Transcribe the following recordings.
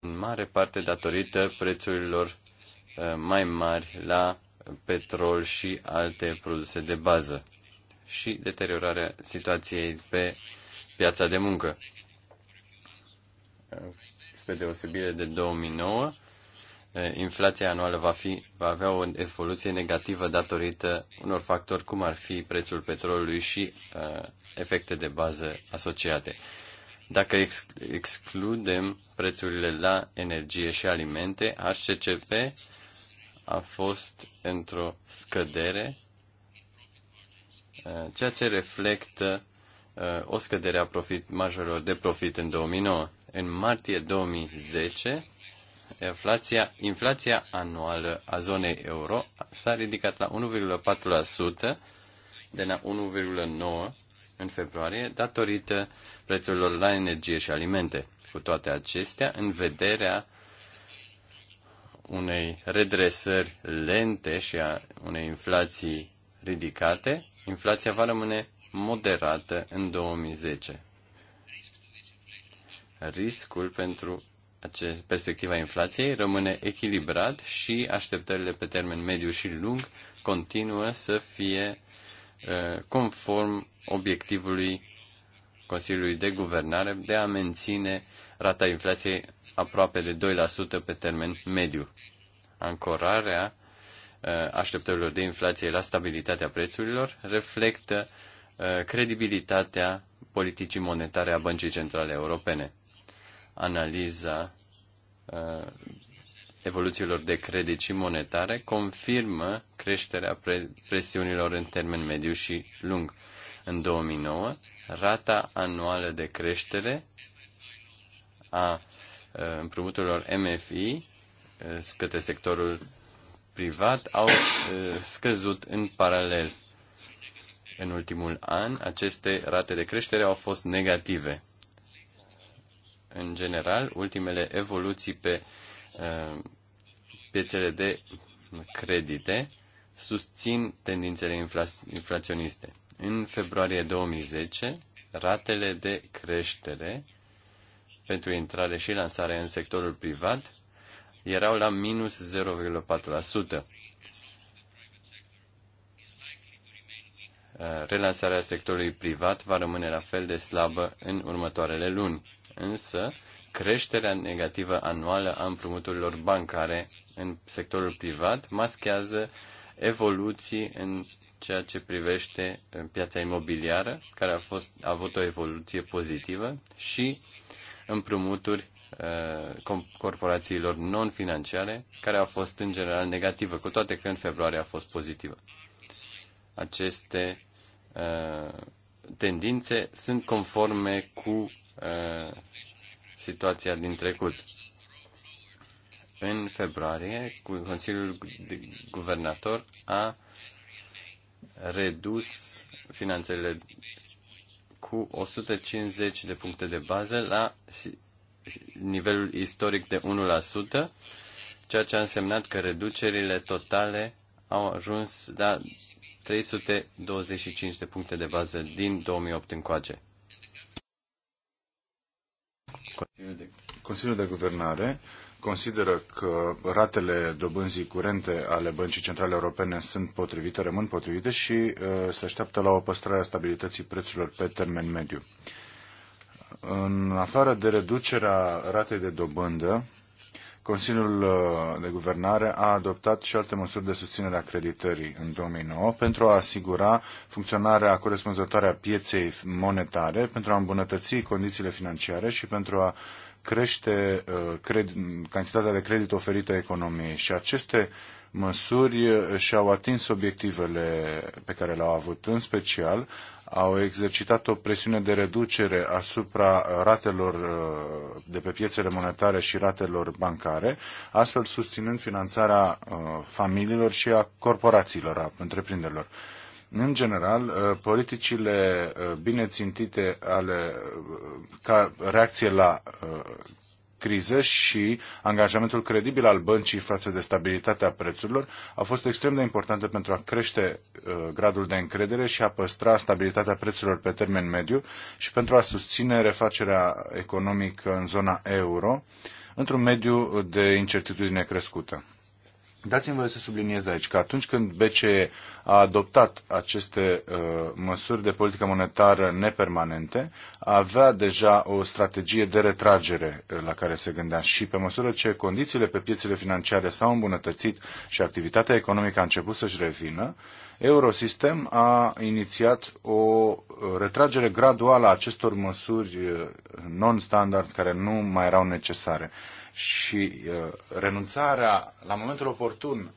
în mare parte datorită prețurilor eh, mai mari la petrol și alte produse de bază și deteriorarea situației pe piața de muncă. Eh, spre deosebire de 2009, eh, inflația anuală va, fi, va avea o evoluție negativă datorită unor factori cum ar fi prețul petrolului și uh, efecte de bază asociate. Dacă ex- excludem prețurile la energie și alimente, HCCP a fost într-o scădere, uh, ceea ce reflectă uh, o scădere a profit, majorilor de profit în 2009. În martie 2010, inflația, inflația anuală a zonei euro s-a ridicat la 1,4% de la 1,9% în februarie datorită prețurilor la energie și alimente. Cu toate acestea, în vederea unei redresări lente și a unei inflații ridicate, inflația va rămâne moderată în 2010. Riscul pentru acest, perspectiva inflației rămâne echilibrat și așteptările pe termen mediu și lung continuă să fie uh, conform obiectivului Consiliului de Guvernare de a menține rata inflației aproape de 2% pe termen mediu. Ancorarea uh, așteptărilor de inflație la stabilitatea prețurilor reflectă uh, credibilitatea politicii monetare a Băncii Centrale Europene. Analiza uh, evoluțiilor de credit și monetare confirmă creșterea presiunilor în termen mediu și lung. În 2009, rata anuală de creștere a ă, împrumuturilor MFI ă, către sectorul privat au ă, scăzut în paralel. În ultimul an, aceste rate de creștere au fost negative. În general, ultimele evoluții pe piețele de credite susțin tendințele infla- inflaționiste. În februarie 2010, ratele de creștere pentru intrare și lansare în sectorul privat erau la minus 0,4%. Relansarea sectorului privat va rămâne la fel de slabă în următoarele luni, însă creșterea negativă anuală a împrumuturilor bancare în sectorul privat maschează evoluții în ceea ce privește eh, piața imobiliară, care a, fost, a avut o evoluție pozitivă, și împrumuturi uh, corporațiilor non-financiare, care a fost în general negativă, cu toate că în februarie a fost pozitivă. Aceste uh, tendințe sunt conforme cu uh, situația din trecut. În februarie, Consiliul Guvernator a uh, redus finanțele cu 150 de puncte de bază la nivelul istoric de 1%, ceea ce a însemnat că reducerile totale au ajuns la 325 de puncte de bază din 2008 încoace. Consiliul de, Consiliul de Guvernare consideră că ratele dobânzii curente ale Băncii Centrale Europene sunt potrivite, rămân potrivite și uh, se așteaptă la o păstrare a stabilității prețurilor pe termen mediu. În afară de reducerea ratei de dobândă, Consiliul uh, de Guvernare a adoptat și alte măsuri de susținere a creditării în 2009 pentru a asigura funcționarea corespunzătoare a pieței monetare, pentru a îmbunătăți condițiile financiare și pentru a uh, crește uh, cred, cantitatea de credit oferită economiei și aceste măsuri uh, și-au atins obiectivele pe care le-au avut, în special au exercitat o presiune de reducere asupra ratelor uh, de pe piețele monetare și ratelor bancare, astfel susținând finanțarea familiilor și a corporațiilor, a întreprinderilor. În general, uh, politicile uh, bine țintite ale, uh, ca reacție la criză și angajamentul credibil al băncii față de stabilitatea prețurilor a fost extrem de importante pentru a crește gradul de încredere și a păstra stabilitatea prețurilor pe termen mediu și pentru a susține refacerea economică în zona euro într-un mediu de incertitudine crescută. Dați-mi voie să subliniez aici că atunci când BCE a adoptat aceste uh, măsuri de politică monetară nepermanente, avea deja o strategie de retragere uh, la care se gândea și pe măsură ce condițiile pe piețele financiare s-au îmbunătățit și activitatea economică a început să-și revină, Eurosystem a inițiat o uh, retragere graduală a acestor măsuri uh, non-standard care nu mai erau necesare și uh, renunțarea la momentul oportun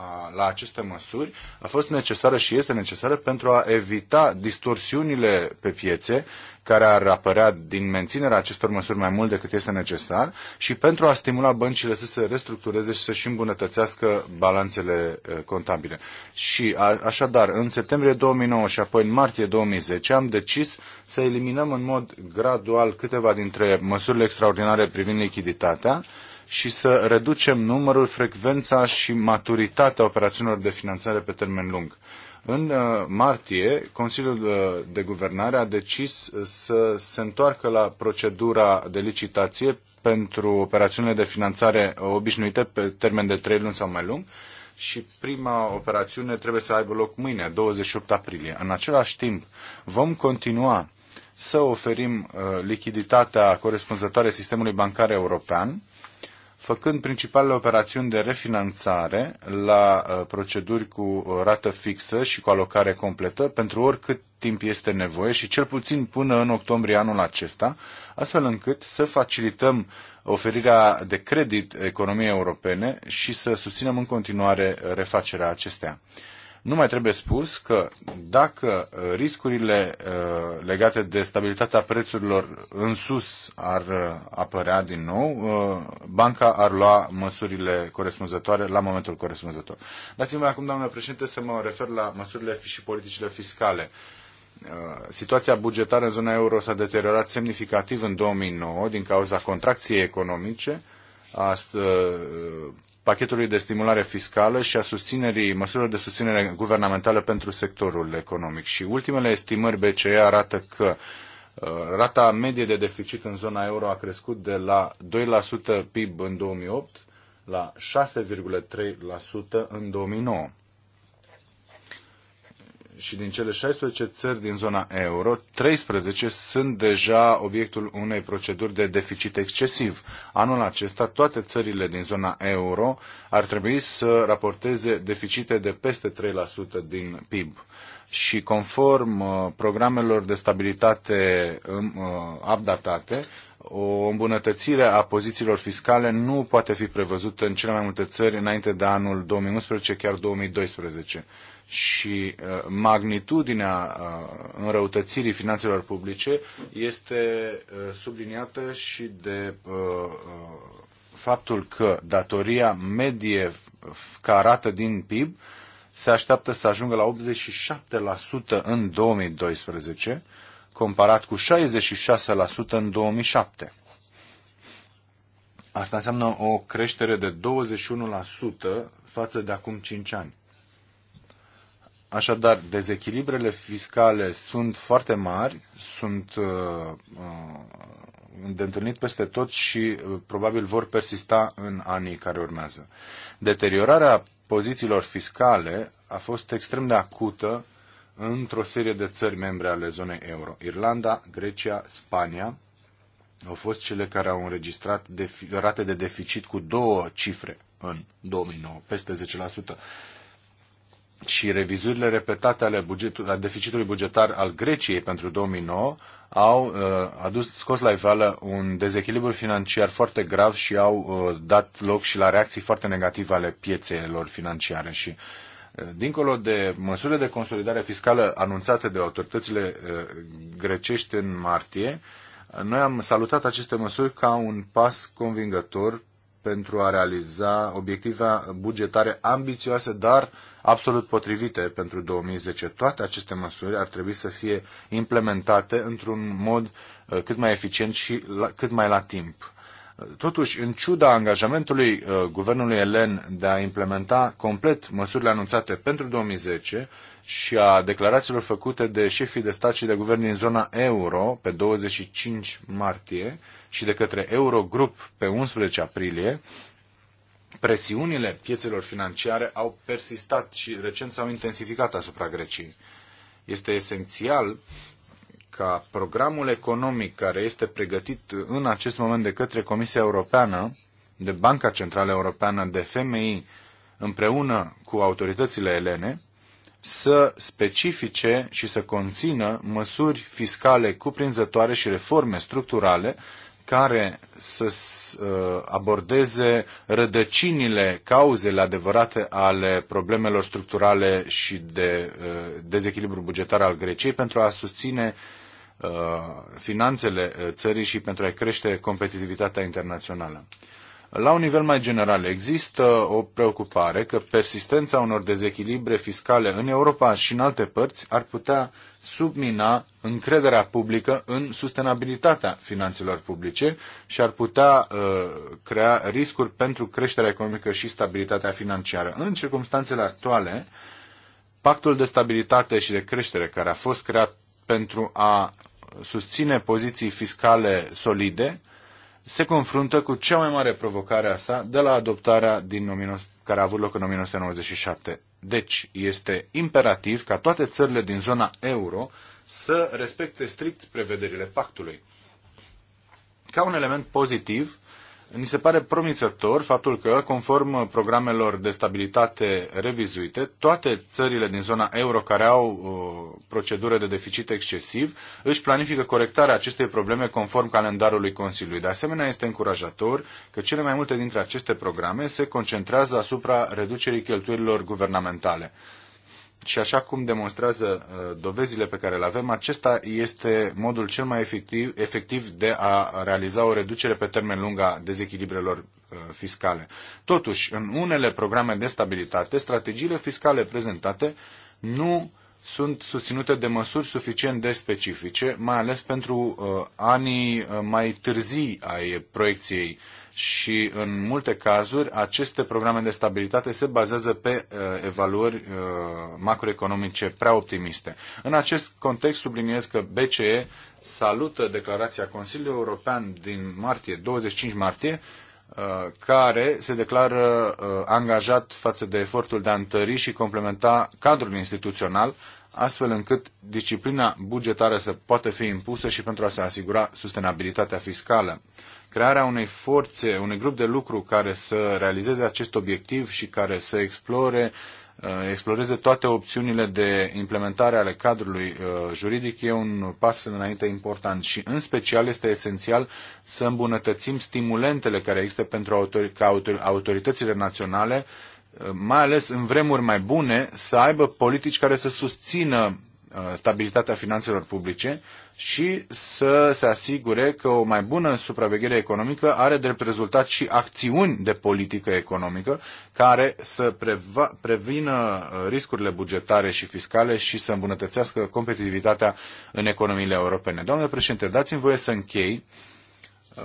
a, la aceste măsuri a fost necesară și este necesară pentru a evita distorsiunile pe piețe care ar apărea din menținerea acestor măsuri mai mult decât este necesar și pentru a stimula băncile să se restructureze și să-și îmbunătățească balanțele contabile. Și a, așadar, în septembrie 2009 și apoi în martie 2010 am decis să eliminăm în mod gradual câteva dintre măsurile extraordinare privind lichiditatea, și să reducem numărul, frecvența și maturitatea operațiunilor de finanțare pe termen lung. În uh, martie, Consiliul uh, de Guvernare a decis uh, să se întoarcă la procedura de licitație pentru operațiunile de finanțare obișnuite pe termen de 3 luni sau mai lung și prima operațiune trebuie să aibă loc mâine, 28 aprilie. În același timp, vom continua să oferim lichiditatea corespunzătoare sistemului bancar european făcând principalele operațiuni de refinanțare la uh, proceduri cu uh, rată fixă și cu alocare completă pentru oricât timp este nevoie și cel puțin până în octombrie anul acesta, astfel încât să facilităm oferirea de credit economiei europene și să susținem în continuare refacerea acesteia. Nu mai trebuie spus că dacă uh, riscurile uh, legate de stabilitatea prețurilor în sus ar uh, apărea din nou, banca ar lua măsurile corespunzătoare la momentul corespunzător. Dați-mi acum, doamnă președinte, să mă refer la măsurile și politicile fiscale situația bugetară în zona euro s-a deteriorat semnificativ în 2009 din cauza contracției economice, a pachetului de stimulare fiscală și a susținerii, măsurilor de susținere guvernamentală pentru sectorul economic. Și ultimele estimări BCE arată că uh, rata medie de deficit în zona euro a crescut de la 2% PIB în 2008 la 6,3% în 2009 și din cele 16 țări din zona euro, 13 sunt deja obiectul unei proceduri de deficit excesiv. Anul acesta, toate țările din zona euro ar trebui să raporteze deficite de peste 3% din PIB. Și conform uh, programelor de stabilitate um, uh, updatate, o îmbunătățire a pozițiilor fiscale nu poate fi prevăzută în cele mai multe țări înainte de anul 2011, chiar 2012 și uh, magnitudinea uh, înrăutățirii finanțelor publice este uh, subliniată și de faptul că datoria medie ca arată din PIB se așteaptă să ajungă la 87% în 2012, comparat cu 66% în 2007. Asta înseamnă o creștere de 21% față de acum 5 ani. Așadar, dezechilibrele fiscale sunt foarte mari, sunt uh, uh, de întâlnit peste tot și uh, probabil vor persista în anii care urmează. Deteriorarea pozițiilor fiscale a fost extrem de acută într-o serie de țări membre ale zonei euro. Irlanda, Grecia, Spania au fost cele care au înregistrat rate de deficit cu două cifre în 2009, peste 10% și revizuirile repetate ale, bugetul, a deficitului bugetar al Greciei pentru 2009 au uh, adus scos la iveală un dezechilibru financiar foarte grav și au uh, dat loc și la reacții foarte negative ale piețelor financiare și uh, Dincolo de măsurile de consolidare fiscală anunțate de autoritățile uh, grecești în martie, noi am salutat aceste măsuri ca un pas convingător pentru a realiza obiective bugetare ambițioase, dar uh, absolut potrivite pentru 2010. Toate aceste măsuri ar trebui să fie implementate într-un mod uh, cât mai eficient și la, cât mai la timp. Totuși, în ciuda angajamentului uh, guvernului elen de a implementa complet măsurile anunțate pentru 2010 și a declarațiilor făcute de șefii de stat și de guvern din zona euro pe 25 martie și de către Eurogrup pe 11 aprilie, presiunile piețelor financiare au persistat și recent s-au intensificat asupra Greciei. Este esențial ca programul economic care este pregătit în acest moment de către Comisia Europeană, de Banca Centrală Europeană, de FMI, împreună cu autoritățile elene, să specifice și să conțină măsuri fiscale cuprinzătoare și reforme structurale care să uh, abordeze rădăcinile, cauzele adevărate ale problemelor structurale și de uh, dezechilibru bugetar al Greciei pentru a susține uh, finanțele țării și pentru a crește competitivitatea internațională. La un nivel mai general, există o preocupare că persistența unor dezechilibre fiscale în Europa și în alte părți ar putea submina încrederea publică în sustenabilitatea finanțelor publice și ar putea uh, crea riscuri pentru creșterea economică și stabilitatea financiară. În circumstanțele actuale, pactul de stabilitate și de creștere care a fost creat pentru a susține poziții fiscale solide, se confruntă cu cea mai mare provocare a sa de la adoptarea din 19, care a avut loc în 1997. Deci, este imperativ ca toate țările din zona euro să respecte strict prevederile pactului. Ca un element pozitiv, mi se pare promițător faptul că, conform programelor de stabilitate revizuite, toate țările din zona euro care au uh, procedură de deficit excesiv își planifică corectarea acestei probleme conform calendarului Consiliului. De asemenea, este încurajator că cele mai multe dintre aceste programe se concentrează asupra reducerii cheltuielilor guvernamentale. Și așa cum demonstrează uh, dovezile pe care le avem, acesta este modul cel mai efectiv, efectiv de a realiza o reducere pe termen lung a dezechilibrelor uh, fiscale. Totuși, în unele programe de stabilitate, strategiile fiscale prezentate nu sunt susținute de măsuri suficient de specifice, mai ales pentru uh, anii uh, mai târzii ai proiecției și în multe cazuri aceste programe de stabilitate se bazează pe uh, evaluări uh, macroeconomice prea optimiste. În acest context subliniez că BCE salută declarația Consiliului European din martie, 25 martie, uh, care se declară uh, angajat față de efortul de a întări și complementa cadrul instituțional, astfel încât disciplina bugetară să poată fi impusă și pentru a se asigura sustenabilitatea fiscală. Uh, crearea unei forțe, unui grup de lucru care să realizeze acest obiectiv și care să explore, uh, exploreze toate opțiunile de implementare ale cadrului uh, juridic e un pas înainte important și în special este esențial să îmbunătățim stimulentele care există pentru ca autoritățile naționale uh, mai ales în vremuri mai bune, să aibă politici care să susțină stabilitatea finanțelor publice și să se asigure că o mai bună supraveghere economică are drept rezultat și acțiuni de politică economică care să prevină uh, riscurile bugetare și fiscale și să îmbunătățească competitivitatea în economiile europene. Doamne președinte, dați-mi voie să închei uh,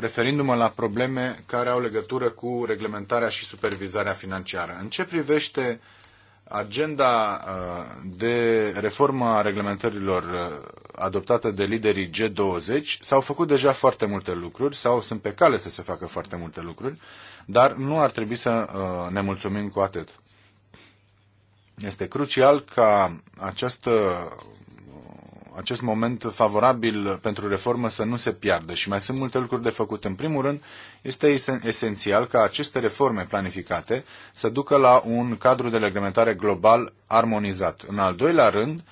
referindu-mă la probleme care au legătură cu reglementarea și supervizarea financiară. În ce privește uh, Agenda uh, de reformă a reglementărilor uh, adoptată de liderii G20 s-au făcut deja foarte multe lucruri sau sunt pe cale să se facă foarte multe lucruri, dar nu ar trebui să uh, ne mulțumim cu atât. Este crucial ca această acest moment favorabil pentru reformă să nu se piardă și mai sunt multe lucruri de făcut. În primul rând, este esențial ca aceste reforme planificate să ducă la un cadru de reglementare global armonizat. În al doilea rând,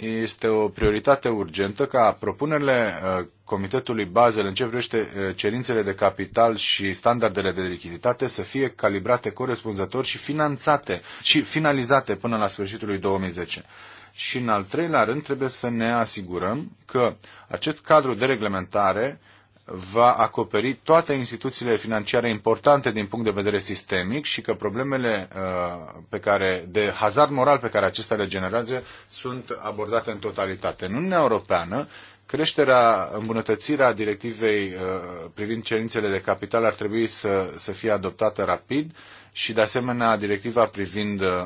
este o prioritate urgentă ca propunerile uh, Comitetului Bazel în ce privește uh, cerințele de capital și standardele de lichiditate să fie calibrate corespunzător și finanțate și finalizate până la sfârșitul lui 2010 și, în al treilea rând, trebuie să ne asigurăm că acest cadru de reglementare va acoperi toate instituțiile financiare importante din punct de vedere sistemic și că problemele uh, pe care, de hazard moral pe care acestea le generează sunt abordate în totalitate. În Uniunea Europeană, creșterea, îmbunătățirea directivei uh, privind cerințele de capital ar trebui să, să fie adoptată rapid și, de asemenea, directiva privind uh,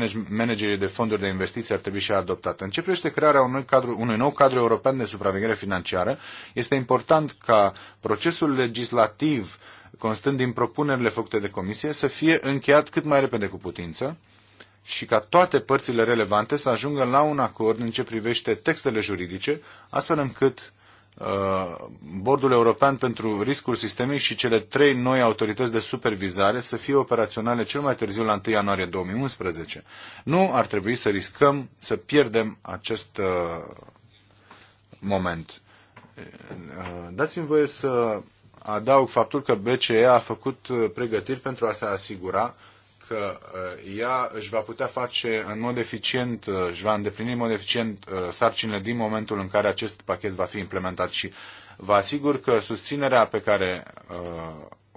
uh, managerii de fonduri de investiții ar trebui și adoptată. În ce privește crearea unui, cadru, unui nou cadru european de supraveghere financiară, este important ca procesul legislativ constând din propunerile făcute de comisie, să fie încheiat cât mai repede cu putință și ca toate părțile relevante să ajungă la un acord în ce privește textele juridice, astfel încât Uh, Bordul European pentru Riscul Sistemic și cele trei noi autorități de supervizare să fie operaționale cel mai târziu la 1 ianuarie 2011. Nu ar trebui să riscăm să pierdem acest uh, moment. Uh, dați-mi voie să adaug faptul că BCE a făcut pregătiri pentru a se asigura că uh, ea își va putea face în mod eficient, uh, își va îndeplini în mod eficient uh, sarcinile din momentul în care acest pachet va fi implementat și vă asigur că susținerea pe care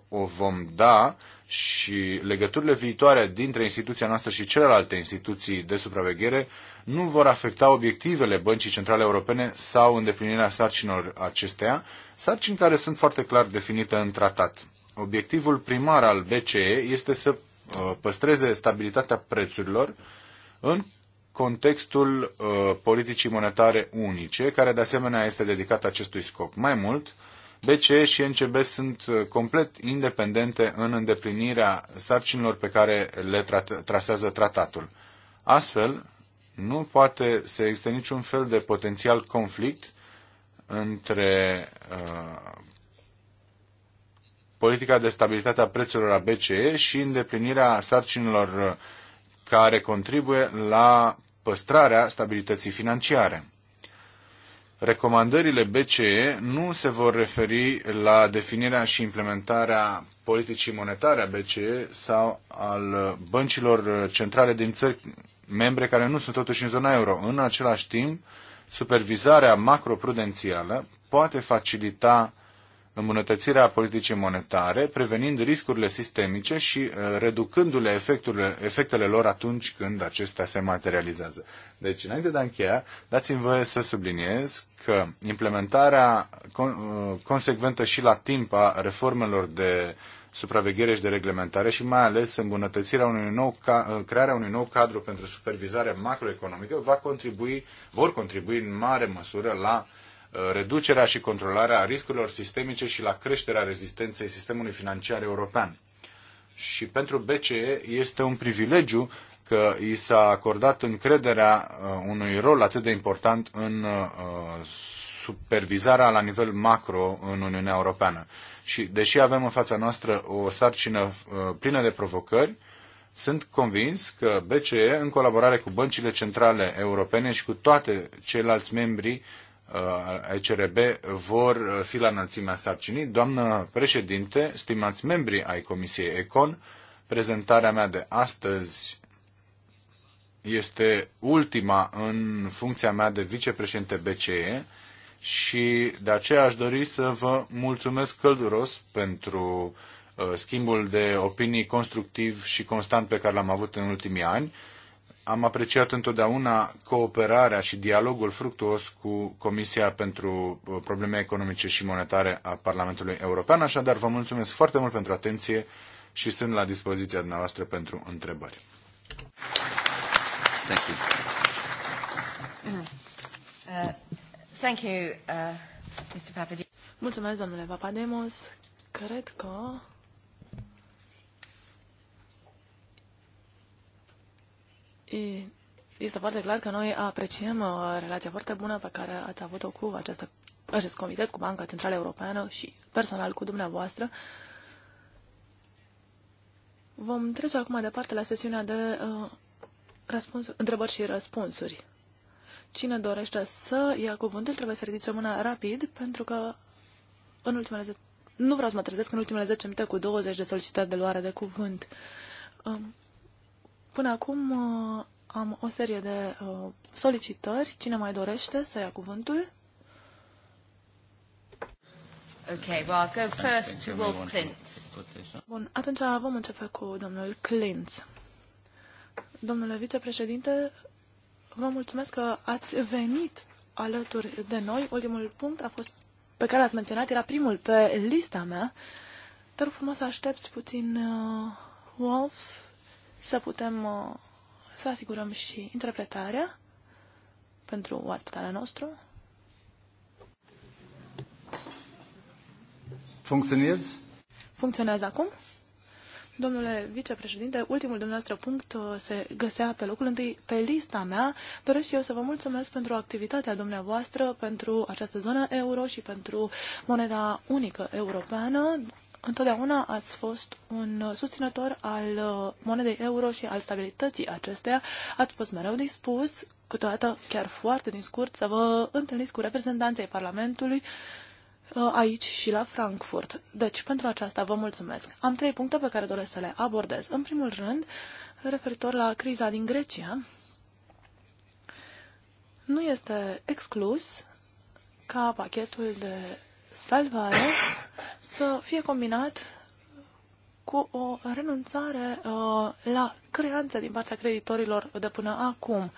o vom da și legăturile viitoare dintre instituția noastră și celelalte instituții de supraveghere nu vor afecta obiectivele Băncii Centrale Europene sau îndeplinirea sarcinilor acesteia, sarcini care sunt foarte clar definite în tratat. Obiectivul primar al BCE este să Uh, păstreze stabilitatea prețurilor în contextul uh, politicii monetare unice, care de asemenea este dedicată acestui scop. Mai mult, BCE și NCB sunt uh, complet independente în îndeplinirea sarcinilor pe care le tra- trasează tratatul. Astfel, nu poate să existe niciun fel de potențial conflict între uh, politica de stabilitate a prețurilor a BCE și îndeplinirea sarcinilor uh, care contribuie la păstrarea stabilității financiare. Recomandările BCE nu se vor referi la definirea și implementarea politicii monetare a BCE sau al uh, băncilor uh, centrale din țări membre care nu sunt totuși în zona euro. În același timp, supervizarea macroprudențială poate facilita îmbunătățirea politicii monetare, prevenind riscurile sistemice și uh, reducându-le efectele lor atunci când acestea se materializează. Deci, înainte de a încheia, dați-mi voie să subliniez că implementarea uh, consecventă și la timp a reformelor de supraveghere și de reglementare și mai ales îmbunătățirea unui nou uh, crearea unui nou cadru pentru supervizare macroeconomică va contribui, vor contribui în mare măsură la uh, Uh, reducerea și controlarea riscurilor sistemice și la creșterea rezistenței sistemului financiar european. Și pentru BCE este un privilegiu că i s-a acordat încrederea uh, unui rol atât de important în uh, supervizarea la nivel macro în Uniunea Europeană. Și deși avem în fața noastră o sarcină plină de provocări, sunt convins că BCE, în colaborare cu băncile centrale europene și cu toate ceilalți membri a uh, ECRB vor uh, fi la înălțimea sarcinii. Doamnă președinte, stimați membri ai Comisiei Econ, prezentarea mea de astăzi este ultima în funcția mea de vicepreședinte BCE și de aceea aș dori să vă mulțumesc călduros pentru uh, schimbul de opinii constructiv și constant pe care l-am avut în ultimii ani am apreciat întotdeauna cooperarea și dialogul fructuos cu Comisia pentru uh, Probleme Economice și Monetare a Parlamentului European. Așadar, vă mulțumesc foarte mult pentru atenție și sunt la dispoziția dumneavoastră pentru întrebări. Thank you. Uh, thank you, uh, Mr. Mulțumesc, domnule Papademos. Cred că Este foarte clar că noi apreciem uh, relația foarte bună pe care ați avut-o cu această, acest comitet, cu Banca Centrală Europeană și personal cu dumneavoastră. Vom trece acum departe la sesiunea de uh, răspuns, întrebări și răspunsuri. Cine dorește să ia cuvântul trebuie să ridice mâna rapid, pentru că în ultimele ze- nu vreau să mă trezesc în ultimele 10 minute cu 20 de solicitări de luare de cuvânt. Uh, Până acum uh, am o serie de uh, solicitări. Cine mai dorește să ia cuvântul? Okay, well, I'll go first to Wolf Klintz. Bun, atunci vom începe cu domnul Klintz. Domnule vicepreședinte, vă mulțumesc că ați venit alături de noi. Ultimul punct a fost pe care l-ați menționat, era primul pe lista mea. Te rog frumos să aștepți puțin, uh, Wolf să putem uh, să asigurăm și interpretarea pentru oaspetele nostru. Funcționează? Funcționează acum? Domnule vicepreședinte, ultimul dumneavoastră punct uh, se găsea pe locul întâi pe lista mea. Doresc și eu să vă mulțumesc pentru activitatea dumneavoastră, pentru această zonă euro și pentru moneda unică europeană. Întotdeauna ați fost un uh, susținător al uh, monedei euro și al stabilității acesteia. Ați fost mereu dispus, câteodată chiar foarte din scurt, să vă întâlniți cu reprezentanții Parlamentului uh, aici și la Frankfurt. Deci, pentru aceasta vă mulțumesc. Am trei puncte pe care doresc să le abordez. În primul rând, referitor la criza din Grecia, nu este exclus ca pachetul de salvare să fie combinat cu o renunțare uh, la creanță din partea creditorilor de până acum.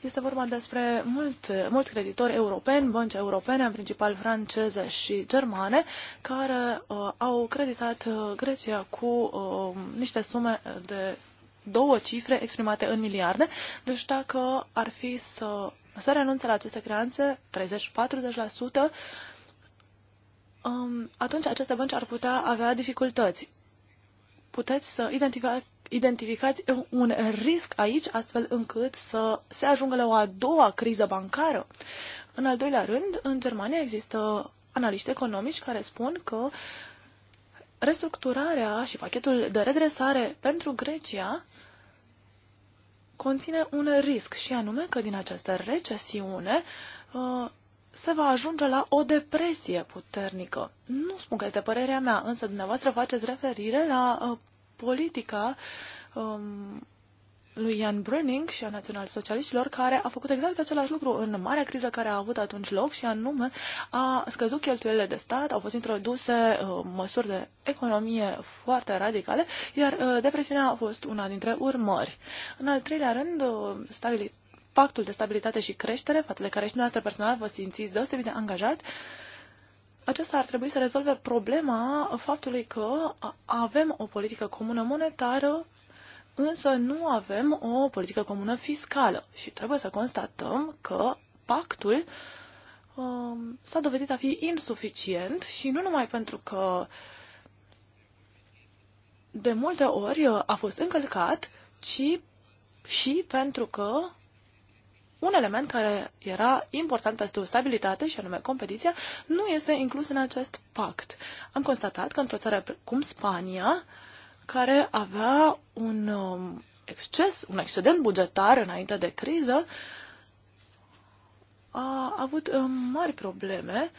Este vorba despre mult, mulți creditori europeni, bănci europene, în principal franceze și germane, care uh, au creditat uh, Grecia cu uh, niște sume de două cifre exprimate în miliarde. Deci dacă ar fi să, să renunțe la aceste creanțe, 30-40%, um, atunci aceste bănci ar putea avea dificultăți. Puteți să identifica, identificați un risc aici, astfel încât să se ajungă la o a doua criză bancară. În al doilea rând, în Germania există analiști economici care spun că restructurarea și pachetul de redresare pentru Grecia conține un risc și anume că din această recesiune uh, se va ajunge la o depresie puternică. Nu spun că este părerea mea, însă dumneavoastră faceți referire la uh, politica um, lui Ian Brunning și a național-socialiștilor, care a făcut exact același lucru în marea criză care a avut atunci loc și anume a scăzut cheltuielile de stat, au fost introduse uh, măsuri de economie foarte radicale, iar uh, depresiunea a fost una dintre urmări. În al treilea rând, uh, stabilit pactul de stabilitate și creștere, față de care și dumneavoastră personal vă simțiți deosebit de angajat, acesta ar trebui să rezolve problema faptului că avem o politică comună monetară, însă nu avem o politică comună fiscală. Și trebuie să constatăm că pactul um, s-a dovedit a fi insuficient și nu numai pentru că de multe ori a fost încălcat, ci și pentru că un element care era important pentru stabilitate, și anume competiția, nu este inclus în acest pact. Am constatat că într-o țară cum Spania, care avea un um, exces, un excedent bugetar înainte de criză, a avut um, mari probleme uh,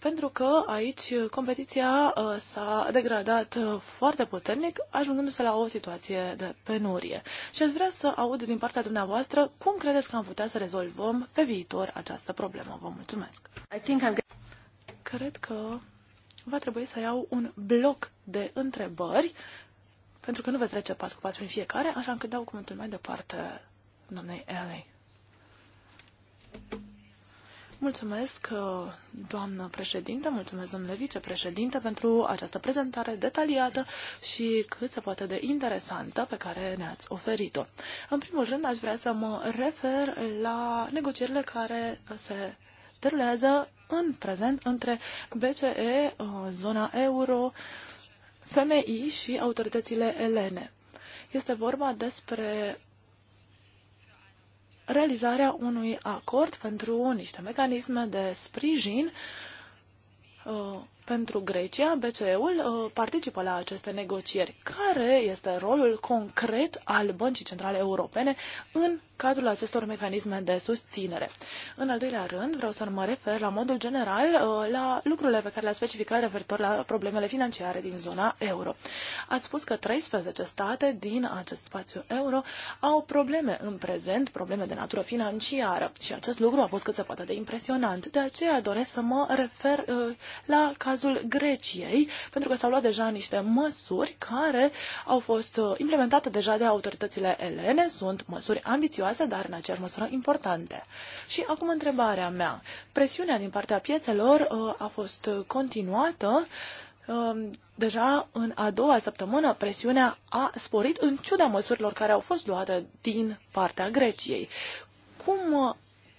pentru că aici uh, competiția uh, s-a degradat uh, foarte puternic, ajungându-se la o situație de penurie. Și aș vrea să aud din partea dumneavoastră cum credeți că am putea să rezolvăm pe viitor această problemă. Vă mulțumesc! I think I'm. Cred că va trebui să iau un bloc de întrebări, pentru că nu veți trece pas cu pas prin fiecare, așa încât dau cuvântul mai departe doamnei Elei. Mulțumesc, uh, doamnă președinte, mulțumesc, domnule vicepreședinte, pentru această prezentare detaliată și cât se poate de interesantă pe care ne-ați oferit-o. În primul rând, aș vrea să mă refer la negocierile care se derulează în prezent între BCE, uh, zona euro, FMI și autoritățile elene. Este vorba despre realizarea unui acord pentru niște mecanisme de sprijin uh, pentru Grecia, BCE-ul uh, participă la aceste negocieri. Care este rolul concret al Băncii Centrale Europene în cadrul acestor mecanisme de susținere? În al doilea rând, vreau să mă refer la modul general uh, la lucrurile pe care le-a specificat referitor la problemele financiare din zona euro. Ați spus că 13 state din acest spațiu euro au probleme în prezent, probleme de natură financiară și acest lucru a fost cât se poate de impresionant. De aceea doresc să mă refer uh, la cazul cazul Greciei, pentru că s-au luat deja niște măsuri care au fost uh, implementate deja de autoritățile elene. Sunt măsuri ambițioase, dar în aceeași măsură importante. Și acum întrebarea mea. Presiunea din partea piețelor uh, a fost continuată um, deja în a doua săptămână presiunea a sporit în ciuda măsurilor care au fost luate din partea Greciei. Cum uh,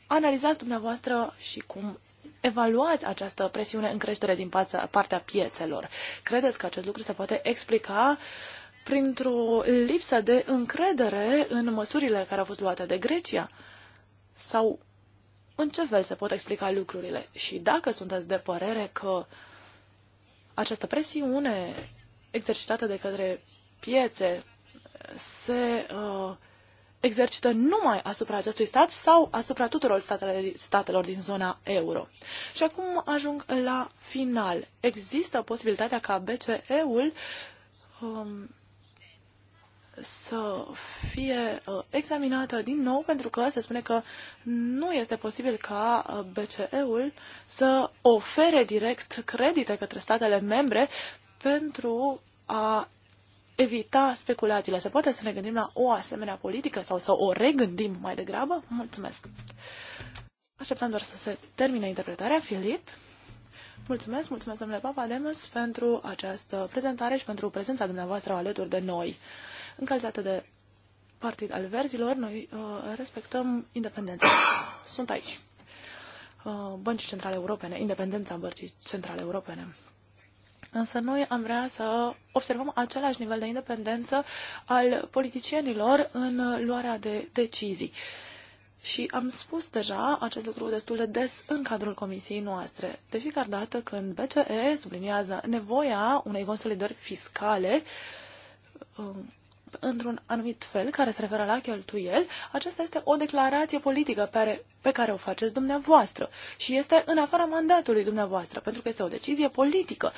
analizați dumneavoastră și cum evaluați această presiune în creștere din partea piețelor? Credeți că acest lucru se poate explica printr-o lipsă de încredere în măsurile care au fost luate de Grecia? Sau în ce fel se pot explica lucrurile? Și dacă sunteți de părere că această presiune exercitată de către piețe se uh, exercită numai asupra acestui stat sau asupra tuturor statele, statelor din zona euro. Și acum ajung la final. Există posibilitatea ca BCE-ul um, să fie uh, examinată din nou pentru că se spune că nu este posibil ca uh, BCE-ul să ofere direct credite către statele membre pentru a evita speculațiile. Se poate să ne gândim la o asemenea politică sau să o regândim mai degrabă? Mulțumesc! Așteptăm doar să se termine interpretarea. Filip, mulțumesc, mulțumesc domnule Papademos pentru această prezentare și pentru prezența dumneavoastră alături de noi. În calitate de partid al verzilor, noi uh, respectăm independența. Sunt aici. Uh, Băncii Centrale Europene, independența Băncii Centrale Europene. Însă noi am vrea să observăm același nivel de independență al politicienilor în luarea de decizii. Și am spus deja acest lucru destul de des în cadrul comisiei noastre. De fiecare dată când BCE subliniază nevoia unei consolidări fiscale, um, într-un anumit fel, care se referă la cheltuieli, aceasta este o declarație politică pe care, pe care o faceți dumneavoastră și este în afara mandatului dumneavoastră, pentru că este o decizie politică.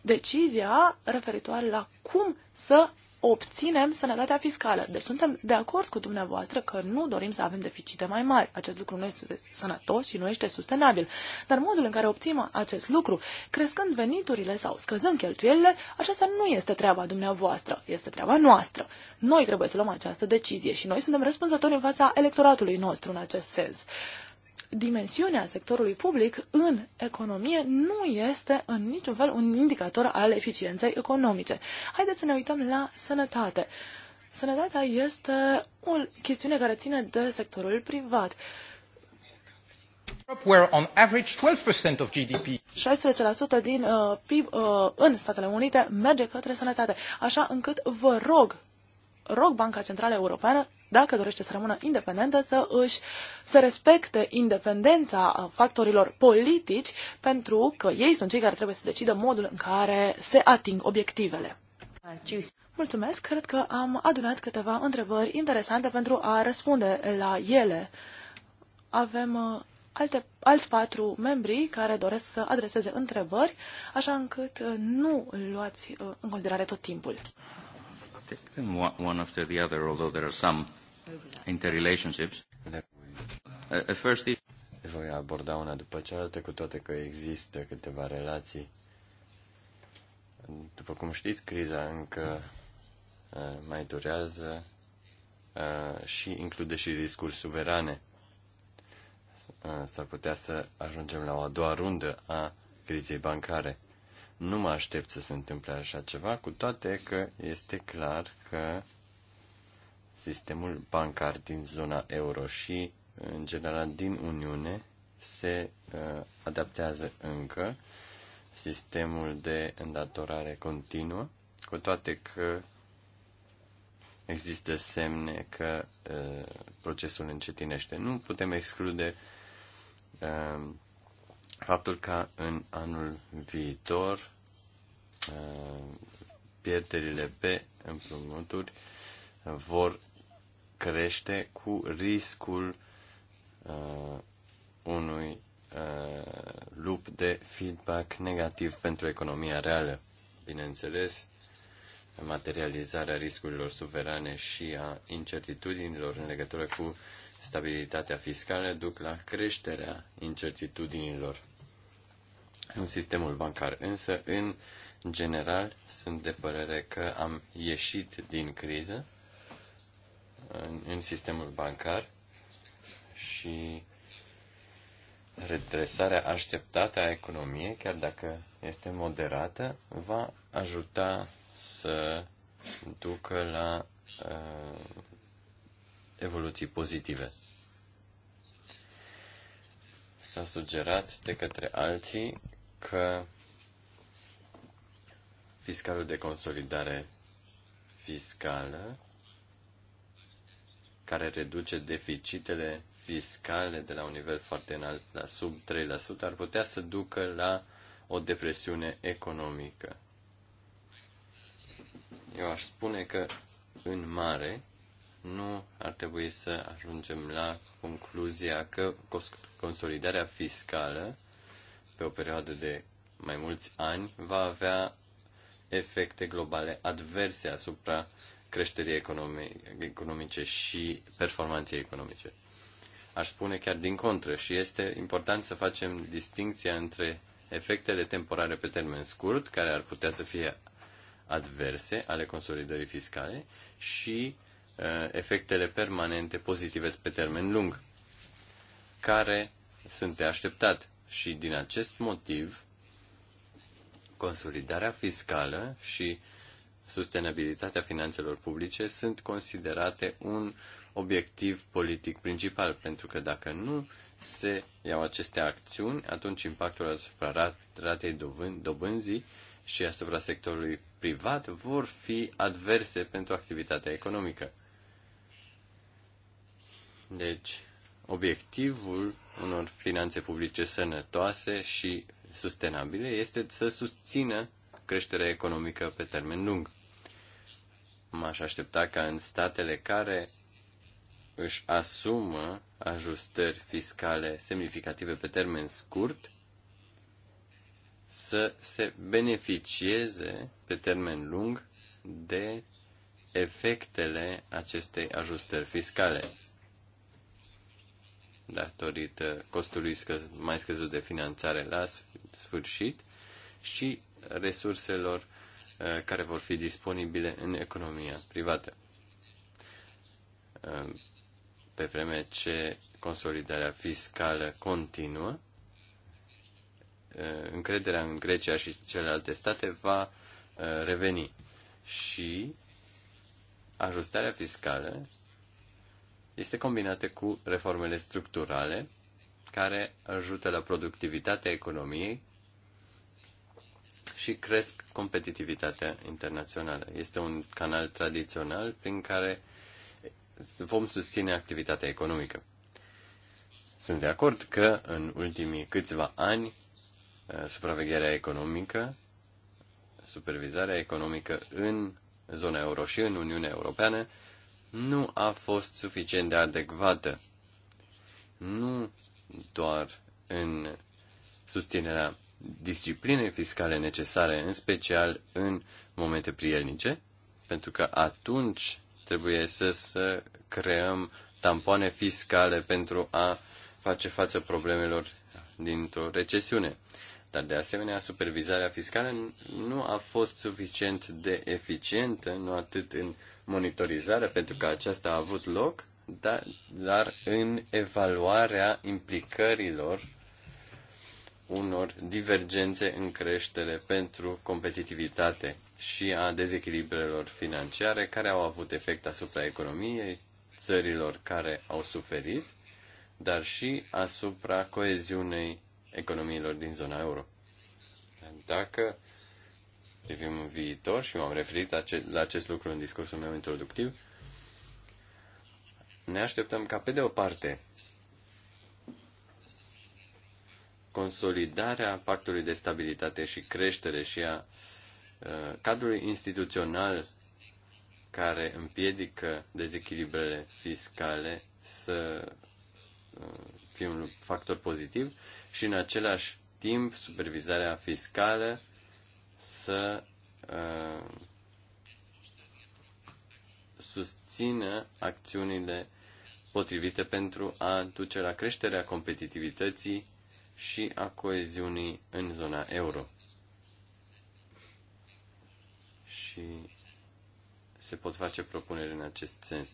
Decizia referitoare la cum să obținem sănătatea fiscală. Deci suntem de acord cu dumneavoastră că nu dorim să avem deficite mai mari. Acest lucru nu este sănătos și nu este sustenabil. Dar modul în care obținem acest lucru, crescând veniturile sau scăzând cheltuielile, aceasta nu este treaba dumneavoastră, este treaba noastră. Noi trebuie să luăm această decizie și noi suntem răspunzători în fața electoratului nostru în acest sens dimensiunea sectorului public în economie nu este în niciun fel un indicator al eficienței economice. Haideți să ne uităm la sănătate. Sănătatea este o chestiune care ține de sectorul privat. 16% din uh, PIB uh, în Statele Unite merge către sănătate. Așa încât vă rog, rog Banca Centrală Europeană dacă dorește să rămână independentă, să își să respecte independența uh, factorilor politici, pentru că ei sunt cei care trebuie să decidă modul în care se ating obiectivele. Mulțumesc, cred că am adunat câteva întrebări interesante pentru a răspunde la ele. Avem uh, alte, alți patru membri care doresc să adreseze întrebări, așa încât uh, nu luați în considerare tot timpul. Take them one after the other, although there are some interrelationships. Le voi, first voi aborda una după cealaltă, cu toate că există câteva relații. După cum știți, criza încă mai durează și include și riscuri suverane. s-ar putea să ajungem la o a doua rundă a crizei bancare. Nu mă aștept să se întâmple așa ceva, cu toate că este clar că sistemul bancar din zona euro și, în general, din Uniune se uh, adaptează încă sistemul de îndatorare continuă, cu toate că există semne că uh, procesul încetinește. Nu putem exclude uh, faptul că în anul viitor uh, pierderile pe împrumuturi uh, vor crește cu riscul uh, unui uh, lup de feedback negativ pentru economia reală. Bineînțeles, materializarea riscurilor suverane și a incertitudinilor în legătură cu stabilitatea fiscală duc la creșterea incertitudinilor în sistemul bancar. Însă, în general, sunt de părere că am ieșit din criză în, în sistemul bancar și redresarea așteptată a economiei, chiar dacă este moderată, va ajuta să ducă la uh, evoluții pozitive. S-a sugerat de către alții că fiscalul de consolidare fiscală care reduce deficitele fiscale de la un nivel foarte înalt la sub 3% ar putea să ducă la o depresiune economică. Eu aș spune că, în mare, nu ar trebui să ajungem la concluzia că consolidarea fiscală pe o perioadă de mai mulți ani va avea efecte globale adverse asupra creșterii economice și performanței economice. Aș spune chiar din contră și este important să facem distinția între efectele temporare pe termen scurt, care ar putea să fie adverse ale consolidării fiscale, și uh, efectele permanente pozitive pe termen lung, care sunt de așteptat. Și din acest motiv, consolidarea fiscală și sustenabilitatea finanțelor publice sunt considerate un obiectiv politic principal, pentru că dacă nu se iau aceste acțiuni, atunci impactul asupra ratei dobânzii și asupra sectorului privat vor fi adverse pentru activitatea economică. Deci, obiectivul unor finanțe publice sănătoase și sustenabile este să susțină creșterea economică pe termen lung. M-aș aștepta ca în statele care își asumă ajustări fiscale semnificative pe termen scurt să se beneficieze pe termen lung de efectele acestei ajustări fiscale datorită costului mai scăzut de finanțare la sfârșit și resurselor Uh, care vor fi disponibile în economia privată. Uh, pe vreme ce consolidarea fiscală continuă, uh, încrederea în Grecia și celelalte state va reveni și ajustarea fiscală este combinată cu reformele structurale care ajută la productivitatea economiei și cresc competitivitatea internațională. Este un canal tradițional prin care vom susține activitatea economică. Sunt de acord că în ultimii câțiva ani eh, supravegherea economică, supervizarea economică în zona euro și în Uniunea Europeană nu a fost suficient de adecvată. Nu doar în susținerea disciplinei fiscale necesare, în special în momente prielnice, pentru că atunci trebuie să, să creăm tampoane fiscale pentru a face față problemelor dintr-o recesiune. Dar de asemenea, supervizarea fiscală nu a fost suficient de eficientă, nu atât în monitorizare, pentru că aceasta a avut loc, dar, dar în evaluarea implicărilor unor divergențe în creștere pentru competitivitate și a dezechilibrelor financiare care au avut efect asupra economiei țărilor care au suferit, dar și asupra coeziunei economiilor din zona euro. Dacă privim în viitor și m-am referit la acest lucru în discursul meu introductiv, ne așteptăm ca, pe de o parte, consolidarea pactului de stabilitate și creștere și a uh, cadrului instituțional care împiedică dezechilibrele fiscale să uh, fie un factor pozitiv și în același timp supervizarea fiscală să uh, susțină acțiunile potrivite pentru a duce la creșterea competitivității și a coeziunii în zona euro. Și se pot face propuneri în acest sens.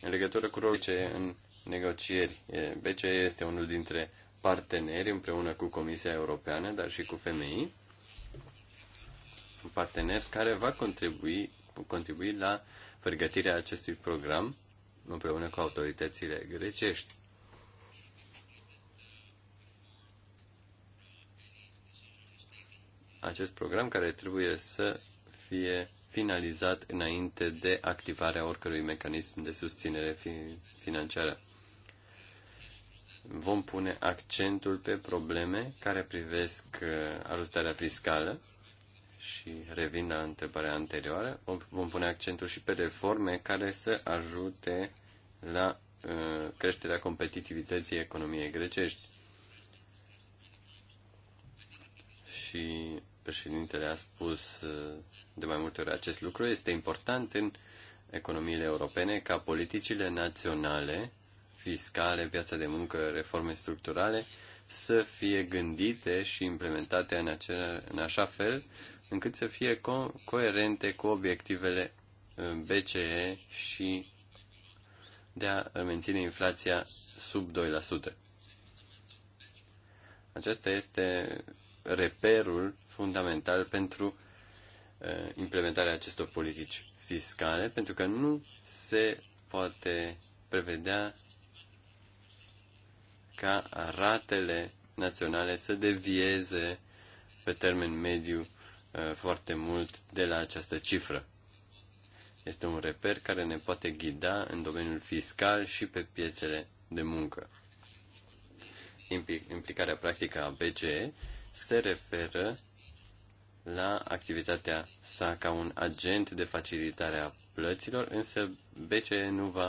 În legătură cu BCE în negocieri, BCE este unul dintre parteneri împreună cu Comisia Europeană, dar și cu FMI, un partener care va contribui, contribui la pregătirea acestui program împreună cu autoritățile grecești. acest program care trebuie să fie finalizat înainte de activarea oricărui mecanism de susținere financiară. Vom pune accentul pe probleme care privesc uh, ajustarea fiscală și revin la întrebarea anterioară. Vom pune accentul și pe reforme care să ajute la uh, creșterea competitivității economiei grecești. Și președintele a spus uh, de mai multe ori acest lucru, este important în economiile europene ca politicile naționale, fiscale, piața de muncă, reforme structurale, să fie gândite și implementate în, acea, în așa fel încât să fie co- coerente cu obiectivele uh, BCE și de a menține inflația sub 2%. Aceasta este reperul fundamental pentru uh, implementarea acestor politici fiscale, pentru că nu se poate prevedea ca ratele naționale să devieze pe termen mediu uh, foarte mult de la această cifră. Este un reper care ne poate ghida în domeniul fiscal și pe piețele de muncă. Implicarea practică a BCE se referă la activitatea sa ca un agent de facilitare a plăților, însă BCE nu va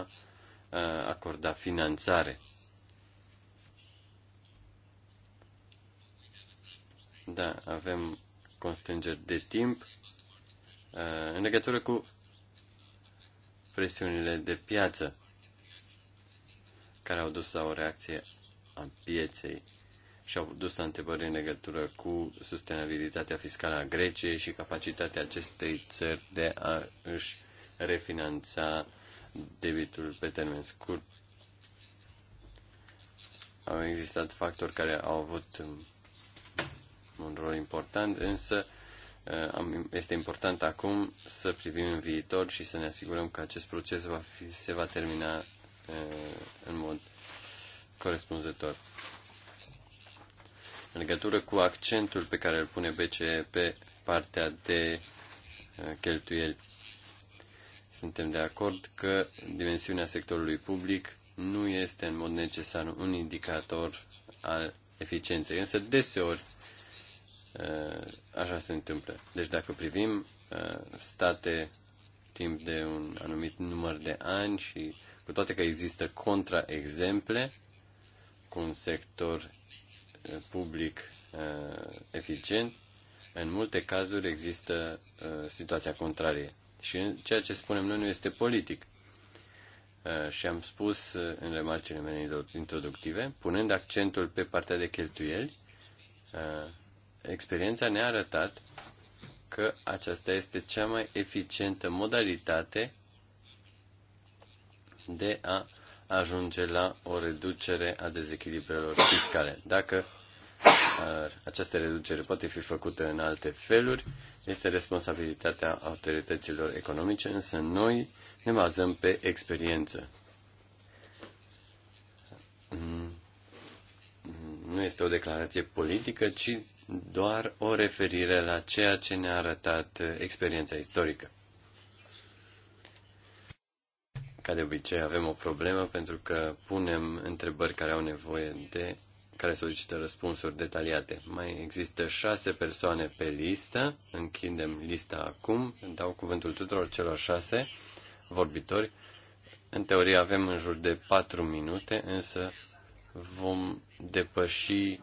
uh, acorda finanțare. Da, avem constrângeri de timp uh, în legătură cu presiunile de piață care au dus la o reacție a pieței și au dus la întrebări în legătură cu sustenabilitatea fiscală a Greciei și capacitatea acestei țări de a își refinanța debitul pe termen scurt. Au existat factori care au avut un rol important, însă eh, este important acum să privim în viitor și să ne asigurăm că acest proces va fi, se va termina eh, în mod corespunzător. În legătură cu accentul pe care îl pune BCE pe partea de uh, cheltuieli, suntem de acord că dimensiunea sectorului public nu este în mod necesar un indicator al eficienței, însă deseori uh, așa se întâmplă. Deci dacă privim uh, state timp de un anumit număr de ani și cu toate că există contraexemple cu un sector public eh, eficient, în multe cazuri există eh, situația contrarie. Și ceea ce spunem noi nu este politic. Eh, și am spus în remarcile mele introductive, punând accentul pe partea de cheltuieli, experiența ne-a arătat că aceasta este cea mai eficientă modalitate de a ajunge la o reducere a dezechilibrelor fiscale. Dacă uh, această reducere poate fi făcută în alte feluri, este responsabilitatea autorităților economice, însă noi ne bazăm pe experiență. Mm, nu este o declarație politică, ci doar o referire la ceea ce ne-a arătat uh, experiența istorică. Ca de obicei avem o problemă pentru că punem întrebări care au nevoie de care solicită răspunsuri detaliate. Mai există șase persoane pe listă. Închidem lista acum. Dau cuvântul tuturor celor șase vorbitori. În teorie avem în jur de patru minute, însă vom depăși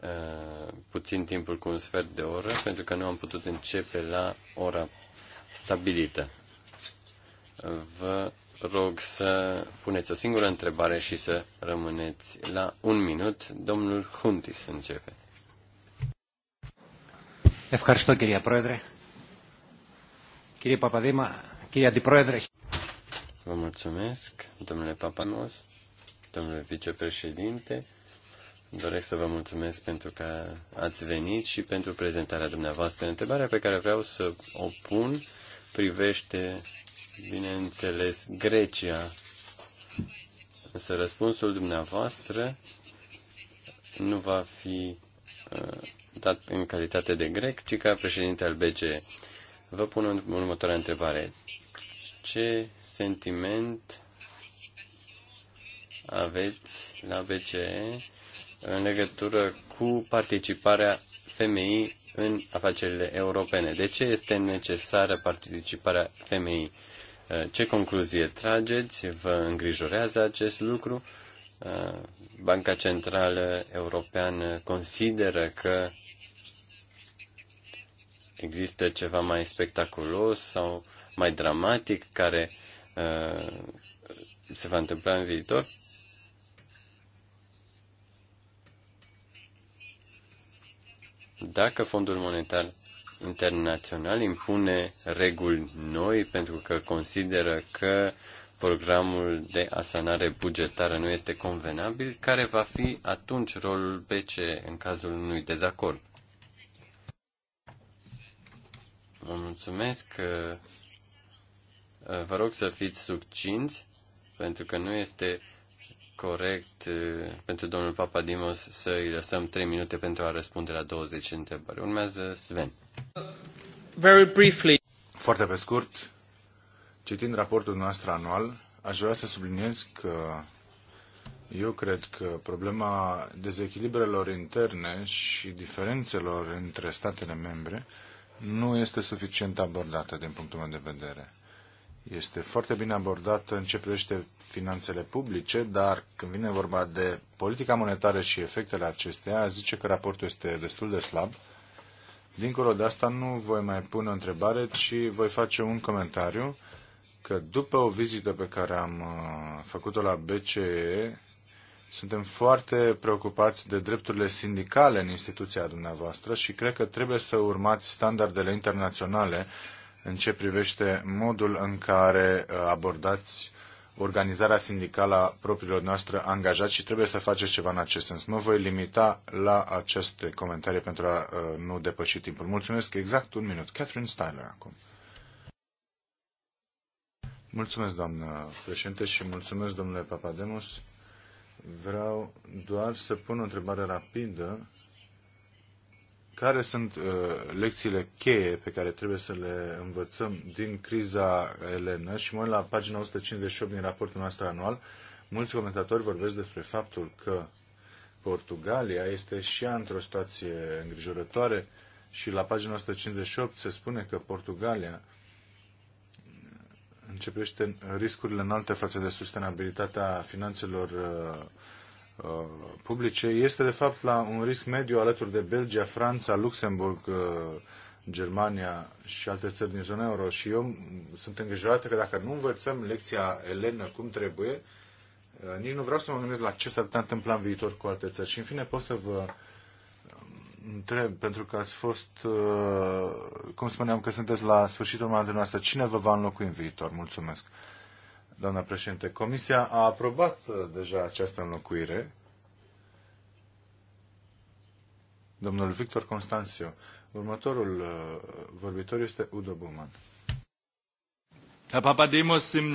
uh, puțin timpul cu un sfert de oră, pentru că nu am putut începe la ora stabilită. Vă rog să puneți o singură întrebare și să rămâneți la un minut. Domnul Huntis începe. Ευχαριστώ κυρία Πρόεδρε. Κύριε Παπαδήμα, κύριε Αντιπρόεδρε. Vă mulțumesc, domnule Papanos, domnule vicepreședinte. Doresc să vă mulțumesc pentru că ați venit și pentru prezentarea dumneavoastră. Întrebarea pe care vreau să o pun privește bineînțeles, Grecia. Însă răspunsul dumneavoastră nu va fi uh, dat în calitate de grec, ci ca președinte al BCE. Vă pun următoarea întrebare. Ce sentiment aveți la BCE în legătură cu participarea femeii în afacerile europene? De ce este necesară participarea femeii? Uh, ce concluzie trageți? Vă îngrijorează acest lucru? Uh, Banca Centrală Europeană consideră că există ceva mai spectaculos sau mai dramatic care uh, se va întâmpla în viitor? Dacă Fondul Monetar internațional impune reguli noi pentru că consideră că programul de asanare bugetară nu este convenabil, care va fi atunci rolul BC în cazul unui dezacord. Vă mulțumesc. Vă rog să fiți succinți, pentru că nu este corect pentru domnul Papadimos să îi lăsăm 3 minute pentru a răspunde la 20 întrebări. Urmează Sven. Very briefly. Foarte pe scurt, citind raportul nostru anual, aș vrea să subliniez că eu cred că problema dezechilibrelor interne și diferențelor între statele membre nu este suficient abordată din punctul meu de vedere este foarte bine abordată în ce privește finanțele publice, dar când vine vorba de politica monetară și efectele acesteia, zice că raportul este destul de slab. Dincolo de asta nu voi mai pune o întrebare, ci voi face un comentariu că după o vizită pe care am uh, făcut-o la BCE, suntem foarte preocupați de drepturile sindicale în instituția dumneavoastră și cred că trebuie să urmați standardele internaționale în ce privește modul în care uh, abordați organizarea sindicală a propriilor noastre angajați și trebuie să faceți ceva în acest sens. Mă voi limita la aceste comentarii pentru a uh, nu depăși timpul. Mulțumesc exact un minut. Catherine Styler acum. Mulțumesc, doamnă președinte, și mulțumesc, domnule Papademos. Vreau doar să pun o întrebare rapidă care sunt uh, lecțiile cheie pe care trebuie să le învățăm din criza elenă și mă la pagina 158 din raportul nostru anual. Mulți comentatori vorbesc despre faptul că Portugalia este și ea într-o situație îngrijorătoare și la pagina 158 se spune că Portugalia uh, începește riscurile înalte față de sustenabilitatea finanțelor uh, Uh, publice este de fapt la un risc mediu alături de Belgia, Franța, Luxemburg, uh, Germania și alte țări din zona euro și eu sunt îngrijorată că dacă nu învățăm lecția elenă cum trebuie, uh, nici nu vreau să mă gândesc la ce s-ar putea întâmpla în viitor cu alte țări. Și în fine pot să vă um, întreb, pentru că ați fost, cum spuneam, că sunteți la sfârșitul mandatului noastră, cine vă va înlocui în viitor? Mulțumesc! doamna președinte. Comisia a aprobat uh, deja această înlocuire. Domnul Victor Constanțiu. Următorul uh, vorbitor este Udo Buman. Herr Papademos, im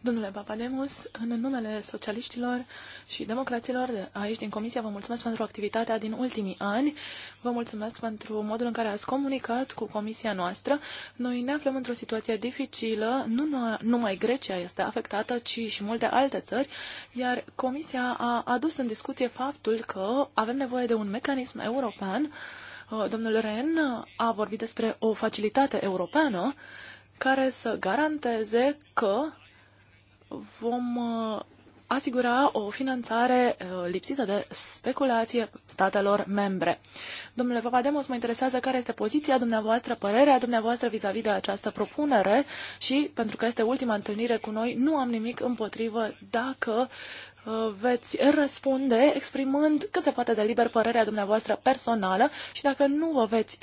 Domnule Papademos, în numele socialiștilor și democraților de aici din Comisia, vă mulțumesc pentru activitatea din ultimii ani. Vă mulțumesc pentru modul în care ați comunicat cu Comisia noastră. Noi ne aflăm într-o situație dificilă. Nu numai Grecia este afectată, ci și multe alte țări, iar Comisia a adus în discuție faptul că avem nevoie de un mecanism european. Uh, domnul Ren a vorbit despre o facilitate europeană care să garanteze că vom uh, asigura o finanțare uh, lipsită de speculație statelor membre. Domnule Papademos, mă interesează care este poziția dumneavoastră, părerea dumneavoastră vis-a-vis -vis de această propunere și, pentru că este ultima întâlnire cu noi, nu am nimic împotrivă dacă uh, veți răspunde exprimând cât se poate de liber părerea dumneavoastră personală și dacă nu vă veți,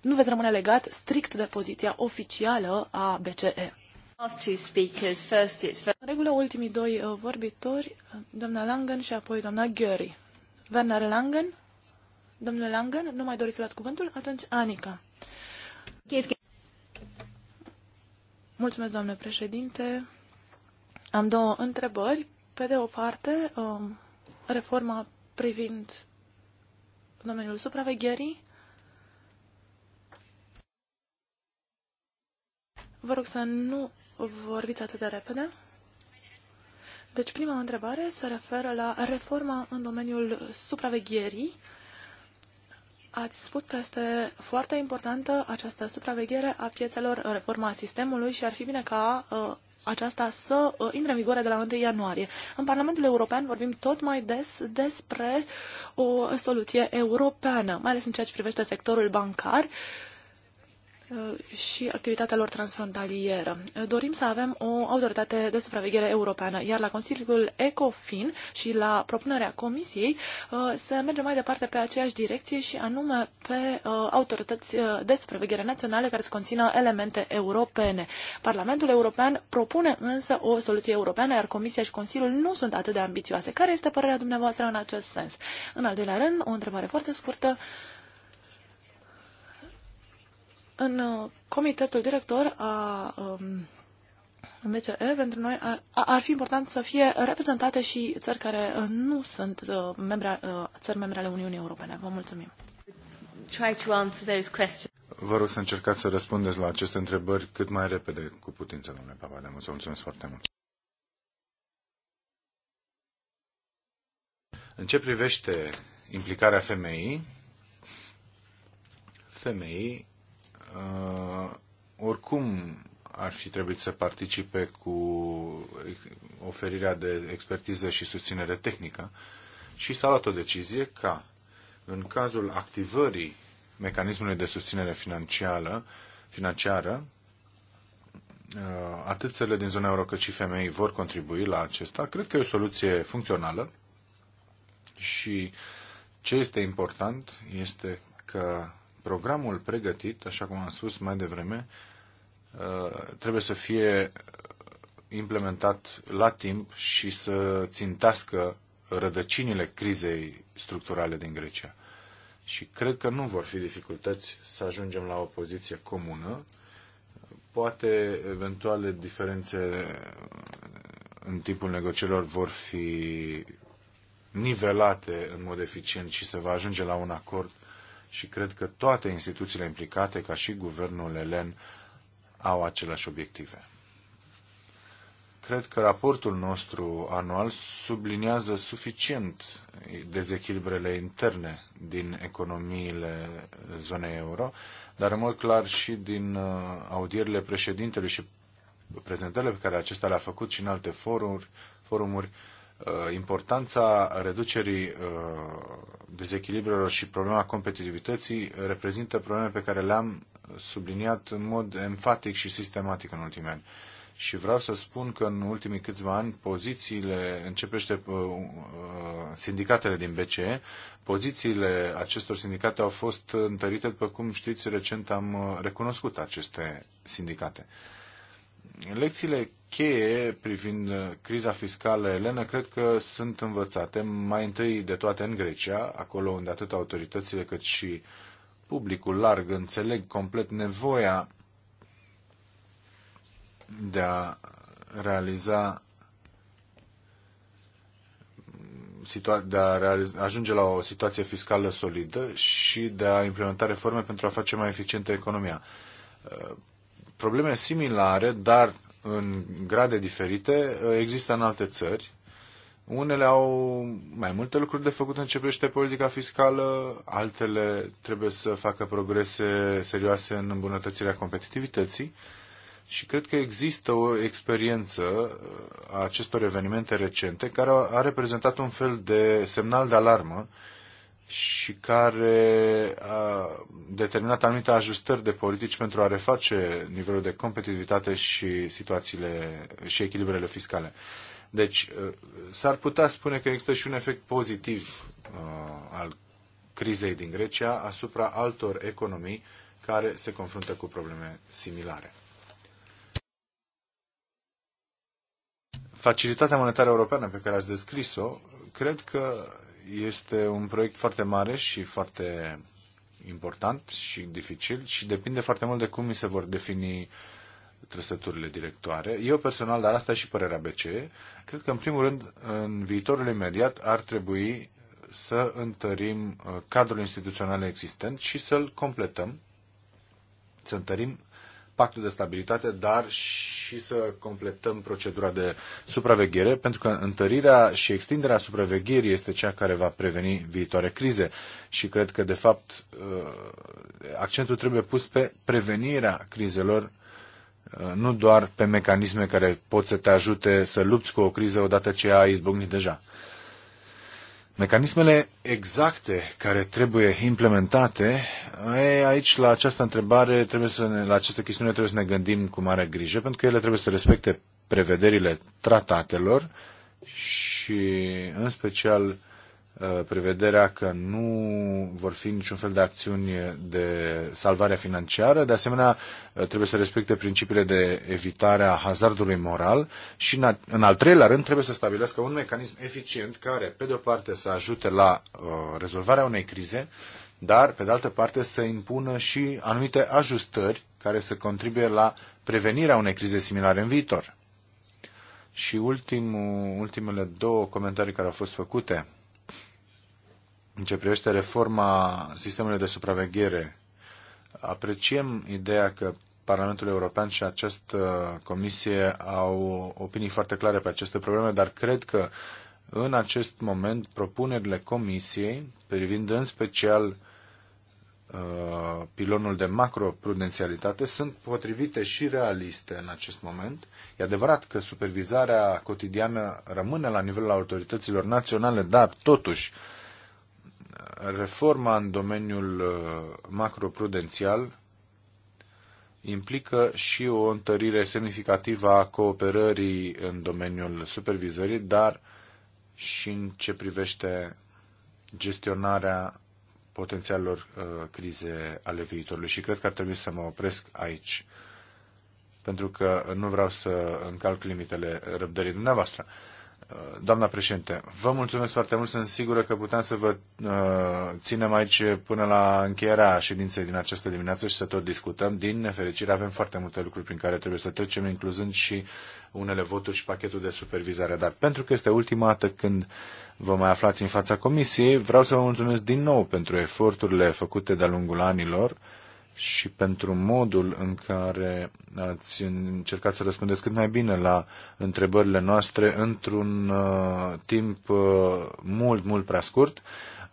nu veți rămâne legat strict de poziția oficială a BCE. În regulă, ultimii doi uh, vorbitori, uh, doamna Langen și apoi doamna Gheori. Werner Langen, domnule Langen, nu mai doriți să luați cuvântul? Atunci, Anica. Mulțumesc, doamne președinte. Am două întrebări. Pe de o parte, um, reforma privind domeniul supravegherii Vă rog să nu vorbiți atât de repede. Deci, prima întrebare se referă la reforma în domeniul supravegherii. Ați spus că este foarte importantă această supraveghere a piețelor, reforma sistemului și ar fi bine ca uh, aceasta să uh, intre în vigoare de la 1 ianuarie. În Parlamentul European vorbim tot mai des despre o soluție europeană, mai ales în ceea ce privește sectorul bancar. Uh, Uh, și activitatea lor transfrontalieră. Uh, dorim să avem o autoritate de supraveghere europeană, iar la Consiliul ECOFIN și la propunerea Comisiei uh, să mergem mai departe pe aceeași direcție și anume pe autorități de supraveghere naționale care să conțină elemente europene. Parlamentul European propune însă o soluție europeană, iar Comisia și Consiliul nu sunt atât de ambițioase. Care este părerea dumneavoastră în acest sens? În al doilea rând, o întrebare foarte scurtă în uh, comitetul director a um, pentru noi ar, ar fi important să fie reprezentate și țări care uh, nu sunt uh, membre, uh, țări membre ale Uniunii Europene. Vă mulțumim. Try to answer those questions. Vă rog să încercați să răspundeți la aceste întrebări cât mai repede cu putință, domnule Papademu. Vă mulțumesc foarte mult. În ce privește implicarea femeii, femeii Uh, oricum ar fi trebuit să participe cu oferirea de expertiză și susținere tehnică și s-a luat o decizie ca în cazul activării mecanismului de susținere financiară, financiară uh, atât țările din zona euro cât și femei vor contribui la acesta. Cred că e o soluție funcțională și ce este important este că programul pregătit, așa cum am spus mai devreme, uh, trebuie să fie implementat la timp și să țintească rădăcinile crizei structurale din Grecia. Și cred că nu vor fi dificultăți să ajungem la o poziție comună, poate eventuale diferențe în timpul negocierilor vor fi nivelate în mod eficient și se va ajunge la un acord și cred că toate instituțiile implicate, ca și guvernul elen, au aceleași obiective. Cred că raportul nostru anual subliniază suficient dezechilibrele interne din economiile zonei euro, dar în mod clar și din uh, audierile președintelui și prezentările pe care acesta le-a făcut și în alte forumuri, forumuri Uh, importanța reducerii uh, dezechilibrelor și problema competitivității reprezintă probleme pe care le-am subliniat în mod enfatic și sistematic în ultimii ani. Și vreau să spun că în ultimii câțiva ani pozițiile, începește uh, sindicatele din BCE, pozițiile acestor sindicate au fost întărite, după cum știți, recent am recunoscut aceste sindicate. Lecțiile cheie privind uh, criza fiscală elenă cred că sunt învățate mai întâi de toate în Grecia, acolo unde atât autoritățile cât și publicul larg înțeleg complet nevoia de a realiza de a ajunge la o situație fiscală solidă și de a implementa reforme pentru a face mai eficientă economia. Uh, probleme similare, dar în grade diferite, uh, există în alte țări. Unele au mai multe lucruri de făcut în ce privește politica fiscală, altele trebuie să facă progrese serioase în îmbunătățirea competitivității și cred că există o experiență uh, a acestor evenimente recente care a reprezentat un fel de semnal de alarmă și care a determinat anumite ajustări de politici pentru a reface nivelul de competitivitate și situațiile și echilibrele fiscale. Deci, uh, s-ar putea spune că există și un efect pozitiv uh, al crizei din Grecia asupra altor economii care se confruntă cu probleme similare. Facilitatea monetară europeană pe care ați descris-o, cred că este un proiect foarte mare și foarte important și dificil și depinde foarte mult de cum mi se vor defini trăsăturile directoare. Eu personal, dar asta e și părerea BCE, cred că în primul rând, în viitorul imediat, ar trebui să întărim uh, cadrul instituțional existent și să-l completăm, să întărim pactul de stabilitate, dar și să completăm procedura de supraveghere, pentru că întărirea și extinderea supravegherii este cea care va preveni viitoare crize. Și cred că, de fapt, uh, accentul trebuie pus pe prevenirea crizelor uh, nu doar pe mecanisme care pot să te ajute să lupți cu o criză odată ce a izbucnit deja. Mecanismele exacte care trebuie implementate, e, aici la această întrebare, trebuie să ne, la această chestiune trebuie să ne gândim cu mare grijă, pentru că ele trebuie să respecte prevederile tratatelor și în special Uh, prevederea că nu vor fi niciun fel de acțiuni de salvare financiară. De asemenea, uh, trebuie să respecte principiile de evitare a hazardului moral și, în al treilea rând, trebuie să stabilească un mecanism eficient care, pe de o parte, să ajute la uh, rezolvarea unei crize, dar, pe de altă parte, să impună și anumite ajustări care să contribuie la prevenirea unei crize similare în viitor. Și ultimul, ultimele două comentarii care au fost făcute în ce privește reforma sistemului de supraveghere, apreciem ideea că Parlamentul European și această comisie au opinii foarte clare pe aceste probleme, dar cred că în acest moment propunerile comisiei, privind în special uh, pilonul de macroprudențialitate, sunt potrivite și realiste în acest moment. E adevărat că supervizarea cotidiană rămâne la nivelul autorităților naționale, dar totuși uh, reforma în domeniul uh, macroprudențial implică și o întărire semnificativă a cooperării în domeniul supervizării, dar și în ce privește gestionarea potențialelor uh, crize ale viitorului. Și cred că ar trebui să mă opresc aici, pentru că nu vreau să încalc limitele răbdării dumneavoastră. Doamna președinte, vă mulțumesc foarte mult. Sunt sigură că putem să vă uh, ținem aici până la încheierea ședinței din această dimineață și să tot discutăm. Din nefericire avem foarte multe lucruri prin care trebuie să trecem, incluzând și unele voturi și pachetul de supervizare. Dar pentru că este ultima dată când vă mai aflați în fața comisiei, vreau să vă mulțumesc din nou pentru eforturile făcute de-a lungul anilor și pentru modul în care ați încercat să răspundeți cât mai bine la întrebările noastre într-un uh, timp uh, mult, mult prea scurt.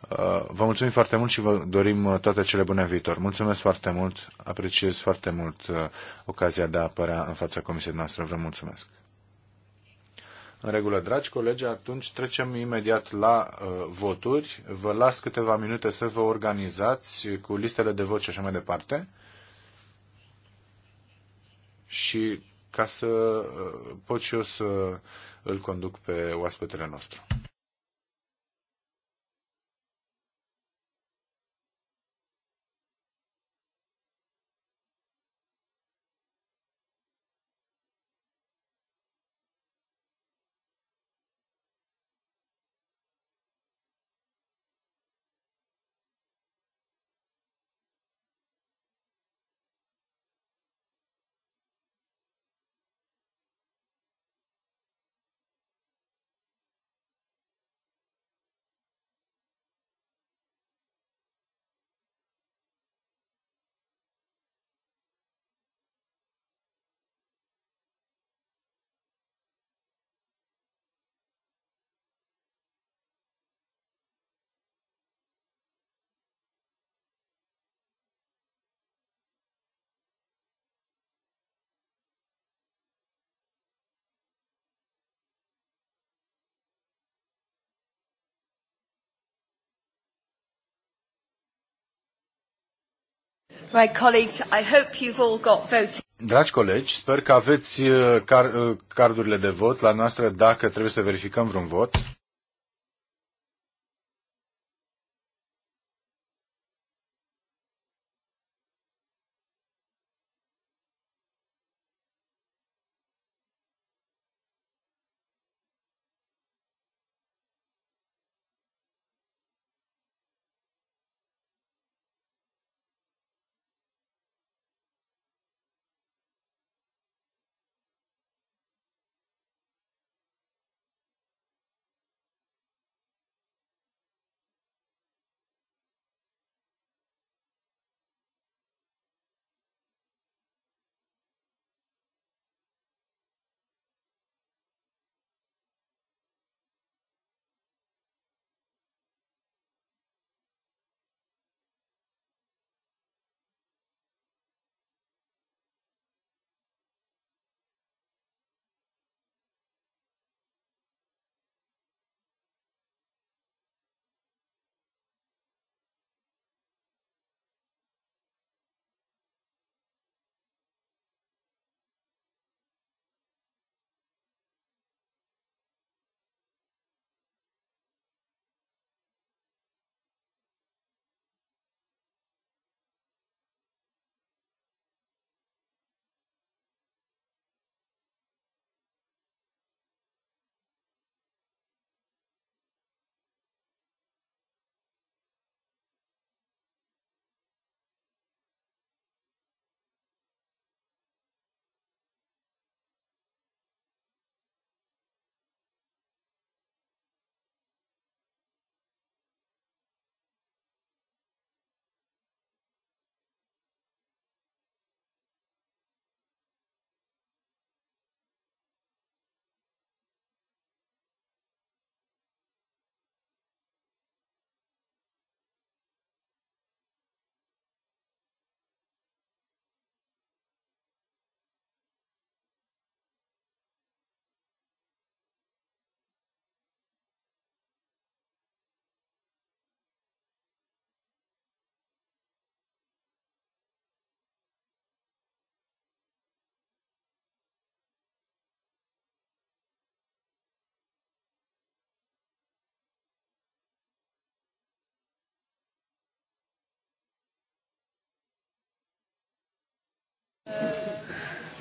Uh, vă mulțumim foarte mult și vă dorim uh, toate cele bune în viitor. Mulțumesc foarte mult, apreciez foarte mult uh, ocazia de a apărea în fața comisiei noastre. Vă mulțumesc. În regulă, dragi colegi, atunci trecem imediat la uh, voturi. Vă las câteva minute să vă organizați cu listele de vot și așa mai departe. Și ca să uh, pot și eu să îl conduc pe oaspetele nostru. My colleagues, I hope you've all got voting. Dragi colegi, sper că aveți uh, car- uh, cardurile de vot la noastră dacă trebuie să verificăm vreun vot.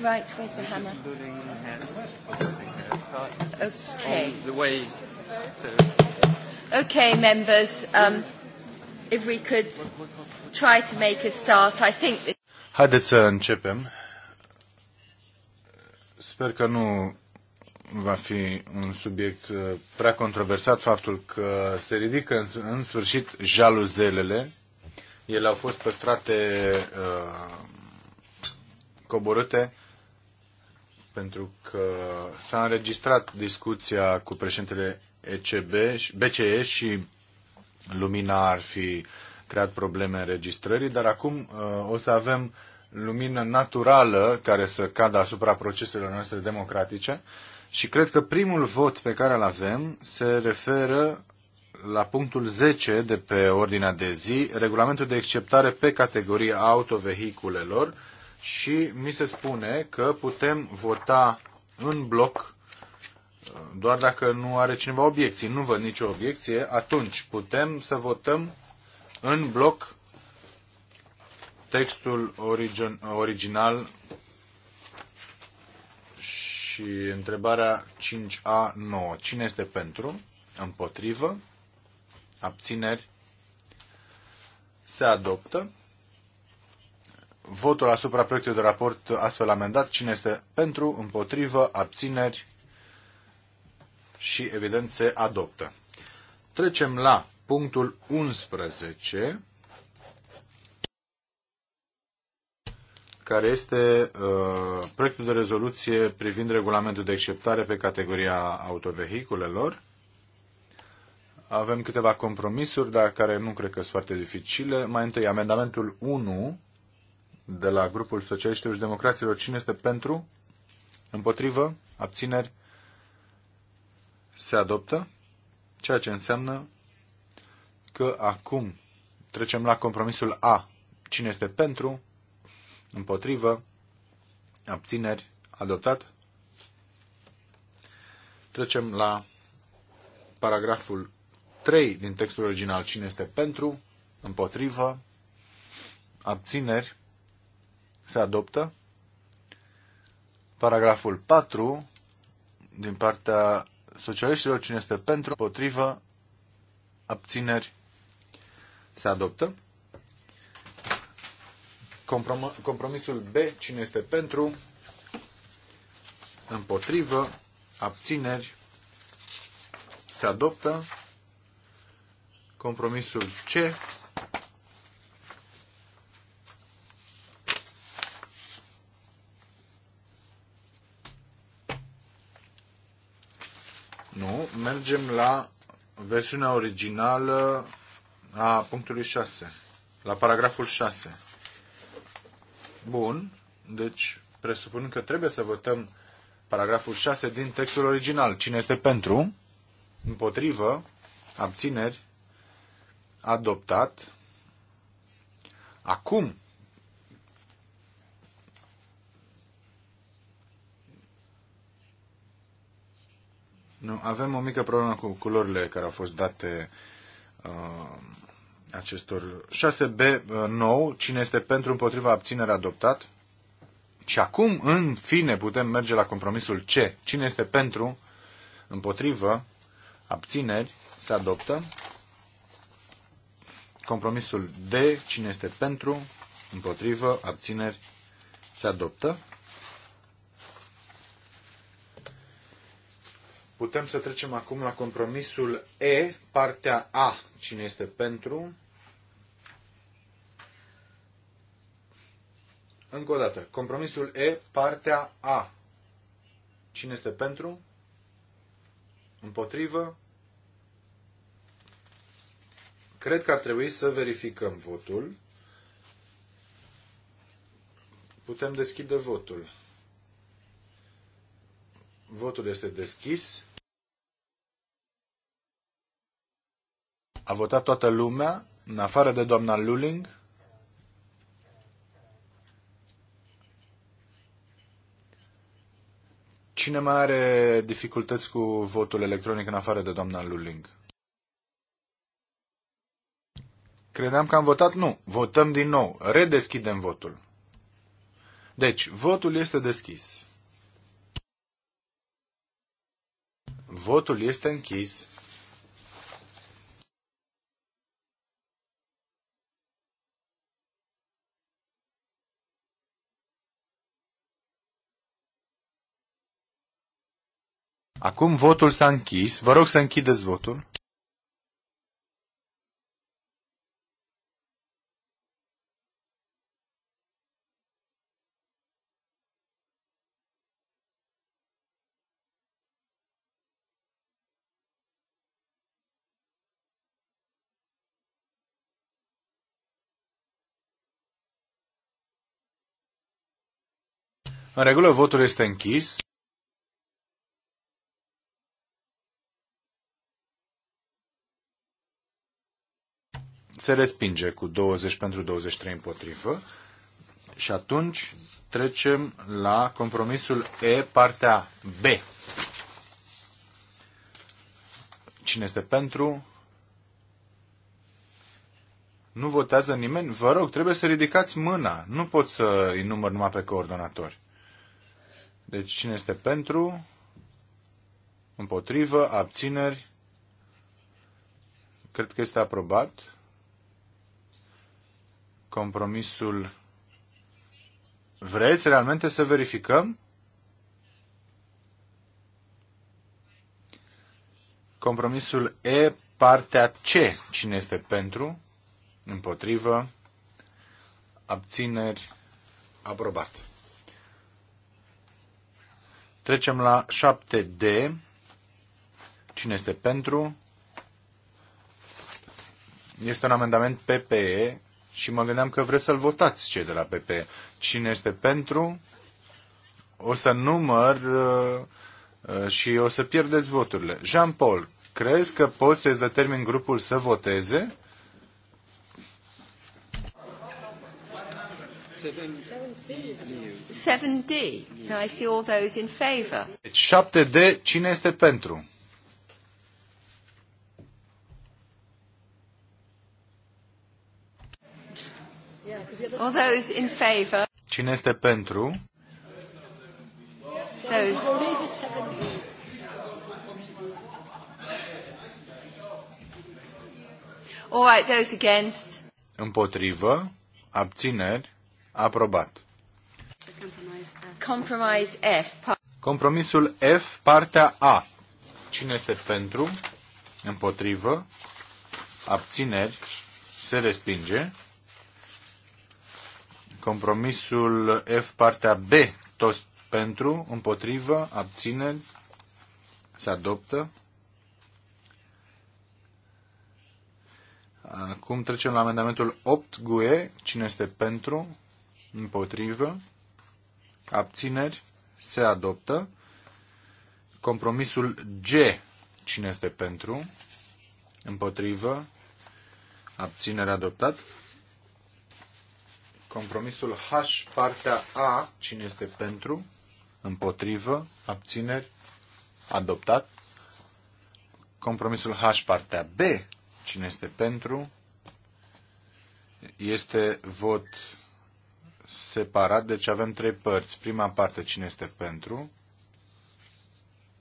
Right, where's the hammer? Okay. the way. Okay, members. Um, if we could try to make a start, I think. Haideți să începem. Sper că nu va fi un subiect uh, prea controversat faptul că se ridică în sfârșit jaluzelele. Ele au fost păstrate uh, coborâte pentru că s-a înregistrat discuția cu președintele ECB, BCE și lumina ar fi creat probleme înregistrării, dar acum uh, o să avem lumină naturală care să cadă asupra proceselor noastre democratice și cred că primul vot pe care îl avem se referă la punctul 10 de pe ordinea de zi, regulamentul de acceptare pe categorie autovehiculelor, și mi se spune că putem vota în bloc doar dacă nu are cineva obiecții. Nu văd nicio obiecție, atunci putem să votăm în bloc textul origin, original și întrebarea 5A9. Cine este pentru? Împotrivă? Abțineri? Se adoptă votul asupra proiectului de raport astfel amendat. Cine este pentru, împotrivă, abțineri și, evident, se adoptă. Trecem la punctul 11, care este uh, proiectul de rezoluție privind regulamentul de acceptare pe categoria autovehiculelor. Avem câteva compromisuri, dar care nu cred că sunt foarte dificile. Mai întâi, amendamentul 1 de la grupul socialiștilor și democraților. Cine este pentru? Împotrivă? Abțineri? Se adoptă. Ceea ce înseamnă că acum trecem la compromisul A. Cine este pentru? Împotrivă? Abțineri? Adoptat? Trecem la paragraful 3 din textul original. Cine este pentru? Împotrivă? Abțineri? Se adoptă. Paragraful 4 din partea socialiștilor, cine este pentru, potrivă, abțineri, se adoptă. Comprom- compromisul B, cine este pentru, împotrivă, abțineri, se adoptă. Compromisul C, mergem la versiunea originală a punctului 6, la paragraful 6. Bun, deci presupun că trebuie să votăm paragraful 6 din textul original. Cine este pentru? Împotrivă? Abțineri? Adoptat? Acum Nu, avem o mică problemă cu culorile care au fost date uh, acestor 6B uh, nou, cine este pentru împotriva abținere adoptat. Și acum, în fine, putem merge la compromisul C. Cine este pentru împotrivă abțineri se adoptă. Compromisul D. Cine este pentru împotrivă abțineri se adoptă. Putem să trecem acum la compromisul E, partea A. Cine este pentru? Încă o dată. Compromisul E, partea A. Cine este pentru? Împotrivă? Cred că ar trebui să verificăm votul. Putem deschide votul. Votul este deschis. A votat toată lumea, în afară de doamna Luling. Cine mai are dificultăți cu votul electronic în afară de doamna Luling? Credeam că am votat? Nu. Votăm din nou. Redeschidem votul. Deci, votul este deschis. Votul este închis. Acum votul s-a închis. Vă rog să închideți votul. În regulă, votul este închis. se respinge cu 20 pentru 23 împotrivă. Și atunci trecem la compromisul E, partea B. Cine este pentru? Nu votează nimeni? Vă rog, trebuie să ridicați mâna. Nu pot să îi număr numai pe coordonatori. Deci cine este pentru? Împotrivă? Abțineri? Cred că este aprobat. Compromisul. Vreți realmente să verificăm? Compromisul E, partea C. Cine este pentru? Împotrivă? Abțineri? Aprobat. Trecem la 7D. Cine este pentru? Este un amendament PPE și mă gândeam că vreți să-l votați cei de la PP. Cine este pentru, o să număr uh, uh, și o să pierdeți voturile. Jean-Paul, crezi că poți să-ți determin grupul să voteze? Seven D. I see all those in favor. 7D. Deci cine este pentru? All those in favor. Cine este pentru? Those. All right, those against. Împotrivă, abțineri, aprobat. Compromise F. Compromisul F, partea A. Cine este pentru? Împotrivă, abțineri, se respinge. Compromisul F, partea B, toți pentru, împotrivă, abține, se adoptă. Acum trecem la amendamentul 8 GUE. Cine este pentru? Împotrivă? Abțineri? Se adoptă. Compromisul G. Cine este pentru? Împotrivă? Abținere adoptat. Compromisul H, partea A, cine este pentru, împotrivă, abțineri, adoptat. Compromisul H, partea B, cine este pentru, este vot separat, deci avem trei părți. Prima parte, cine este pentru,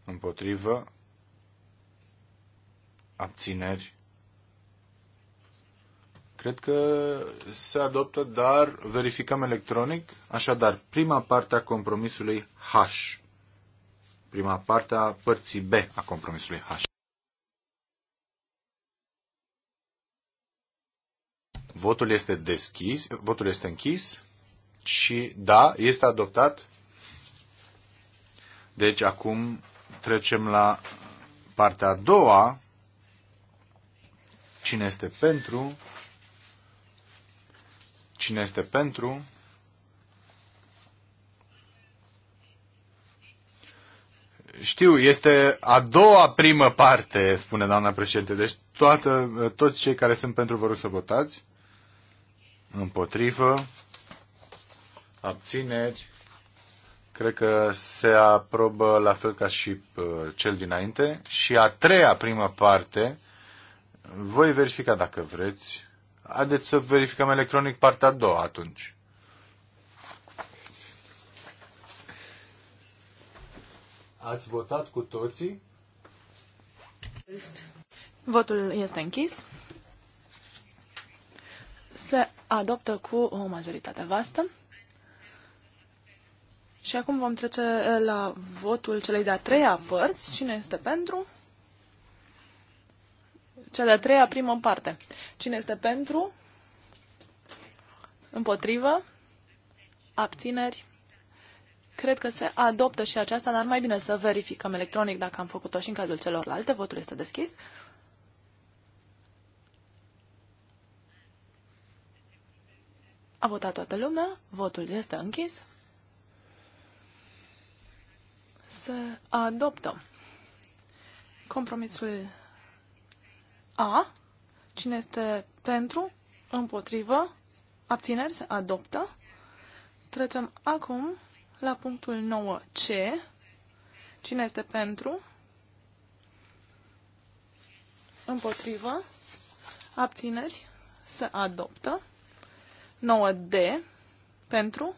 împotrivă, abțineri, Cred că se adoptă, dar verificăm electronic. Așadar, prima parte a compromisului H. Prima parte a părții B a compromisului H. Votul este deschis, votul este închis și da, este adoptat. Deci acum trecem la partea a doua. Cine este pentru? Cine este pentru? Știu, este a doua primă parte, spune doamna președinte. Deci toată, toți cei care sunt pentru vă rog să votați. Împotrivă. Abțineri. Cred că se aprobă la fel ca și uh, cel dinainte. Și a treia primă parte. Voi verifica dacă vreți. Haideți să verificăm electronic partea a doua atunci. Ați votat cu toții? Votul este închis. Se adoptă cu o majoritate vastă. Și acum vom trece la votul celei de-a treia părți. Cine este pentru? Cea de-a treia, primă parte. Cine este pentru? Împotrivă? Abțineri? Cred că se adoptă și aceasta, dar mai bine să verificăm electronic dacă am făcut-o și în cazul celorlalte. Votul este deschis. A votat toată lumea, votul este închis. Se adoptă. Compromisul a. Cine este pentru, împotrivă, abțineri, se adoptă. Trecem acum la punctul 9C. Cine este pentru, împotrivă, abțineri, se adoptă. 9D pentru,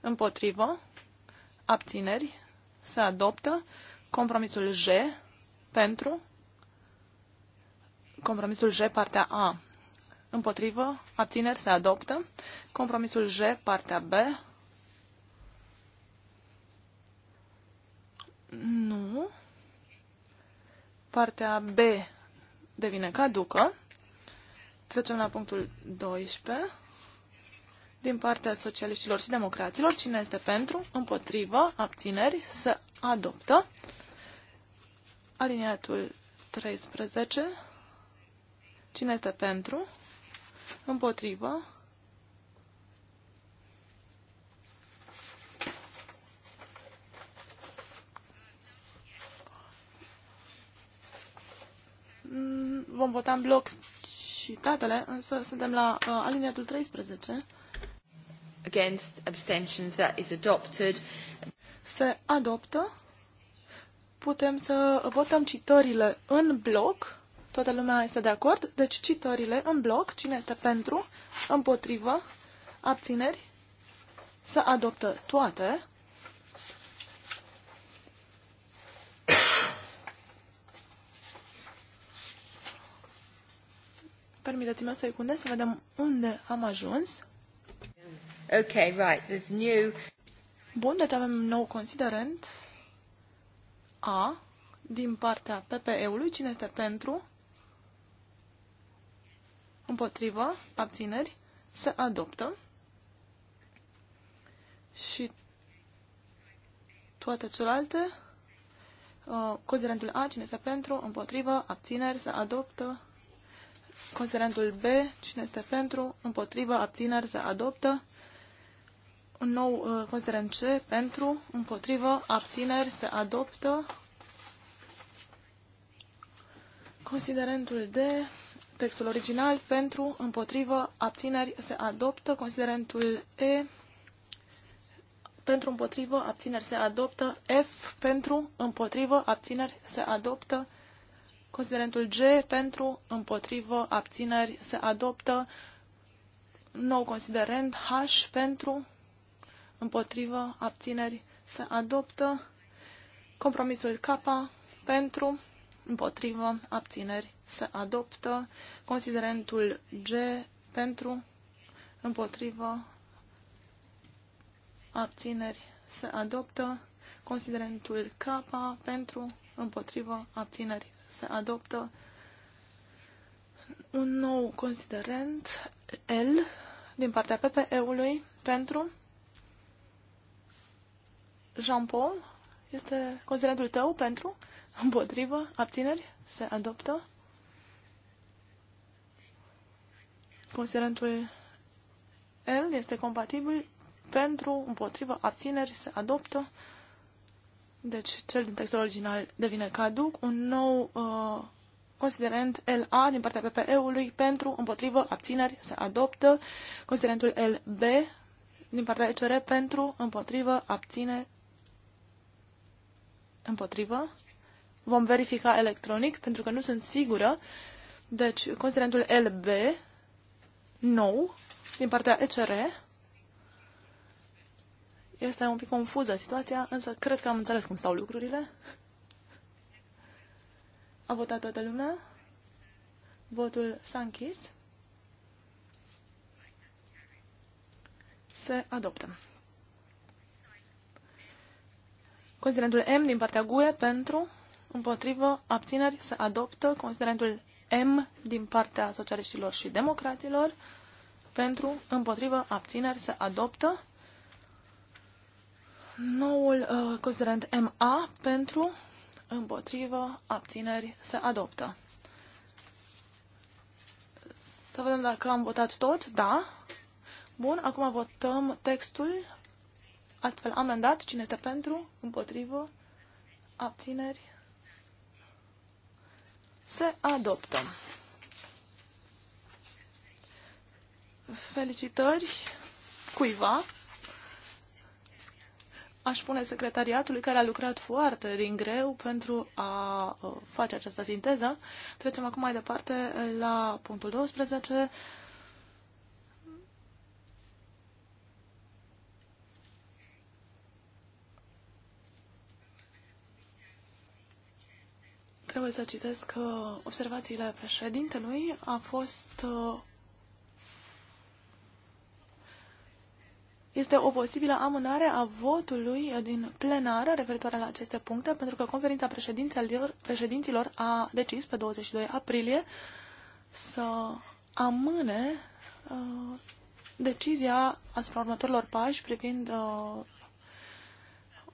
împotrivă, abțineri, se adoptă. Compromisul J pentru, Compromisul J, partea A. Împotrivă, abțineri, se adoptă. Compromisul J, partea B. Nu. Partea B devine caducă. Trecem la punctul 12. Din partea socialiștilor și democraților, cine este pentru, împotrivă, abțineri, se adoptă. Aliniatul 13 Cine este pentru? Împotrivă. Mm, vom vota în bloc și citatele, însă suntem la uh, aliniatul 13. Against abstentions that is adopted. Se adoptă. Putem să votăm citările în bloc Toată lumea este de acord? Deci citările în bloc, cine este pentru, împotrivă, abțineri, să adoptă toate. Permiteți-mi o secundă să vedem unde am ajuns. Ok, right, there's new... Bun, deci avem nou considerent A din partea PPE-ului. Cine este pentru? împotrivă, abțineri, se adoptă și toate celelalte, uh, considerentul A, cine este pentru, împotrivă, abțineri, se adoptă, considerentul B, cine este pentru, împotrivă, abțineri, se adoptă, un nou uh, considerent C, pentru, împotrivă, abțineri, se adoptă, considerentul D, textul original pentru, împotrivă, abțineri se adoptă. Considerentul E pentru, împotrivă, abțineri se adoptă. F pentru, împotrivă, abțineri se adoptă. Considerentul G pentru, împotrivă, abțineri se adoptă. Nou considerent H pentru, împotrivă, abțineri se adoptă. Compromisul K pentru, împotrivă, abțineri, se adoptă. Considerentul G pentru, împotrivă, abțineri, se adoptă. Considerentul K pentru, împotrivă, abțineri, se adoptă. Un nou considerent L din partea PPE-ului pentru Jean-Paul este considerentul tău pentru Împotrivă? Abțineri? Se adoptă? Considerentul L este compatibil pentru, împotrivă, abțineri, se adoptă. Deci cel din textul original devine caduc. Un nou uh, considerent LA din partea PPE-ului pentru, împotrivă, abțineri, se adoptă. Considerentul LB din partea ECR pentru, împotrivă, abține, împotrivă, Vom verifica electronic, pentru că nu sunt sigură. Deci, considerentul LB, nou, din partea ECR. Este un pic confuză situația, însă cred că am înțeles cum stau lucrurile. A votat toată lumea. Votul s-a închis. Se adoptă. Considerentul M din partea GUE pentru împotrivă, abțineri, se adoptă considerentul M din partea socialiștilor și democraților, pentru, împotrivă, abțineri, se adoptă noul uh, considerent MA, pentru, împotrivă, abțineri, se adoptă. Să vedem dacă am votat tot. Da. Bun, acum votăm textul astfel amendat. Cine este pentru? Împotrivă? Abțineri? Se adoptă. Felicitări cuiva. Aș spune secretariatului care a lucrat foarte din greu pentru a uh, face această sinteză. Trecem acum mai departe la punctul 12 Trebuie să citesc că uh, observațiile președintelui a fost uh, este o posibilă amânare a votului din plenară referitoare la aceste puncte, pentru că conferința președinților, președinților a decis pe 22 aprilie să amâne uh, decizia asupra următorilor pași privind uh,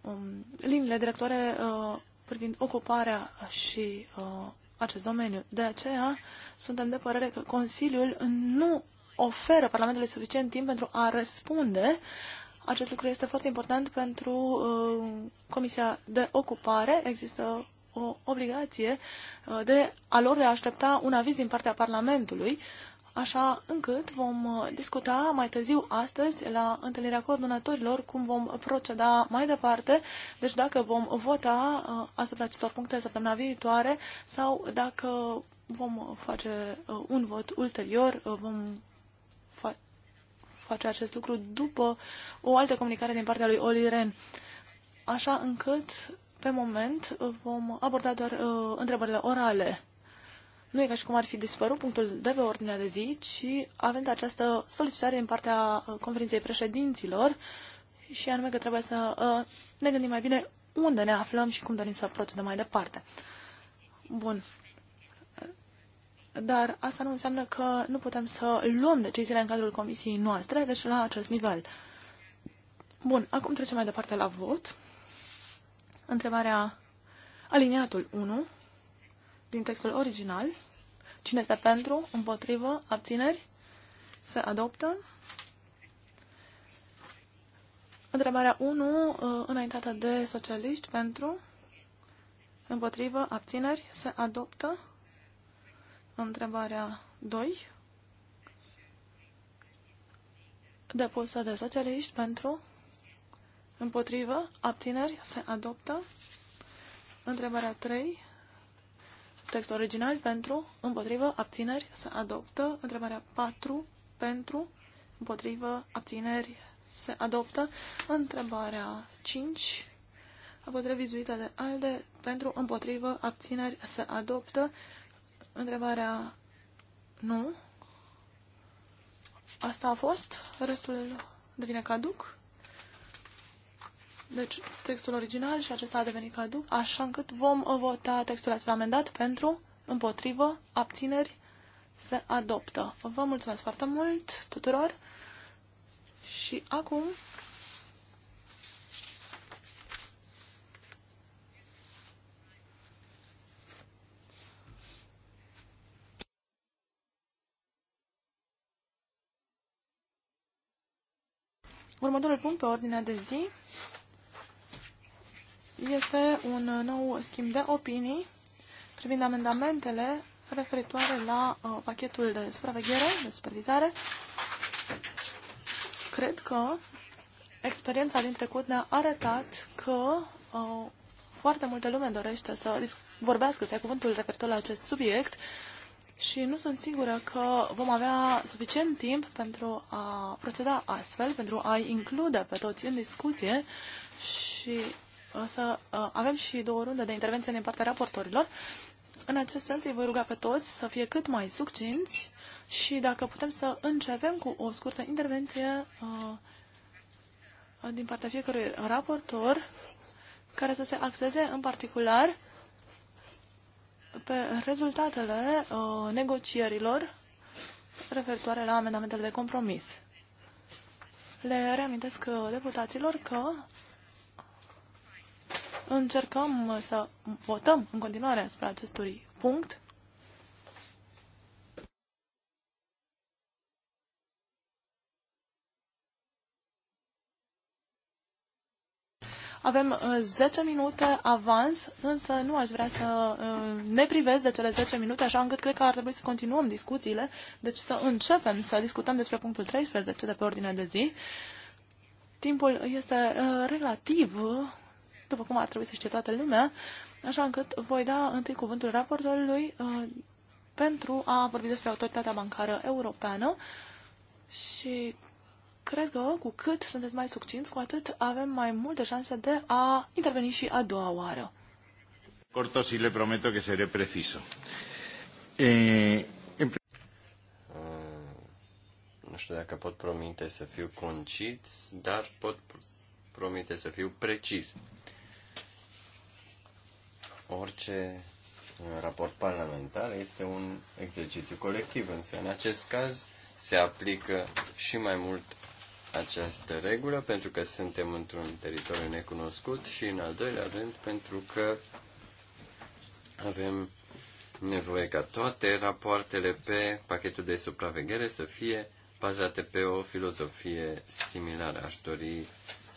um, liniile directoare uh, privind ocuparea și uh, acest domeniu. De aceea suntem de părere că Consiliul nu oferă Parlamentului suficient timp pentru a răspunde. Acest lucru este foarte important pentru uh, Comisia de Ocupare. Există o obligație uh, de a lor de a aștepta un aviz din partea Parlamentului. Uh, așa încât vom uh, discuta mai târziu astăzi la întâlnirea coordonatorilor cum vom proceda mai departe, deci dacă vom vota uh, asupra acestor puncte săptămâna viitoare sau dacă vom face uh, un vot ulterior, vom fa face acest lucru după o altă comunicare din partea lui Oli Ren. Așa încât, pe moment, vom aborda doar uh, întrebările orale. Nu e ca și cum ar fi dispărut punctul de pe ordinea de zi, ci avem această solicitare în partea uh, conferinței președinților și anume că trebuie să uh, ne gândim mai bine unde ne aflăm și cum dorim să procedăm mai departe. Bun. Uh, dar asta nu înseamnă că nu putem să luăm deciziile în cadrul comisiei noastre, deci la acest nivel. Bun, acum trecem mai departe la vot. Întrebarea aliniatul 1 din textul original. Cine este pentru, împotrivă, abțineri, se adoptă. Întrebarea 1, uh, înaintată de socialiști, pentru, împotrivă, abțineri, se adoptă. Întrebarea 2, depusă de socialiști, pentru, împotrivă, abțineri, se adoptă. Întrebarea 3, Textul original pentru, împotrivă, abțineri, se adoptă. Întrebarea 4 pentru, împotrivă, abțineri, se adoptă. Întrebarea 5 a fost revizuită de ALDE pentru, împotrivă, abțineri, se adoptă. Întrebarea nu. Asta a fost. Restul devine caduc. Deci, textul original și acesta a devenit caduc, așa încât vom vota textul astfel amendat pentru, împotrivă, abțineri, se adoptă. Vă mulțumesc foarte mult tuturor și acum Următorul punct pe ordinea de zi este un nou schimb de opinii privind amendamentele referitoare la uh, pachetul de supraveghere, de supervizare. Cred că experiența din trecut ne-a arătat că uh, foarte multă lume dorește să vorbească, să ia cuvântul referitor la acest subiect și nu sunt sigură că vom avea suficient timp pentru a proceda astfel, pentru a-i include pe toți în discuție și o să uh, avem și două runde de intervenție din partea raportorilor. În acest sens, îi voi ruga pe toți să fie cât mai succinți și dacă putem să începem cu o scurtă intervenție uh, din partea fiecărui raportor care să se axeze în particular pe rezultatele uh, negocierilor referitoare la amendamentele de compromis. Le reamintesc deputaților că încercăm să votăm în continuare asupra acestui punct. Avem 10 uh, minute avans, însă nu aș vrea să uh, ne privesc de cele 10 minute, așa încât cred că ar trebui să continuăm discuțiile, deci să începem să discutăm despre punctul 13 de pe ordine de zi. Timpul este uh, relativ după cum ar trebui să știe toată lumea, așa încât voi da întâi cuvântul raportorului uh, pentru a vorbi despre Autoritatea Bancară Europeană și cred că cu cât sunteți mai succinți, cu atât avem mai multe șanse de a interveni și a doua oară. Corto și le prometo că seré preciso. E... Eh, mm, nu știu dacă pot promite să fiu concis, dar pot promite să fiu precis orice uh, raport parlamentar este un exercițiu colectiv, însă în acest caz se aplică și mai mult această regulă pentru că suntem într-un teritoriu necunoscut și în al doilea rând pentru că avem nevoie ca toate rapoartele pe pachetul de supraveghere să fie bazate pe o filozofie similară. Aș dori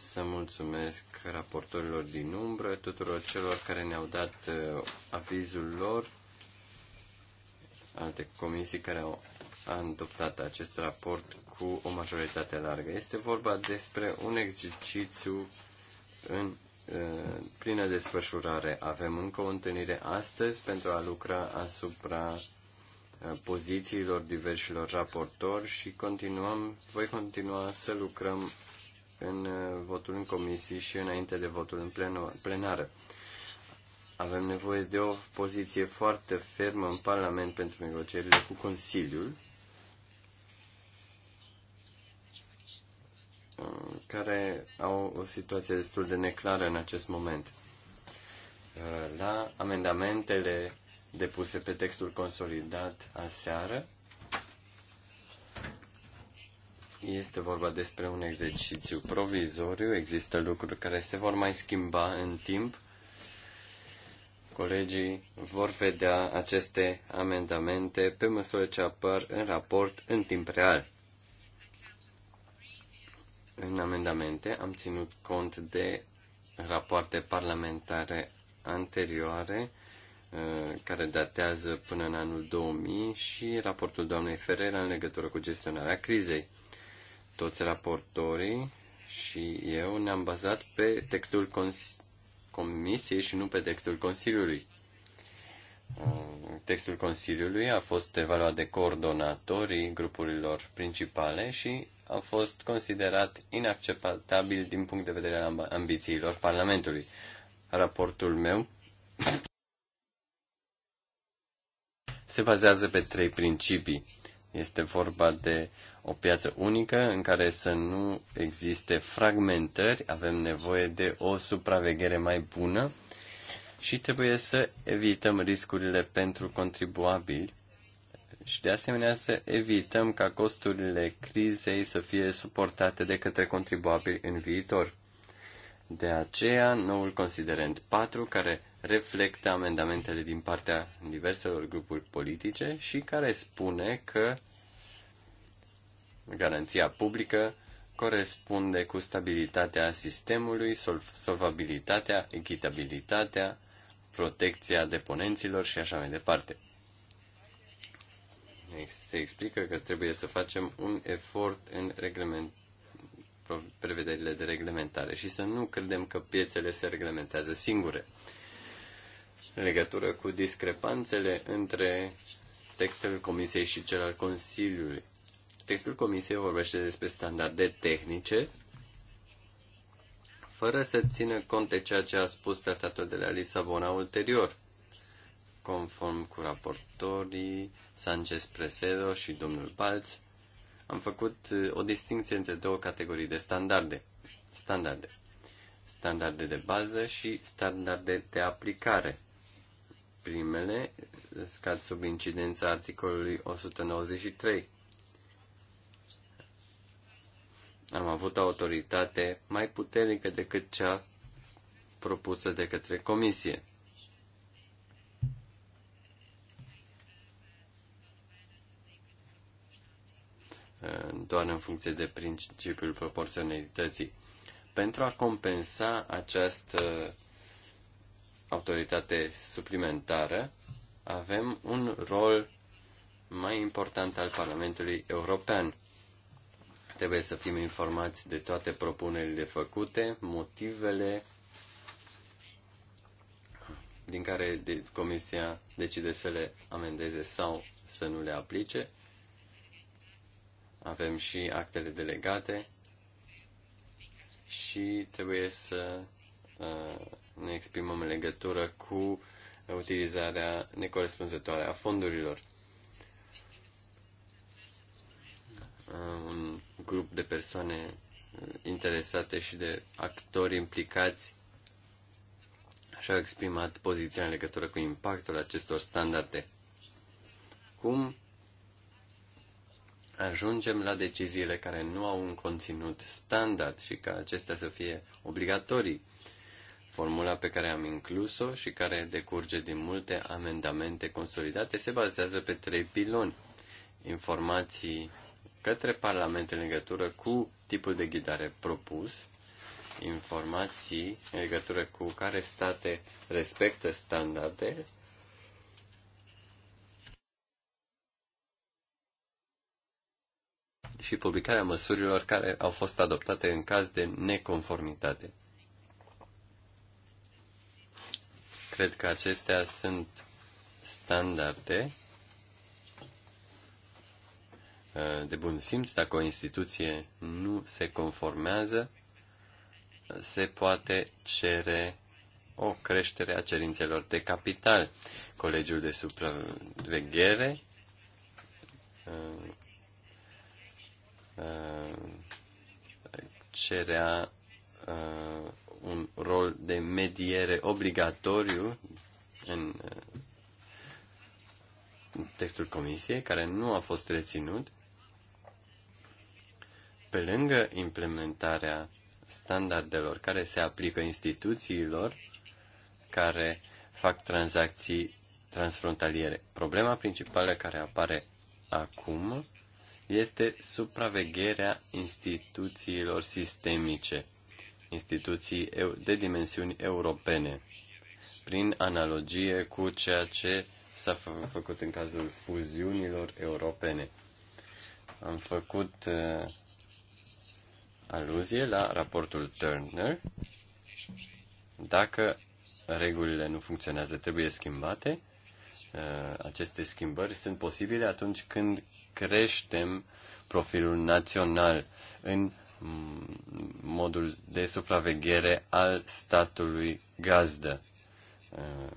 să mulțumesc raportorilor din umbră, tuturor celor care ne-au dat uh, avizul lor, alte comisii care au adoptat acest raport cu o majoritate largă. Este vorba despre un exercițiu în uh, plină desfășurare. Avem încă o întâlnire astăzi pentru a lucra asupra uh, pozițiilor diversilor raportori și continuăm, voi continua să lucrăm în uh, votul în comisii și înainte de votul în plenară. Avem nevoie de o poziție foarte fermă în Parlament pentru negocierile cu Consiliul, uh, care au o situație destul de neclară în acest moment. Uh, la amendamentele depuse pe textul consolidat aseară, este vorba despre un exercițiu provizoriu, există lucruri care se vor mai schimba în timp. Colegii vor vedea aceste amendamente pe măsură ce apar în raport în timp real. În amendamente am ținut cont de rapoarte parlamentare anterioare uh, care datează până în anul 2000 și raportul doamnei Ferreira în legătură cu gestionarea crizei toți raportorii și eu ne-am bazat pe textul Comisiei și nu pe textul Consiliului. Uh, textul Consiliului a fost evaluat de coordonatorii grupurilor principale și a fost considerat inacceptabil din punct de vedere al ambițiilor Parlamentului. Raportul meu se bazează pe trei principii. Este vorba de o piață unică în care să nu existe fragmentări, avem nevoie de o supraveghere mai bună și trebuie să evităm riscurile pentru contribuabili și de asemenea să evităm ca costurile crizei să fie suportate de către contribuabili în viitor. De aceea, noul considerent 4, care reflectă amendamentele din partea diverselor grupuri politice și care spune că garanția publică corespunde cu stabilitatea sistemului, solvabilitatea, echitabilitatea, protecția deponenților și așa mai departe. Se explică că trebuie să facem un efort în reglement, prevederile de reglementare și să nu credem că piețele se reglementează singure în legătură cu discrepanțele între textul Comisiei și cel al Consiliului. Textul Comisiei vorbește despre standarde tehnice, fără să țină cont de ceea ce a spus tratatul de la Lisabona ulterior. Conform cu raportorii Sanchez Presedo și domnul Balț, am făcut uh, o distinție între două categorii de standarde. Standarde. Standarde de bază și standarde de aplicare primele scad sub incidența articolului 193. Am avut o autoritate mai puternică decât cea propusă de către comisie. doar în funcție de principiul proporționalității. Pentru a compensa această autoritate suplimentară, avem un rol mai important al Parlamentului European. Trebuie să fim informați de toate propunerile făcute, motivele din care Comisia decide să le amendeze sau să nu le aplice. Avem și actele delegate și trebuie să uh, ne exprimăm în legătură cu utilizarea necorespunzătoare a fondurilor. Uh, un grup de persoane uh, interesate și de actori implicați și-au exprimat poziția în legătură cu impactul acestor standarde. Cum ajungem la deciziile care nu au un conținut standard și ca acestea să fie obligatorii? Uh, Formula pe care am inclus-o și care decurge din multe amendamente consolidate se bazează pe trei piloni. Informații către Parlament în legătură cu tipul de ghidare propus, informații în legătură cu care state respectă standarde și publicarea măsurilor care au fost adoptate în caz de neconformitate. Cred că acestea sunt standarde uh, de bun simț. Dacă o instituție nu se conformează, se poate cere o creștere a cerințelor de capital. Colegiul de supraveghere uh, uh, cerea un rol de mediere obligatoriu în uh, textul comisiei, care nu a fost reținut. Pe lângă implementarea standardelor care se aplică instituțiilor care fac tranzacții transfrontaliere. Problema principală care apare acum este supravegherea instituțiilor sistemice instituții de dimensiuni europene, prin analogie cu ceea ce s-a făcut în cazul fuziunilor europene. Am făcut uh, aluzie la raportul Turner. Dacă regulile nu funcționează, trebuie schimbate. Uh, aceste schimbări sunt posibile atunci când creștem profilul național în modul de supraveghere al statului gazdă, uh,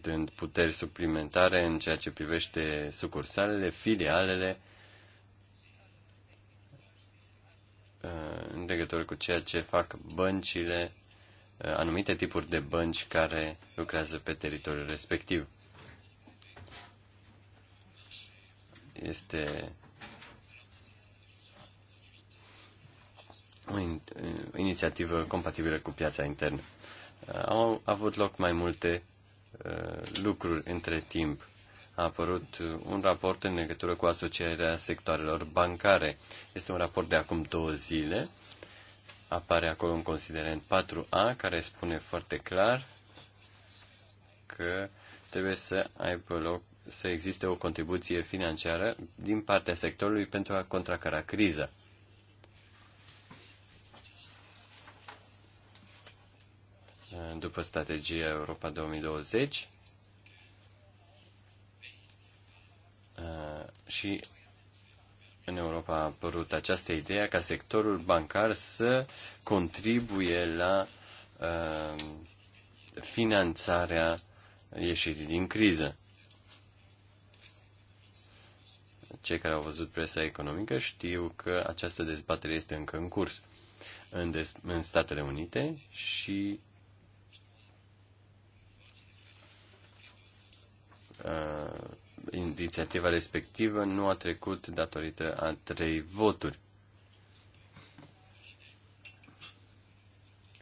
dând puteri suplimentare în ceea ce privește sucursalele, filialele, uh, în legătură cu ceea ce fac băncile, uh, anumite tipuri de bănci care lucrează pe teritoriul respectiv. Este o inițiativă compatibilă cu piața internă. Uh, au avut loc mai multe uh, lucruri între timp. A apărut uh, un raport în legătură cu asocierea sectoarelor bancare. Este un raport de acum două zile. Apare acolo un considerent 4A care spune foarte clar că trebuie să aibă loc să existe o contribuție financiară din partea sectorului pentru a contracara criza. după strategia Europa 2020 uh, și în Europa a apărut această idee ca sectorul bancar să contribuie la uh, finanțarea ieșirii din criză. Cei care au văzut presa economică știu că această dezbatere este încă în curs în, des- în Statele Unite și uh, inițiativa respectivă nu a trecut datorită a trei voturi.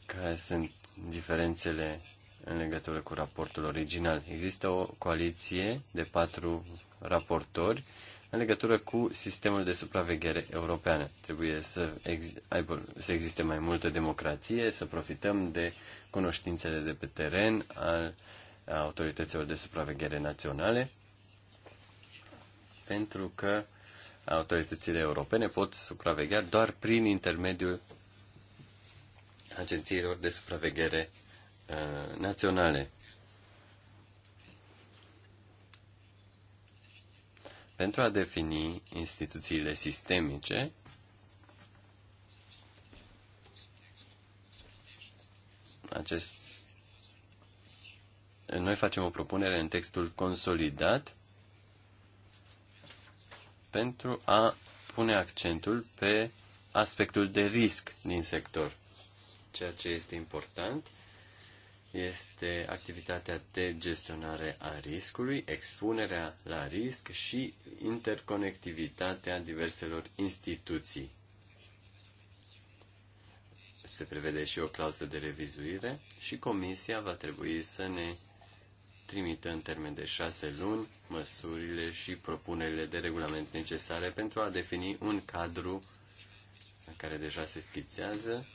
Care sunt diferențele în legătură cu raportul original? Există o coaliție de patru raportori în legătură cu sistemul de supraveghere europeană. Trebuie să, ex- aibă, să existe mai multă democrație, să profităm de cunoștințele de pe teren al uh, a autorităților de supraveghere naționale, pentru că autoritățile europene pot supraveghea doar prin intermediul agențiilor de supraveghere uh, naționale. Pentru a defini instituțiile sistemice, acest noi facem o propunere în textul consolidat pentru a pune accentul pe aspectul de risc din sector. Ceea ce este important este activitatea de gestionare a riscului, expunerea la risc și interconectivitatea diverselor instituții. Se prevede și o clauză de revizuire și comisia va trebui să ne trimită în termen de șase luni măsurile și propunerile de regulament necesare pentru a defini un cadru care deja se schițează,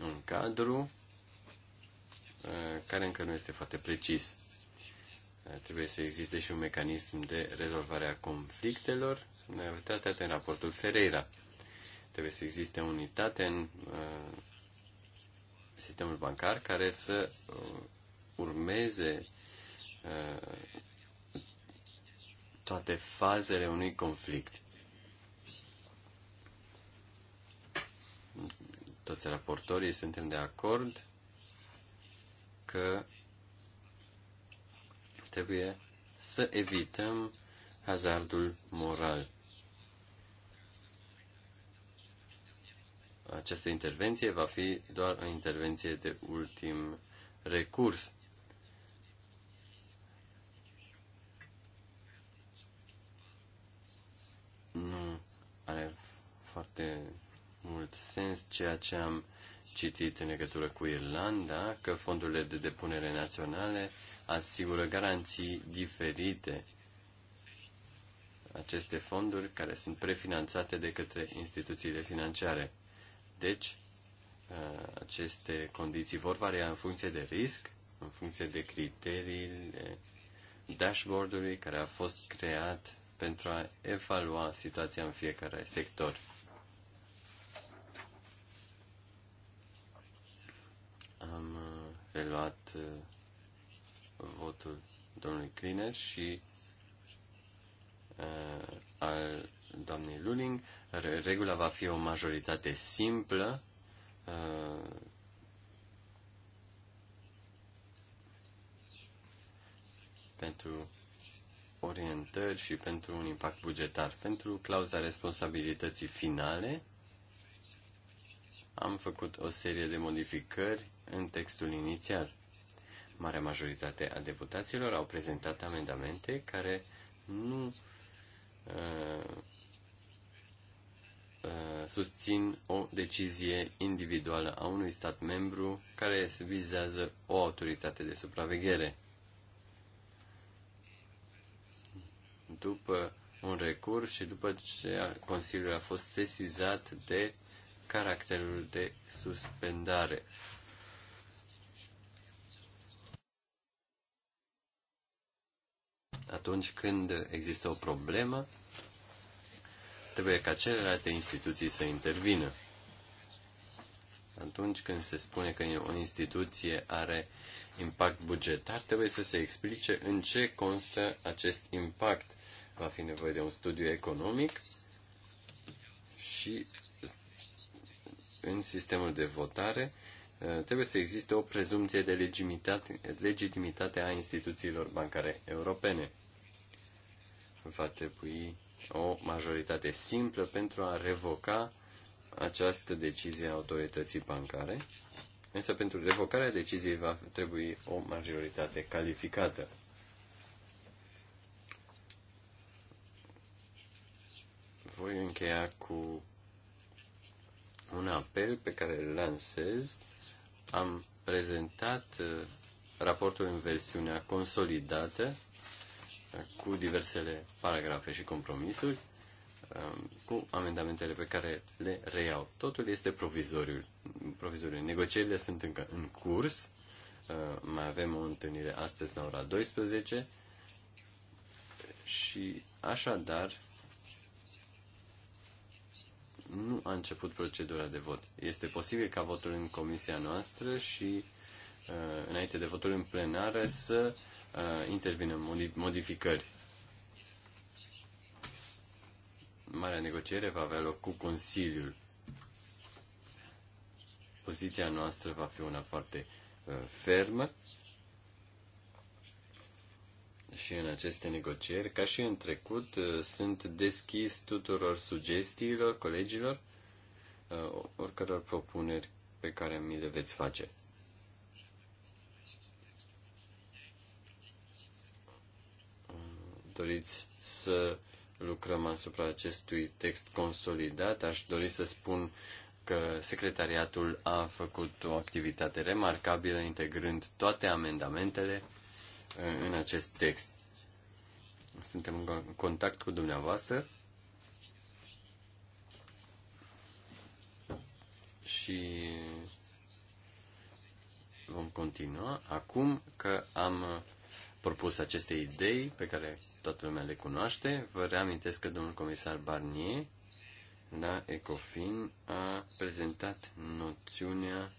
un cadru uh, care încă nu este foarte precis. Uh, trebuie să existe și un mecanism de rezolvare a conflictelor uh, tratate în raportul Ferreira. Trebuie să existe unitate în sistemul bancar care să urmeze Uh, toate fazele unui conflict. Toți raportorii suntem de acord că trebuie să evităm hazardul moral. Această intervenție va fi doar o intervenție de ultim recurs. nu are foarte mult sens ceea ce am citit în legătură cu Irlanda, că fondurile de depunere naționale asigură garanții diferite. Aceste fonduri care sunt prefinanțate de către instituțiile financiare. Deci, uh, aceste condiții vor varia în funcție de risc, în funcție de criteriile dashboard-ului care a fost creat pentru a evalua situația în fiecare sector. Am uh, reluat uh, votul domnului Kriner și uh, al doamnei Luling. Regula va fi o majoritate simplă. Uh, pentru orientări și pentru un impact bugetar. Pentru clauza responsabilității finale, am făcut o serie de modificări în textul inițial. Marea majoritate a deputaților au prezentat amendamente care nu uh, uh, susțin o decizie individuală a unui stat membru care vizează o autoritate de supraveghere. după un recurs și după ce Consiliul a fost sesizat de caracterul de suspendare. Atunci când există o problemă, trebuie ca celelalte instituții să intervină. Atunci când se spune că o instituție are impact bugetar, trebuie să se explice în ce constă acest impact va fi nevoie de un studiu economic și în sistemul de votare uh, trebuie să existe o prezumție de legitimitate, legitimitate a instituțiilor bancare europene. Va trebui o majoritate simplă pentru a revoca această decizie a autorității bancare, însă pentru revocarea deciziei va trebui o majoritate calificată. voi încheia cu un apel pe care îl lansez. Am prezentat uh, raportul în versiunea consolidată uh, cu diversele paragrafe și compromisuri, um, cu amendamentele pe care le reiau. Totul este provizoriu. provizoriu. Negocierile sunt încă în curs. Uh, mai avem o întâlnire astăzi la ora 12 și așadar nu a început procedura de vot. Este posibil ca votul în comisia noastră și uh, înainte de votul în plenară să uh, intervină modificări. Marea negociere va avea loc cu Consiliul. Poziția noastră va fi una foarte uh, fermă și în aceste negocieri, ca și în trecut, uh, sunt deschis tuturor sugestiilor colegilor, uh, oricăror propuneri pe care mi le veți face. Uh, doriți să lucrăm asupra acestui text consolidat, aș dori să spun că secretariatul a făcut o activitate remarcabilă integrând toate amendamentele Uh, în acest text. Suntem în contact cu dumneavoastră și vom continua. Acum că am propus aceste idei pe care toată lumea le cunoaște, vă reamintesc că domnul comisar Barnier la Ecofin a prezentat noțiunea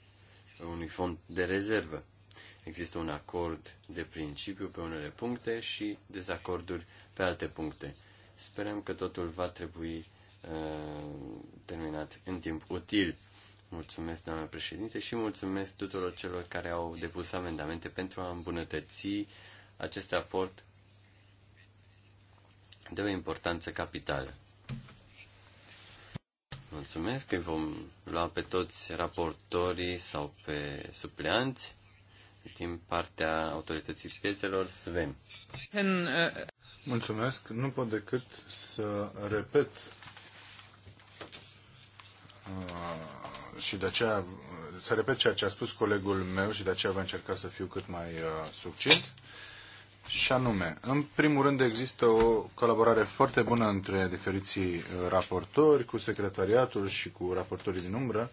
unui fond de rezervă. Există un acord de principiu pe unele puncte și dezacorduri pe alte puncte. Sperăm că totul va trebui uh, terminat în timp util. Mulțumesc, doamnă președinte, și mulțumesc tuturor celor care au depus amendamente pentru a îmbunătăți acest raport de o importanță capitală. Mulțumesc că vom lua pe toți raportorii sau pe supleanți din partea autorității piețelor, Sven. Uh, Mulțumesc. Nu pot decât să repet uh, și de aceea să repet ceea ce a spus colegul meu și de aceea voi încerca să fiu cât mai uh, succint. Și anume, în primul rând există o colaborare foarte bună între diferiții raportori, cu secretariatul și cu raportorii din umbră,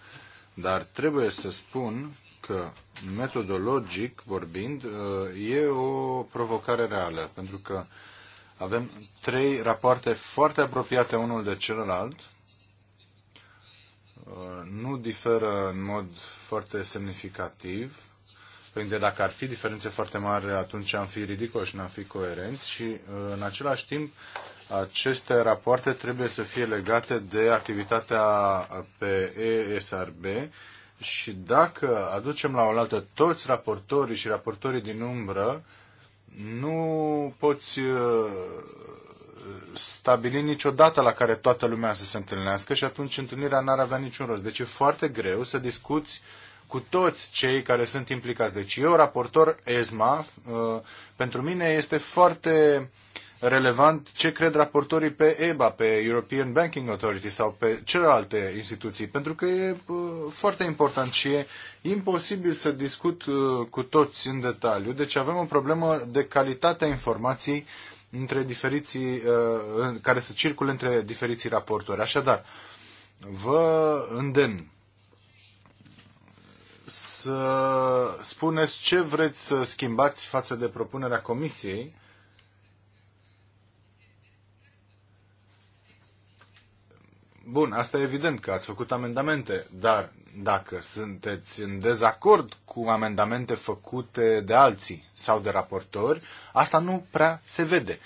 dar trebuie să spun că metodologic vorbind uh, e o provocare reală, pentru că avem trei rapoarte foarte apropiate unul de celălalt, uh, nu diferă în mod foarte semnificativ, pentru că dacă ar fi diferențe foarte mari, atunci am fi ridicol și n-am fi coerenți și uh, în același timp aceste rapoarte trebuie să fie legate de activitatea pe ESRB și dacă aducem la oaltă toți raportorii și raportorii din umbră, nu poți uh, stabili niciodată la care toată lumea să se întâlnească și atunci întâlnirea n-ar avea niciun rost. Deci e foarte greu să discuți cu toți cei care sunt implicați. Deci eu, raportor ESMA, uh, pentru mine este foarte relevant ce cred raportorii pe EBA, pe European Banking Authority sau pe celelalte instituții, pentru că e foarte important și e imposibil să discut ă, cu toți în detaliu. Deci avem o problemă de calitatea informației între diferiții, ă, care se circulă între diferiții raportori. Așadar, vă îndemn să spuneți ce vreți să schimbați față de propunerea Comisiei Bun, asta e evident că ați făcut amendamente, dar dacă sunteți în dezacord cu amendamente făcute de alții sau de raportori, asta nu prea se vede.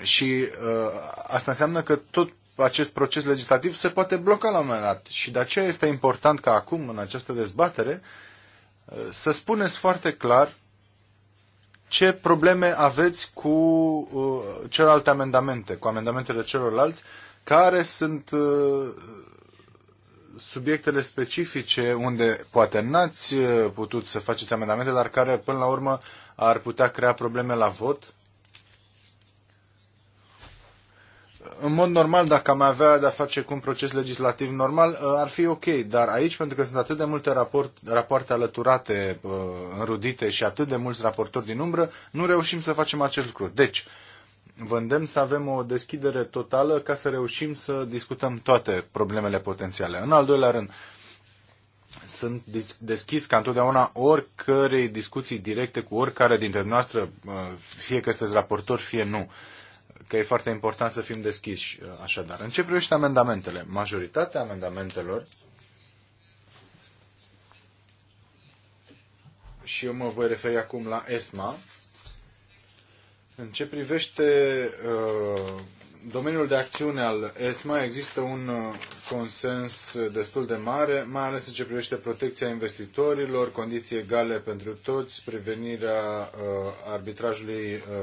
Și uh, asta înseamnă că tot acest proces legislativ se poate bloca la un moment dat. Și de aceea este important ca acum, în această dezbatere, uh, să spuneți foarte clar ce probleme aveți cu uh, celelalte amendamente, cu amendamentele celorlalți, uh, care sunt uh, subiectele specifice unde poate n-ați uh, putut să faceți amendamente, dar care până la urmă ar putea crea probleme la vot? În mod normal, dacă am avea de-a face cu un proces legislativ normal, uh, ar fi ok, dar aici, pentru că sunt atât de multe raport, rapoarte alăturate, înrudite și atât de mulți raportori din umbră, nu reușim să facem acest lucru. Deci, vă îndemn să avem o deschidere totală ca să reușim să discutăm toate problemele potențiale. În al doilea rând, sunt deschis ca întotdeauna oricărei discuții directe cu oricare dintre noastre, uh, fie că sunteți raportor, fie nu. Că e foarte important să fim deschiși uh, așadar. În ce privește amendamentele? Majoritatea amendamentelor și eu mă voi referi acum la ESMA, în ce privește uh, domeniul de acțiune al ESMA, există un uh, consens destul de mare, mai ales în ce privește protecția investitorilor, condiții egale pentru toți, prevenirea uh, arbitrajului uh,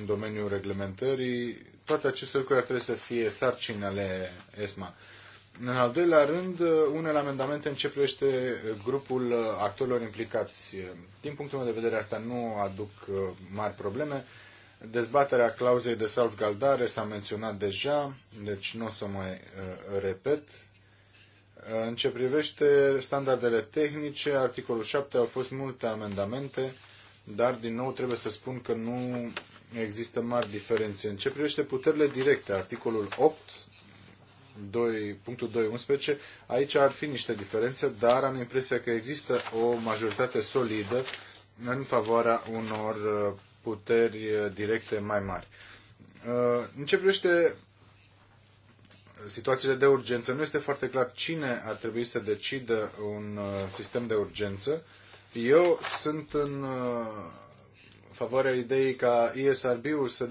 în domeniul reglementării. Toate aceste lucruri ar trebui să fie sarcini ale ESMA. În al doilea rând, unele amendamente în ce privește grupul actorilor implicați. Din punctul meu de vedere, asta nu aduc uh, mari probleme. Dezbaterea clauzei de salvgardare s-a menționat deja, deci nu o să mai uh, repet. Uh, în ce privește standardele tehnice, articolul 7 au fost multe amendamente, dar din nou trebuie să spun că nu există mari diferențe. În ce privește puterile directe, articolul 8 2.2.11, aici ar fi niște diferențe, dar am impresia că există o majoritate solidă în favoarea unor uh, puteri uh, directe mai mari. Uh, în ce privește situațiile de urgență, nu este foarte clar cine ar trebui să decidă un sistem de urgență. Eu sunt în favoarea ideii ca ESRB-ul să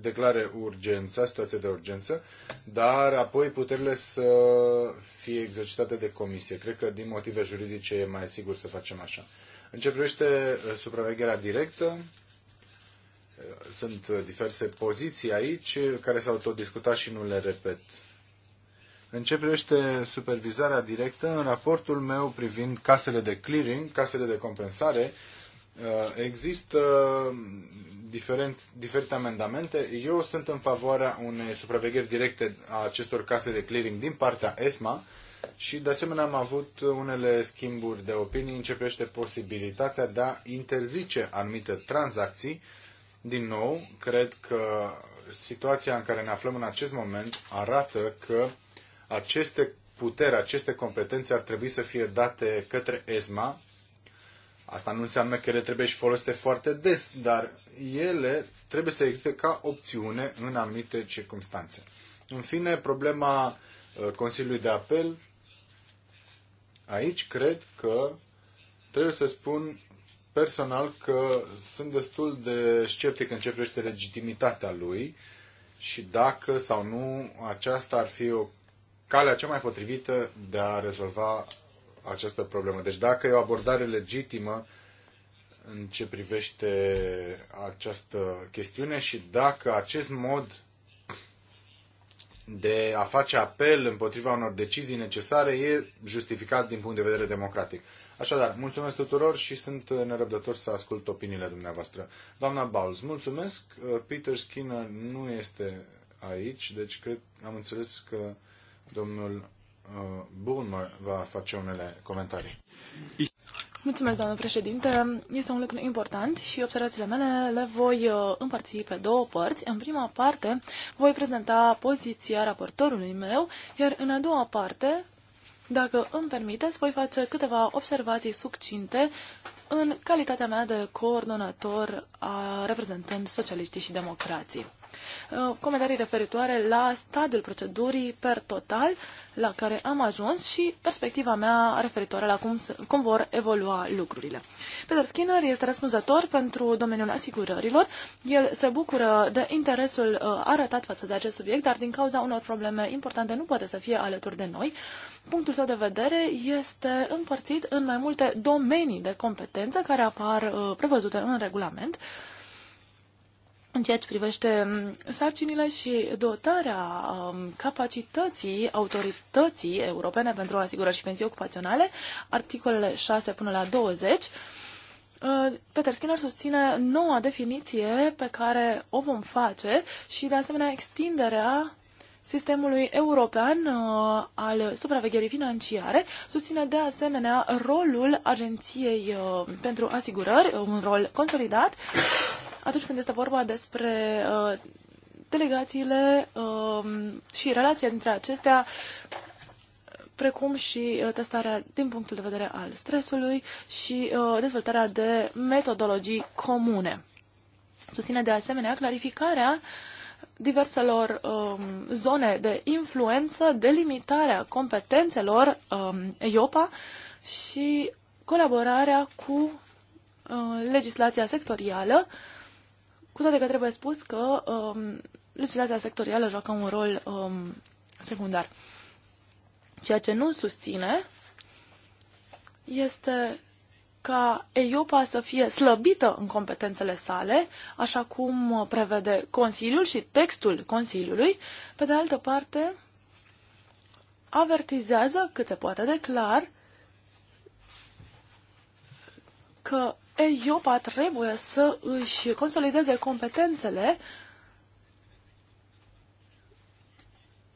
declare urgența, situația de urgență, dar apoi puterile să fie exercitate de comisie. Cred că din motive juridice e mai sigur să facem așa. În ce privește uh, supravegherea directă, uh, sunt diverse poziții aici care s-au tot discutat și nu le repet. În ce privește supervizarea directă, în raportul meu privind casele de clearing, casele de compensare, Uh, există diferent, diferite amendamente. Eu sunt în favoarea unei supravegheri directe a acestor case de clearing din partea ESMA și de asemenea am avut unele schimburi de opinii în ce privește posibilitatea de a interzice anumite tranzacții. Din nou, cred că situația în care ne aflăm în acest moment arată că aceste puteri, aceste competențe ar trebui să fie date către ESMA Asta nu înseamnă că ele trebuie și folosite foarte des, dar ele trebuie să existe ca opțiune în anumite circunstanțe. În fine, problema uh, Consiliului de Apel, aici cred că trebuie să spun personal că sunt destul de sceptic în ce privește legitimitatea lui și dacă sau nu aceasta ar fi o calea cea mai potrivită de a rezolva această problemă. Deci dacă e o abordare legitimă în ce privește această chestiune și dacă acest mod de a face apel împotriva unor decizii necesare e justificat din punct de vedere democratic. Așadar, mulțumesc tuturor și sunt nerăbdător să ascult opiniile dumneavoastră. Doamna Bowles, mulțumesc. Peter Skinner nu este aici, deci cred, am înțeles că domnul Uh, bun va face unele comentarii. Mulțumesc, doamnă președinte. Este un lucru important și observațiile mele le voi uh, împărți pe două părți. În prima parte voi prezenta poziția raportorului meu, iar în a doua parte, dacă îmi permiteți, voi face câteva observații succinte în calitatea mea de coordonator a reprezentând socialiștii și democrații. Uh, comentarii referitoare la stadiul procedurii per total la care am ajuns și perspectiva mea referitoare la cum, cum vor evolua lucrurile. Peter Skinner este răspunzător pentru domeniul asigurărilor. El se bucură de interesul uh, arătat față de acest subiect, dar din cauza unor probleme importante nu poate să fie alături de noi. Punctul său de vedere este împărțit în mai multe domenii de competență care apar uh, prevăzute în regulament în ceea ce privește mm, sarcinile și dotarea um, capacității autorității europene pentru asigurări și pensii ocupaționale, articolele 6 până la 20, mm, Peter Skinner susține noua definiție pe care o vom face și, de asemenea, extinderea sistemului european al supravegherii financiare, susține de asemenea rolul Agenției pentru Asigurări, un rol consolidat atunci când este vorba despre uh, delegațiile uh, și relația dintre acestea, precum și uh, testarea din punctul de vedere al stresului și uh, dezvoltarea de metodologii comune. Susține de asemenea clarificarea diverselor um, zone de influență, delimitarea competențelor um, EIOPA și colaborarea cu uh, legislația sectorială uh, cu toate că trebuie spus că um, legislația sectorială joacă un rol um, secundar. Ceea ce nu susține este ca EIOPA să fie slăbită în competențele sale, așa cum prevede Consiliul și textul Consiliului. Pe de altă parte, avertizează cât se poate de clar că EIOPA trebuie să își consolideze competențele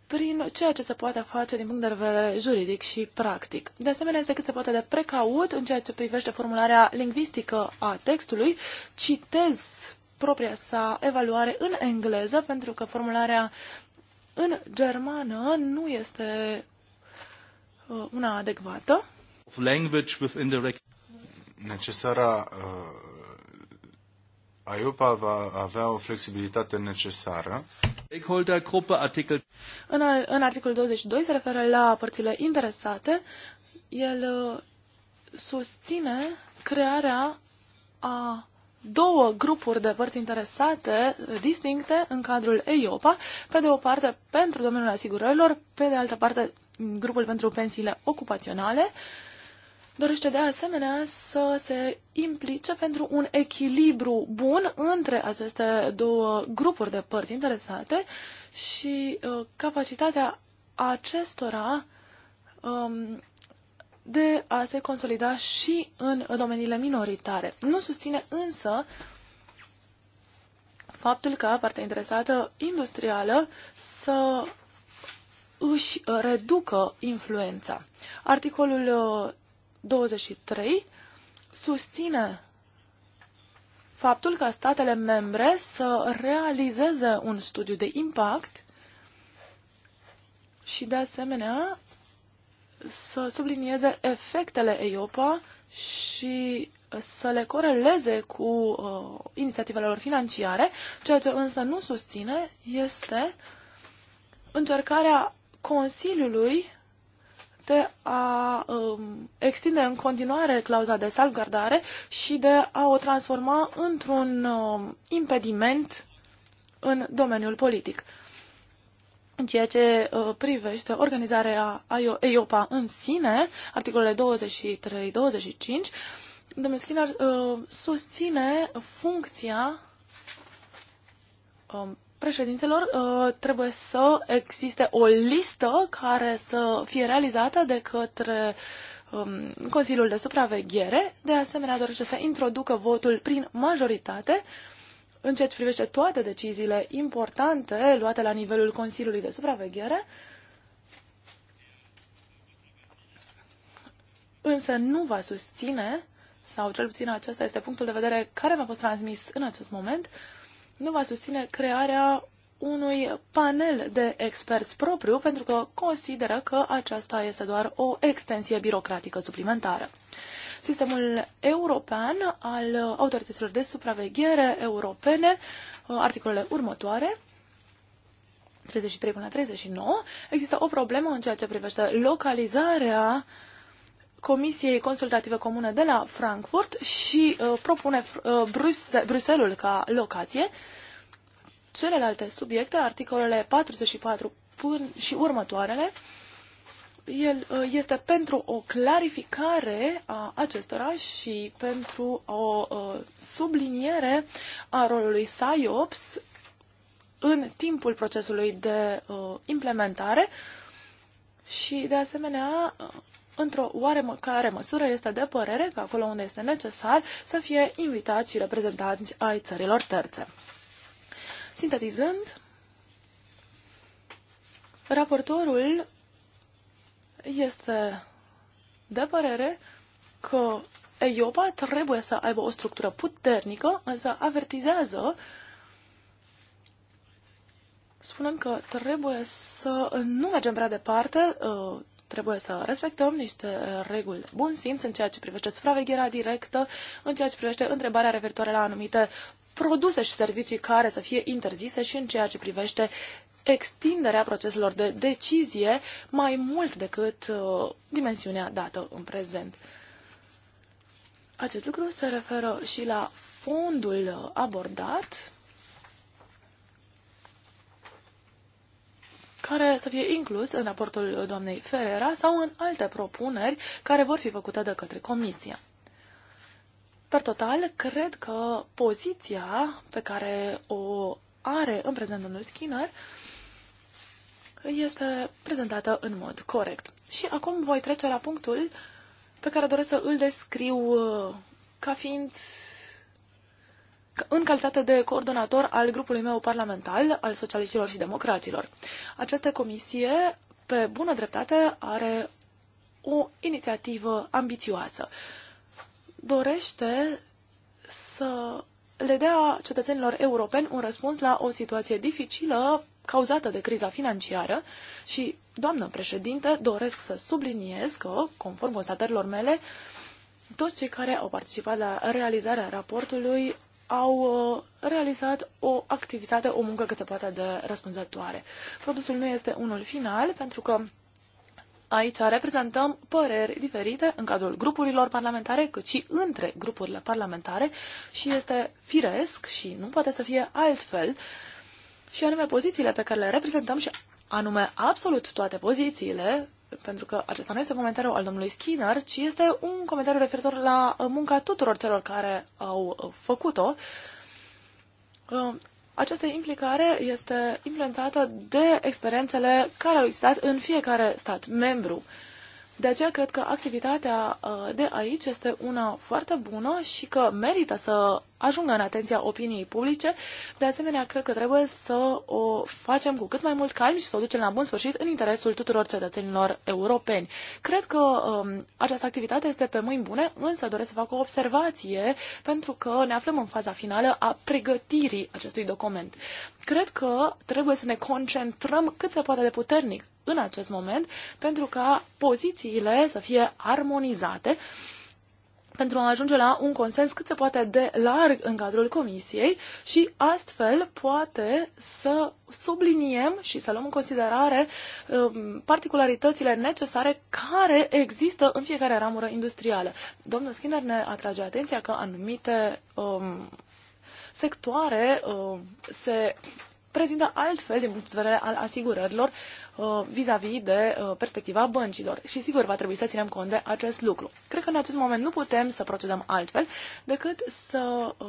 prin ceea ce se poate face din punct de vedere juridic și practic. De asemenea, este cât se poate de precaut în ceea ce privește formularea lingvistică a textului. Citez propria sa evaluare în engleză, pentru că formularea în germană nu este uh, una adecvată. language within the necesara uh, IOPA va avea o flexibilitate necesară. Articol... În, în articolul 22 se referă la părțile interesate. El uh, susține crearea a două grupuri de părți interesate distincte în cadrul EIOPA, pe de o parte pentru domeniul asigurărilor, pe de altă parte grupul pentru pensiile ocupaționale, uh, dorește de asemenea să se implice pentru un echilibru bun între aceste două grupuri de părți interesate și uh, capacitatea acestora um, de a se consolida și în domeniile minoritare. Nu susține însă faptul că partea interesată industrială să își reducă influența. Articolul uh, 23 susține faptul ca statele membre să realizeze un studiu de impact și, de asemenea, să sublinieze efectele EIOPA și să le coreleze cu uh, inițiativele lor financiare. Ceea ce însă nu susține este încercarea Consiliului de a um, extinde în continuare clauza de salvgardare și de a o transforma într-un um, impediment în domeniul politic. În ceea ce uh, privește organizarea EIOPA în sine, articolele 23-25, domnul Skinner uh, susține funcția um, președinților uh, trebuie să existe o listă care să fie realizată de către um, Consiliul de Supraveghere. De asemenea, dorește să introducă votul prin majoritate în ceea ce privește toate deciziile importante luate la nivelul Consiliului de Supraveghere. Însă nu va susține, sau cel puțin acesta este punctul de vedere care v-a fost transmis în acest moment, uh, nu va susține crearea unui panel de experți propriu, pentru că consideră că aceasta este doar o extensie birocratică suplimentară. Sistemul european al autorităților de supraveghere europene, uh, articolele următoare, 33 până 39, există o problemă în ceea ce privește localizarea uh, Comisiei Consultative Comune de la Frankfurt și uh, propune uh, Bruse Bruselul ca locație. Celelalte subiecte, articolele 44 până și următoarele, el uh, este pentru o clarificare a acestora și pentru o uh, subliniere a rolului SIOPS în timpul procesului de uh, implementare și, de asemenea, uh, într-o oarecare măsură este de părere că acolo unde este necesar să fie invitați și reprezentanți ai țărilor terțe. Sintetizând, raportorul este de părere că EIOPA trebuie să aibă o structură puternică, însă avertizează spunând că trebuie să nu mergem prea departe uh, trebuie să respectăm niște uh, reguli bun simț în ceea ce privește supravegherea directă, în ceea ce privește întrebarea referitoare la anumite produse și servicii care să fie interzise și în ceea ce privește extinderea proceselor de decizie mai mult decât uh, dimensiunea dată în prezent. Acest lucru se referă și la fondul abordat care să fie inclus în raportul doamnei Ferera sau în alte propuneri care vor fi făcute de către Comisie. Per total, cred că poziția pe care o are în prezent domnul Skinner este prezentată în mod corect. Și acum voi trece la punctul pe care doresc să îl descriu uh, ca fiind în calitate de coordonator al grupului meu parlamentar, al socialiștilor și democraților. Această comisie, pe bună dreptate, are o inițiativă ambițioasă. Dorește să le dea cetățenilor europeni un răspuns la o situație dificilă cauzată de criza financiară și, doamnă președinte, doresc să subliniez că, conform constatărilor mele, toți cei care au participat la realizarea raportului au uh, realizat o activitate, o muncă cât se poate de răspunzătoare. Produsul nu este unul final, pentru că aici reprezentăm păreri diferite în cadrul grupurilor parlamentare, cât și între grupurile parlamentare și este firesc și nu poate să fie altfel, și anume pozițiile pe care le reprezentăm și anume absolut toate pozițiile pentru că acesta nu este un comentariu al domnului Skinner, ci este un comentariu referitor la uh, munca tuturor celor care au uh, făcut-o. Uh, această implicare este influențată de experiențele care au existat în fiecare stat membru. Uh, de aceea cred că activitatea uh, de aici este una foarte bună și că merită să ajungă în atenția opiniei publice. De asemenea, cred că trebuie să o facem cu cât mai mult calm și să o ducem la bun sfârșit în interesul tuturor cetățenilor europeni. Cred că um, această activitate este pe mâini bune, însă doresc să fac o observație pentru că ne aflăm în faza finală a pregătirii acestui document. Cred că trebuie să ne concentrăm cât se poate de puternic în acest moment pentru ca pozițiile să fie armonizate pentru a ajunge la un consens cât se poate de larg în cadrul comisiei și astfel poate să subliniem și să luăm în considerare um, particularitățile necesare care există în fiecare ramură industrială. Domnul Skinner ne atrage atenția că anumite um, sectoare um, se prezintă altfel din punct de vedere al asigurărilor uh, vis-a-vis -vis de uh, perspectiva băncilor. Și sigur va trebui să ținem cont de acest lucru. Cred că în acest moment nu putem să procedăm altfel decât să Uh,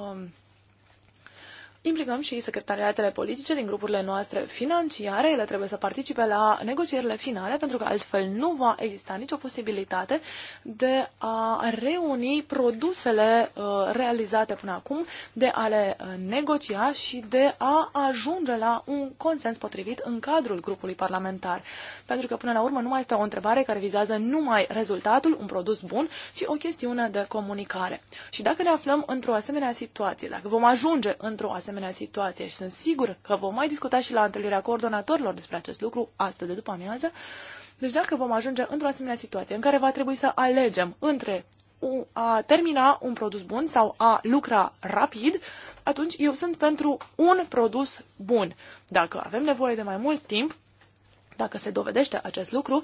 implicăm și secretariatele politice din grupurile noastre financiare. Ele trebuie să participe la negocierile finale, pentru că altfel nu va exista nicio posibilitate de a reuni produsele uh, realizate până acum, de a le uh, negocia și de a ajunge la un consens potrivit în cadrul grupului parlamentar. Pentru că, până la urmă, nu mai este o întrebare care vizează numai rezultatul, un produs bun, ci o chestiune de comunicare. Și dacă ne aflăm într-o asemenea situație, dacă vom ajunge într-o asemenea asemenea situație și sunt sigur că vom mai discuta și la întâlnirea coordonatorilor despre acest lucru astăzi de după amiază. Deci dacă vom ajunge într-o asemenea situație în care va trebui să alegem între a termina un produs bun sau a lucra rapid, atunci eu sunt pentru un produs bun. Dacă avem nevoie de mai mult timp, dacă se dovedește acest lucru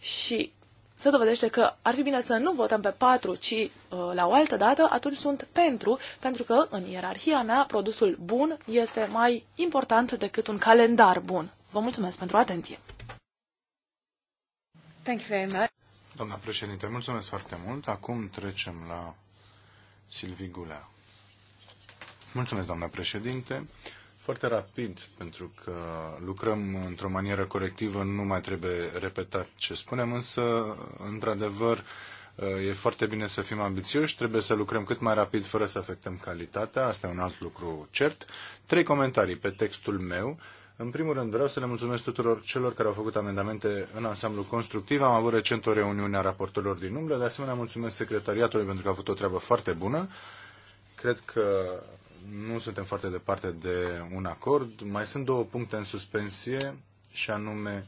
și se dovedește că ar fi bine să nu votăm pe 4, ci uh, la o altă dată, atunci sunt pentru, pentru că în ierarhia mea produsul bun este mai important decât un calendar bun. Vă mulțumesc pentru atenție. Thank you very much. Doamna președinte, mulțumesc foarte mult. Acum trecem la Silvi Gulea. Mulțumesc, doamna președinte foarte rapid, pentru că lucrăm într-o manieră colectivă, nu mai trebuie repetat ce spunem, însă, într-adevăr, e foarte bine să fim ambițioși, trebuie să lucrăm cât mai rapid fără să afectăm calitatea, asta e un alt lucru cert. Trei comentarii pe textul meu. În primul rând, vreau să le mulțumesc tuturor celor care au făcut amendamente în ansamblu constructiv. Am avut recent o reuniune a raportorilor din umbră. De asemenea, mulțumesc secretariatului pentru că a avut o treabă foarte bună. Cred că nu suntem foarte departe de un acord. Mai sunt două puncte în suspensie și anume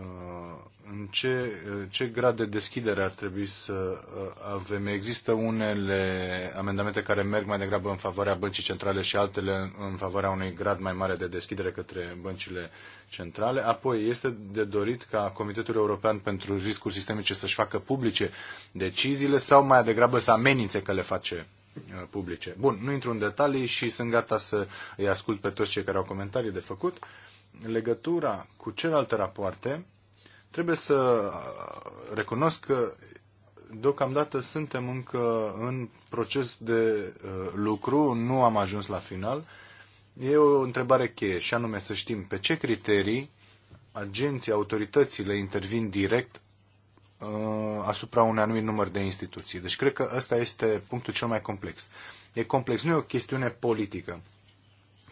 uh, în ce, uh, ce grad de deschidere ar trebui să uh, avem. Există unele amendamente care merg mai degrabă în favoarea băncii centrale și altele în favoarea unui grad mai mare de deschidere către băncile centrale. Apoi este de dorit ca Comitetul European pentru Riscuri Sistemice să-și facă publice deciziile sau mai degrabă să amenințe că le face Uh, publice. Bun, nu intru în detalii și sunt gata să îi ascult pe toți cei care au comentarii de făcut. Legătura cu celelalte rapoarte, trebuie să uh, recunosc că deocamdată suntem încă în proces de uh, lucru, nu am ajuns la final. E o întrebare cheie și anume să știm pe ce criterii agenții, autoritățile intervin direct Uh, asupra unui anumit număr de instituții. Deci cred că ăsta este punctul cel mai complex. E complex, nu e o chestiune politică.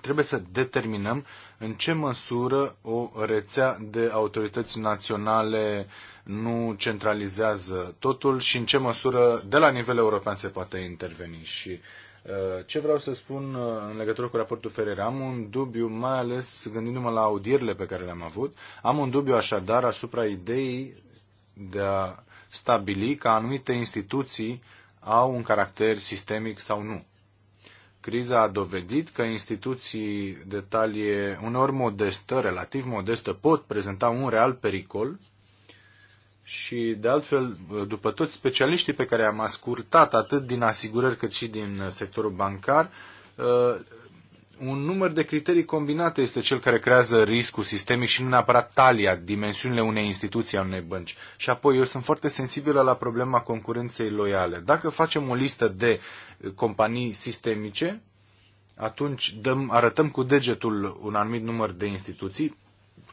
Trebuie să determinăm în ce măsură o rețea de autorități naționale nu centralizează totul și în ce măsură de la nivel european se poate interveni. Și uh, ce vreau să spun uh, în legătură cu raportul Ferreira? Am un dubiu, mai ales gândindu-mă la audierile pe care le-am avut, am un dubiu așadar asupra ideii de a stabili că anumite instituții au un caracter sistemic sau nu. Criza a dovedit că instituții de talie uneori modestă, relativ modestă, pot prezenta un real pericol și, de altfel, după toți specialiștii pe care am ascultat, atât din asigurări cât și din sectorul bancar, un număr de criterii combinate este cel care creează riscul sistemic și nu neapărat talia, dimensiunile unei instituții, a unei bănci. Și apoi eu sunt foarte sensibilă la problema concurenței loiale. Dacă facem o listă de eh, companii sistemice, atunci dăm, arătăm cu degetul un anumit număr de instituții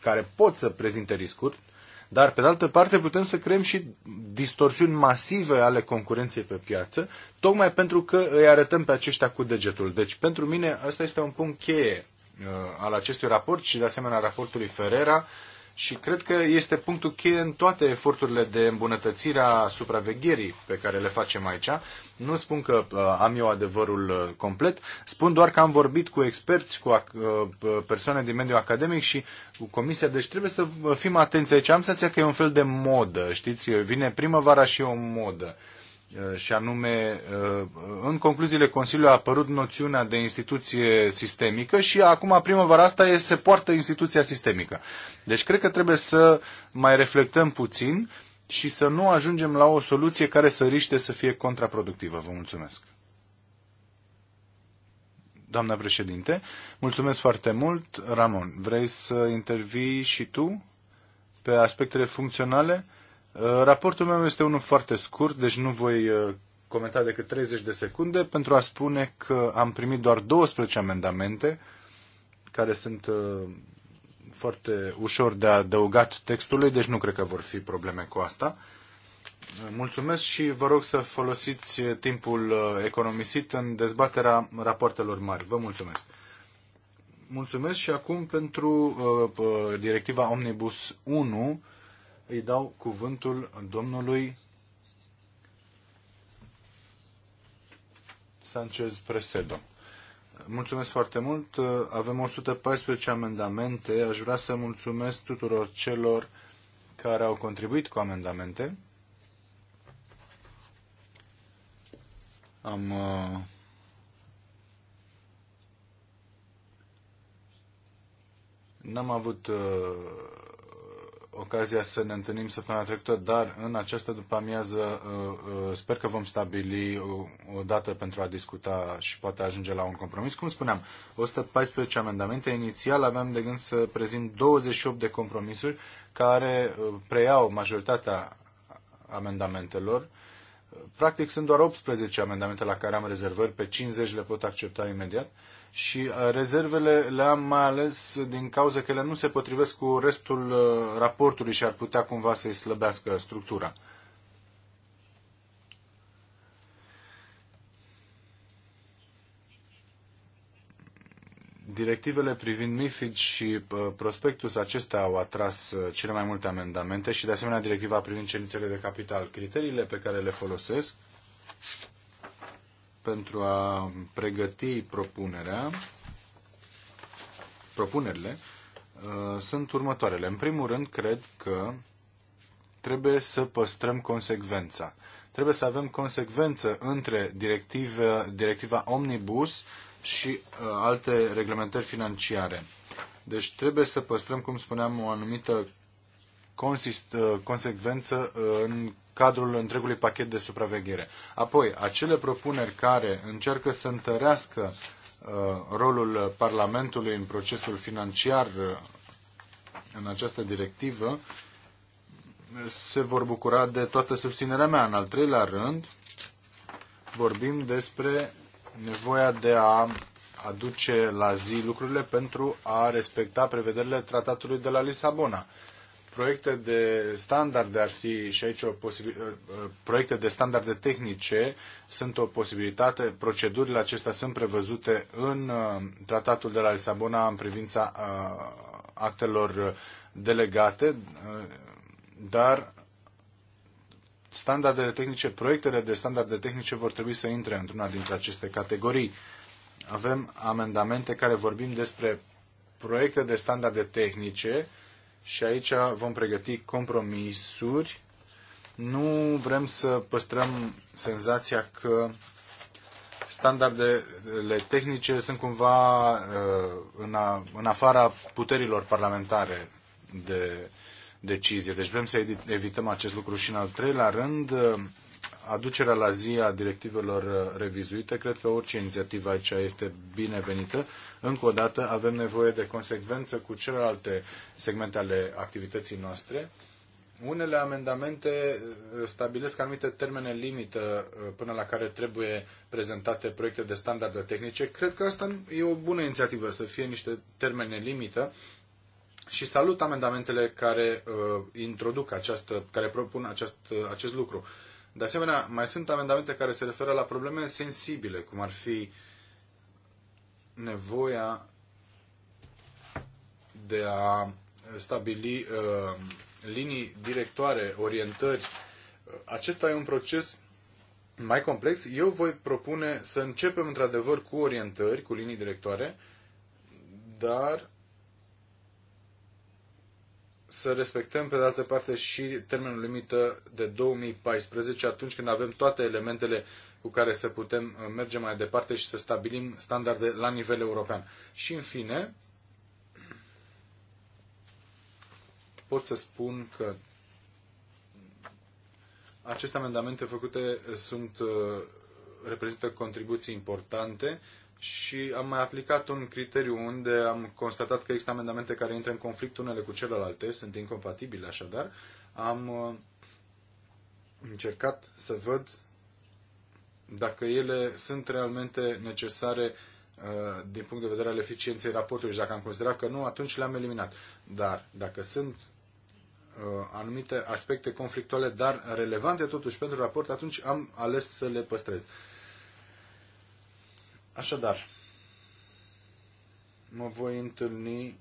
care pot să prezinte riscuri, dar, pe de altă parte, putem să creăm și distorsiuni masive ale concurenței pe piață, tocmai pentru că îi arătăm pe aceștia cu degetul. Deci, pentru mine, asta este un punct cheie uh, al acestui raport și, de asemenea, raportului Ferrera, și cred că este punctul cheie în toate eforturile de îmbunătățire a supravegherii pe care le facem aici. Nu spun că uh, am eu adevărul uh, complet, spun doar că am vorbit cu experți, cu uh, persoane din mediul academic și cu comisia, deci trebuie să fim atenți aici. Am senzația că e un fel de modă, știți, vine primăvara și e o modă. Uh, și anume, uh, în concluziile Consiliului a apărut noțiunea de instituție sistemică și acum primăvara asta e, se poartă instituția sistemică. Deci cred că trebuie să mai reflectăm puțin și să nu ajungem la o soluție care să riște să fie contraproductivă. Vă mulțumesc. Doamna președinte, mulțumesc foarte mult. Ramon, vrei să intervii și tu pe aspectele funcționale? Uh, raportul meu este unul foarte scurt, deci nu voi uh, comenta decât 30 de secunde pentru a spune că am primit doar 12 amendamente care sunt uh, foarte ușor de adăugat textului, deci nu cred că vor fi probleme cu asta. Mulțumesc și vă rog să folosiți timpul economisit în dezbaterea rapoartelor mari. Vă mulțumesc. Mulțumesc și acum pentru uh, directiva Omnibus 1 îi dau cuvântul domnului Sanchez Presedo. Mulțumesc foarte mult. Avem 114 amendamente. Aș vrea să mulțumesc tuturor celor care au contribuit cu amendamente. Am uh, N-am avut uh, ocazia să ne întâlnim săptămâna trecută, dar în această după amiază uh, uh, sper că vom stabili uh, o dată pentru a discuta și poate ajunge la un compromis. Cum spuneam, 114 amendamente. Inițial aveam de gând să prezint 28 de compromisuri care preiau majoritatea amendamentelor. Practic sunt doar 18 amendamente la care am rezervări, pe 50 le pot accepta imediat. Uh, și uh, rezervele le-am mai ales din cauza că ele nu se potrivesc cu restul uh, raportului și ar putea cumva să-i slăbească structura. directivele privind MIFID și uh, prospectus acestea au atras cele mai multe amendamente și de asemenea directiva privind cerințele de capital. Criteriile pe care le folosesc pentru a pregăti propunerea, propunerile, uh, sunt următoarele. În primul rând, cred că trebuie să păstrăm consecvența. Trebuie să avem consecvență între directiva directiva Omnibus și uh, alte reglementări financiare. Deci trebuie să păstrăm, cum spuneam, o anumită consist, uh, consecvență uh, în cadrul întregului pachet de supraveghere. Apoi, acele propuneri care încearcă să întărească uh, rolul Parlamentului în procesul financiar uh, în această directivă se vor bucura de toată susținerea mea. În al treilea rând, vorbim despre nevoia de a aduce la zi lucrurile pentru a respecta prevederile tratatului de la Lisabona proiecte de standarde ar fi și aici o uh, uh, proiecte de standarde tehnice sunt o posibilitate. Procedurile acestea sunt prevăzute în uh, tratatul de la Lisabona în privința actelor delegate, dar standardele tehnice, proiectele de standarde tehnice vor trebui să intre într-una dintre aceste categorii. Avem amendamente care vorbim despre proiecte de standarde tehnice și aici vom pregăti compromisuri. Nu vrem să păstrăm senzația că standardele tehnice sunt cumva uh, în, a, în afara puterilor parlamentare de decizie. Deci vrem să evităm acest lucru și în al treilea rând uh, aducerea la zi a directivelor uh, revizuite. Cred că orice inițiativă aici este binevenită. Încă o dată avem nevoie de consecvență cu celelalte segmente ale activității noastre. Unele amendamente uh, stabilesc anumite termene limită uh, până la care trebuie prezentate proiecte de standarde tehnice. Cred că asta e o bună inițiativă, să fie niște termene limită și salut amendamentele care uh, introduc această, care propun acest, acest lucru. De asemenea, mai sunt amendamente care se referă la probleme sensibile, cum ar fi nevoia de a stabili uh, linii directoare, orientări. Acesta e un proces mai complex. Eu voi propune să începem într-adevăr cu orientări, cu linii directoare, dar să respectăm, pe de altă parte, și termenul limită de 2014, atunci când avem toate elementele cu care să putem uh, merge mai departe și să stabilim standarde la nivel european. Și, în fine, pot să spun că aceste amendamente făcute sunt, uh, reprezintă contribuții importante și am mai aplicat un criteriu unde am constatat că există amendamente care intră în conflict unele cu celelalte, sunt incompatibile așadar. Am uh, încercat să văd dacă ele sunt realmente necesare uh, din punct de vedere al eficienței raportului și dacă am considerat că nu, atunci le-am eliminat. Dar dacă sunt uh, anumite aspecte conflictuale, dar relevante totuși pentru raport, atunci am ales să le păstrez. Așadar, mă voi întâlni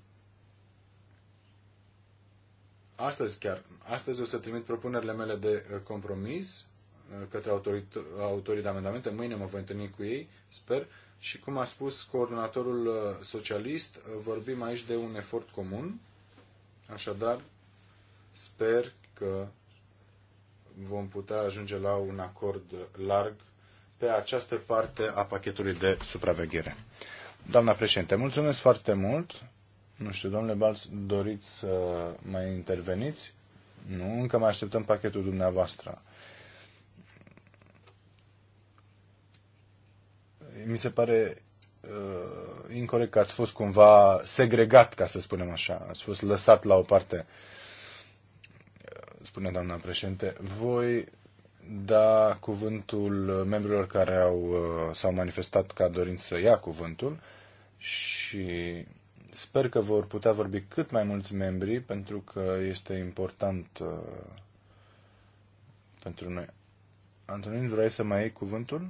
astăzi chiar. Astăzi o să trimit propunerile mele de uh, compromis uh, către autorii, autorii de amendamente. Mâine mă voi întâlni cu ei, sper. Și cum a spus coordonatorul uh, socialist, vorbim aici de un efort comun. Așadar, sper că vom putea ajunge la un acord larg pe această parte a pachetului de supraveghere. Doamna președinte, mulțumesc foarte mult. Nu știu, domnule Balț, doriți să mai interveniți? Nu, încă mai așteptăm pachetul dumneavoastră. Mi se pare uh, incorrect că ați fost cumva segregat, ca să spunem așa. Ați fost lăsat la o parte, spune doamna președinte. Voi da cuvântul membrilor care au, uh, s-au manifestat ca dorind să ia cuvântul și sper că vor putea vorbi cât mai mulți membri pentru că este important uh, pentru noi. Antonin, vrei să mai iei cuvântul?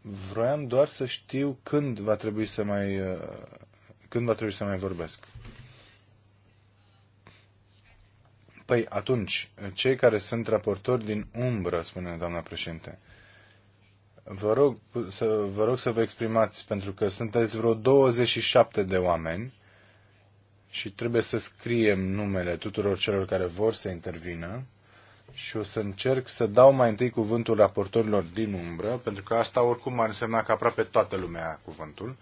Vroiam doar să știu când va trebui să mai uh, când va trebui să mai vorbesc. Păi atunci, cei care sunt raportori din umbră, spune doamna președinte, vă rog să vă, rog să vă exprimați, pentru că sunteți vreo 27 de oameni și trebuie să scriem numele tuturor celor care vor să intervină și o să încerc să dau mai întâi cuvântul raportorilor din umbră, pentru că asta oricum ar însemna că aproape toată lumea a cuvântul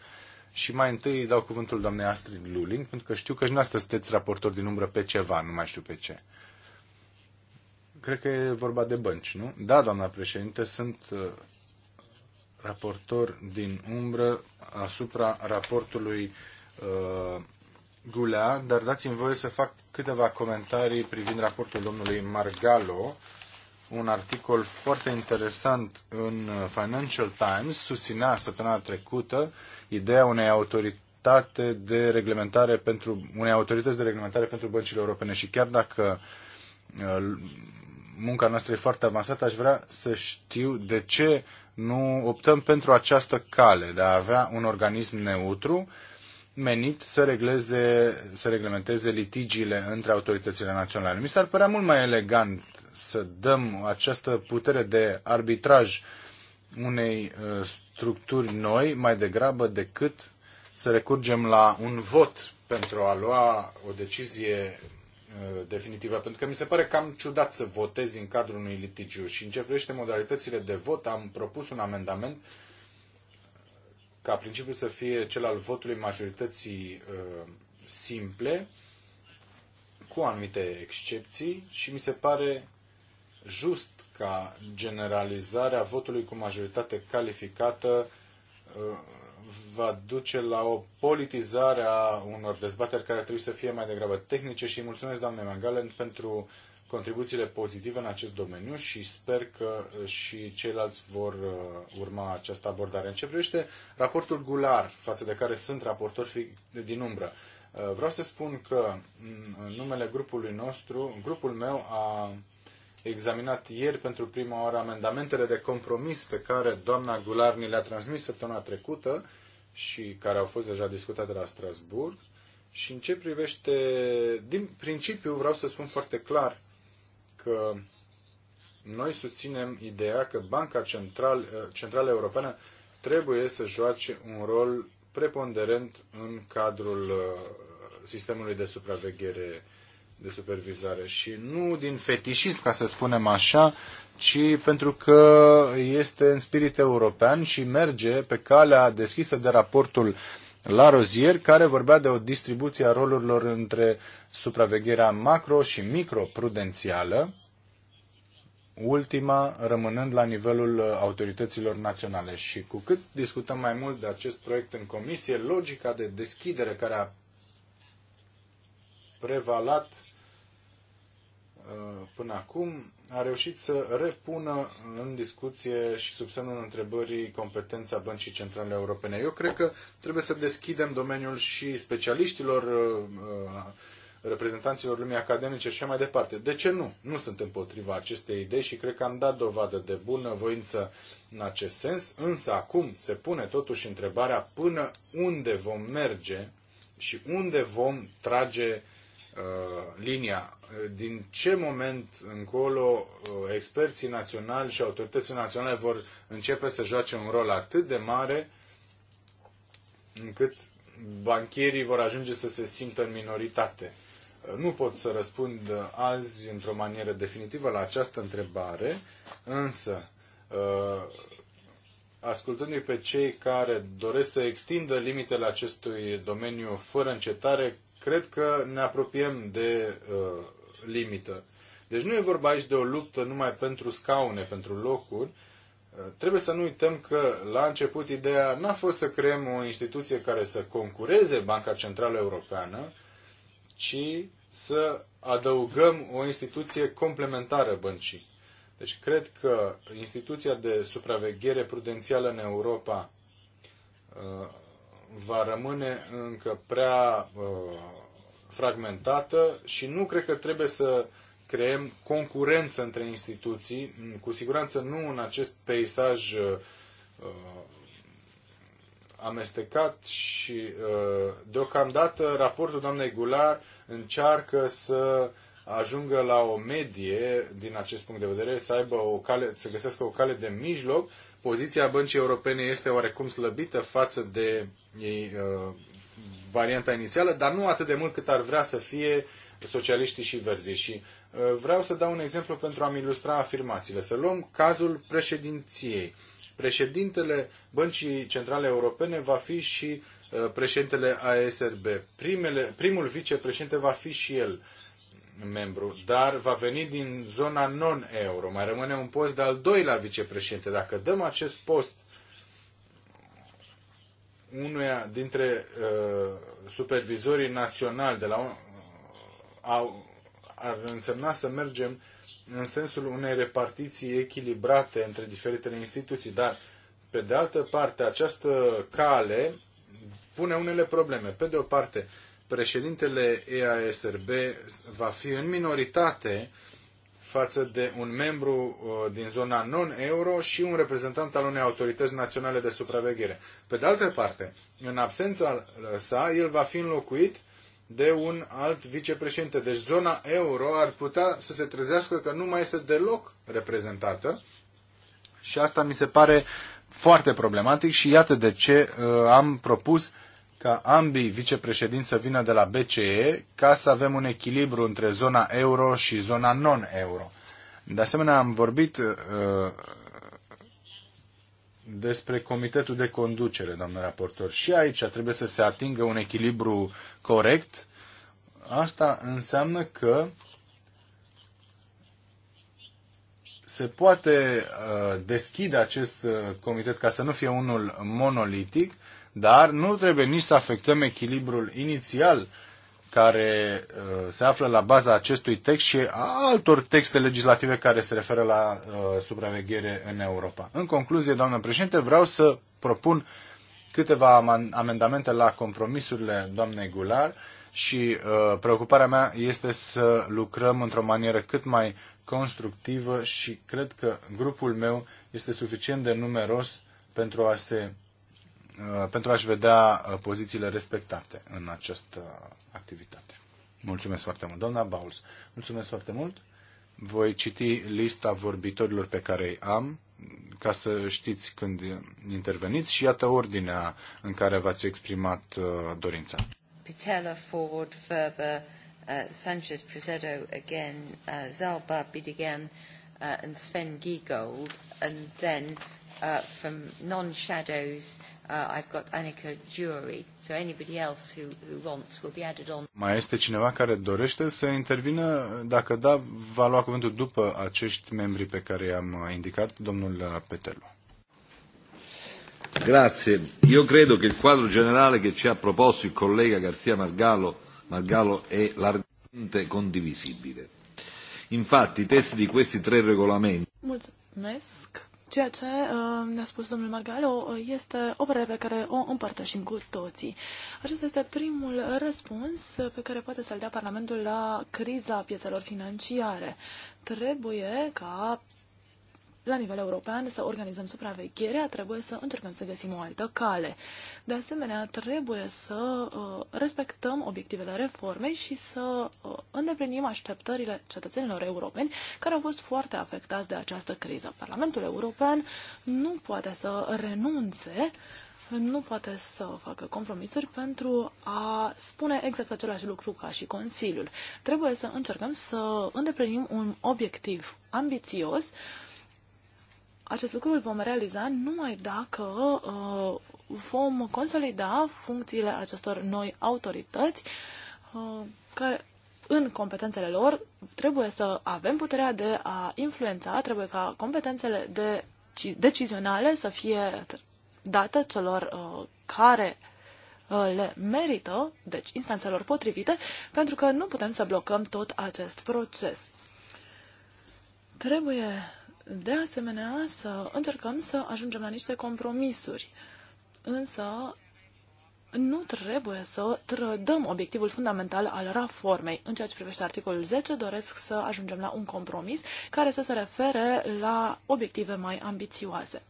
și mai întâi dau cuvântul doamnei Astrid Lulin, pentru că știu că și noastră sunteți raportor din umbră pe ceva, nu mai știu pe ce. Cred că e vorba de bănci, nu? Da, doamna președinte, sunt uh, raportor din umbră asupra raportului uh, Gulea, dar dați-mi voie să fac câteva comentarii privind raportul domnului Margalo, un articol foarte interesant în uh, Financial Times, susținea săptămâna trecută ideea unei autoritate de reglementare pentru, unei autorități de reglementare pentru băncile europene și chiar dacă uh, munca noastră e foarte avansată, aș vrea să știu de ce nu optăm pentru această cale de a avea un organism neutru menit să, regleze, să reglementeze litigiile între autoritățile naționale. Mi s-ar părea mult mai elegant să dăm această putere de arbitraj unei uh, structuri noi mai degrabă decât să recurgem la un vot pentru a lua o decizie uh, definitivă, pentru că mi se pare cam ciudat să votezi în cadrul unui litigiu și în ce privește modalitățile de vot am propus un amendament ca principiu să fie cel al votului majorității uh, simple cu anumite excepții și mi se pare just ca generalizarea votului cu majoritate calificată uh, va duce la o politizare a unor dezbateri care ar trebui să fie mai degrabă tehnice și mulțumesc doamnei Mangalen pentru contribuțiile pozitive în acest domeniu și sper că uh, și ceilalți vor uh, urma această abordare. În ce privește raportul Gular, față de care sunt raportori din umbră, vreau să spun că în numele grupului nostru, grupul meu a examinat ieri pentru prima oară amendamentele de compromis pe care doamna Gular ni le-a transmis săptămâna trecută și care au fost deja discutate la Strasburg. Și în ce privește, din principiu vreau să spun foarte clar că noi susținem ideea că Banca Central, eh, Centrală Europeană trebuie să joace un rol preponderent în cadrul eh, sistemului de supraveghere de supervizare și nu din fetișism, ca să spunem așa, ci pentru că este în spirit european și merge pe calea deschisă de raportul la rozier, care vorbea de o distribuție a rolurilor între supravegherea macro și microprudențială, ultima rămânând la nivelul autorităților naționale. Și cu cât discutăm mai mult de acest proiect în comisie, logica de deschidere care a prevalat Uh, până acum, a reușit să repună în discuție și sub semnul întrebării competența Băncii Centrale Europene. Eu cred că trebuie să deschidem domeniul și specialiștilor, uh, uh, reprezentanților lumii academice și mai departe. De ce nu? Nu sunt împotriva acestei idei și cred că am dat dovadă de bună voință în acest sens, însă acum se pune totuși întrebarea până unde vom merge și unde vom trage uh, linia din ce moment încolo uh, experții naționali și autoritățile naționale vor începe să joace un rol atât de mare încât banchierii vor ajunge să se simtă în minoritate. Uh, nu pot să răspund azi într-o manieră definitivă la această întrebare, însă uh, ascultându-i pe cei care doresc să extindă limitele acestui domeniu fără încetare, cred că ne apropiem de uh, limită. Deci nu e vorba aici de o luptă numai pentru scaune, pentru locuri. Uh, trebuie să nu uităm că la început ideea n-a fost să creăm o instituție care să concureze Banca Centrală Europeană, ci să adăugăm o instituție complementară băncii. Deci cred că instituția de supraveghere prudențială în Europa uh, va rămâne încă prea uh, fragmentată și nu cred că trebuie să creăm concurență între instituții, cu siguranță nu în acest peisaj uh, uh, amestecat și uh, deocamdată raportul doamnei Gular încearcă să ajungă la o medie din acest punct de vedere, să aibă o cale, să găsească o cale de mijloc. Poziția băncii europene este oarecum slăbită față de ei, uh, varianta inițială, dar nu atât de mult cât ar vrea să fie socialiștii și verzii. Și uh, vreau să dau un exemplu pentru a-mi ilustra afirmațiile. Să luăm cazul președinției. Președintele Băncii Centrale Europene va fi și uh, președintele ASRB. Primele, primul vicepreședinte va fi și el membru, dar va veni din zona non-euro. Mai rămâne un post de al doilea vicepreședinte. Dacă dăm acest post unuia dintre uh, supervizorii naționali de la un, uh, au, ar însemna să mergem în sensul unei repartiții echilibrate între diferitele instituții, dar pe de altă parte această cale pune unele probleme. Pe de o parte, președintele EASRB va fi în minoritate uh, față de un membru uh, din zona non-euro și un reprezentant al unei autorități naționale de supraveghere. Pe de altă parte, în absența uh, sa, el va fi înlocuit de un alt vicepreședinte. Deci zona euro ar putea să se trezească că nu mai este deloc reprezentată și asta mi se pare foarte problematic și iată de ce uh, am propus ca ambii vicepreședinți să vină de la BCE ca să avem un echilibru între zona euro și zona non-euro. De asemenea, am vorbit uh, despre comitetul de conducere, doamnă raportor. Și aici trebuie să se atingă un echilibru corect. Asta înseamnă că se poate uh, deschide acest uh, comitet ca să nu fie unul monolitic dar nu trebuie nici să afectăm echilibrul inițial care uh, se află la baza acestui text și a altor texte legislative care se referă la uh, supraveghere în Europa. În concluzie, doamnă președinte, vreau să propun câteva amendamente la compromisurile doamnei Gular și uh, preocuparea mea este să lucrăm într-o manieră cât mai constructivă și cred că grupul meu este suficient de numeros pentru a se Uh, pentru a-și vedea uh, pozițiile respectate în această activitate. Mulțumesc foarte mult, doamna Bauls. Mulțumesc foarte mult. Voi citi lista vorbitorilor pe care îi am, ca să știți când interveniți și iată ordinea în care v-ați exprimat uh, dorința. Pitella, Ford, Ferber, uh, Sanchez, Prezedo, again, uh, Zalba, Bidigan, uh, and Sven Giegold, and then uh, from non-shadows, Uh, I've got Annika Jury, so anybody else who, who wants will be added on. Mai este cineva care dorește să intervină? Dacă da, va lua cuvântul după acești membri pe care i-am indicat, domnul Petelu. Grazie. Io credo che il quadro generale che ci ha proposto il collega Garzia Margallo, Margallo è largamente condivisibile. Infatti i testi di questi tre regolamenti Mulțumesc. Ceea ce uh, ne-a spus domnul Margalo uh, este o părere pe care o împărtășim cu toții. Acesta este primul răspuns pe care poate să-l dea Parlamentul la criza piețelor financiare. Trebuie ca la nivel european să organizăm supravegherea, trebuie să încercăm să găsim o altă cale. De asemenea, trebuie să uh, respectăm obiectivele reformei și să uh, îndeplinim așteptările cetățenilor europeni care au fost foarte afectați de această criză. Parlamentul European nu poate să renunțe nu poate să facă compromisuri pentru a spune exact același lucru ca și Consiliul. Trebuie să încercăm să îndeplinim un obiectiv ambițios acest lucru îl vom realiza numai dacă uh, vom consolida funcțiile acestor noi autorități uh, care în competențele lor trebuie să avem puterea de a influența, trebuie ca competențele de decizionale să fie date celor uh, care uh, le merită, deci instanțelor potrivite, pentru că nu putem să blocăm tot acest proces. Trebuie de asemenea să încercăm să ajungem la niște compromisuri. Însă nu trebuie să trădăm obiectivul fundamental al reformei. În ceea ce privește articolul 10, doresc să ajungem la un compromis care să se refere la obiective mai ambițioase.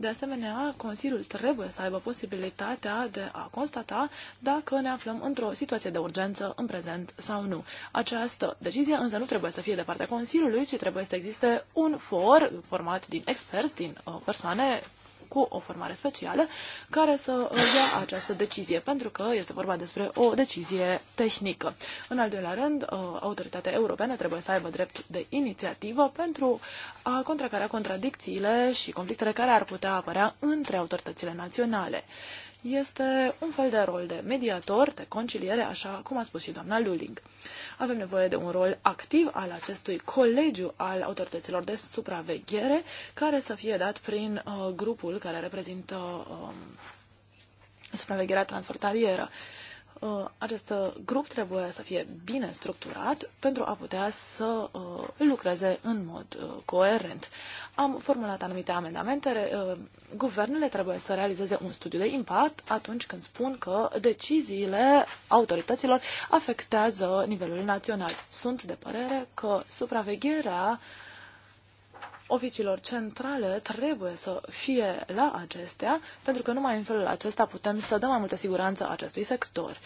De asemenea, Consiliul trebuie să aibă posibilitatea de a constata dacă ne aflăm într-o situație de urgență în prezent sau nu. Această decizie însă nu trebuie să fie de partea Consiliului, ci trebuie să existe un for format din experți, din uh, persoane cu o formare specială care să uh, ia această decizie, pentru că este vorba despre o decizie tehnică. În al doilea rând, uh, autoritatea europeană trebuie să aibă drept de inițiativă pentru a contracara contradicțiile și conflictele care ar putea apărea între autoritățile naționale este un fel de rol de mediator, de conciliere, așa cum a spus și doamna Luling. Avem nevoie de un rol activ al acestui colegiu al autorităților de supraveghere, care să fie dat prin uh, grupul care reprezintă uh, supravegherea transfrontalieră. Uh, Uh, acest grup trebuie să fie bine structurat pentru a putea să uh, lucreze în mod uh, coerent. Am formulat anumite amendamente. Guvernele trebuie să realizeze un studiu de impact atunci când spun că deciziile autorităților afectează nivelul național. Sunt de părere că supravegherea uh, oficiilor centrale trebuie să fie la acestea, pentru că numai în felul acesta putem să dăm mai multă siguranță acestui sector.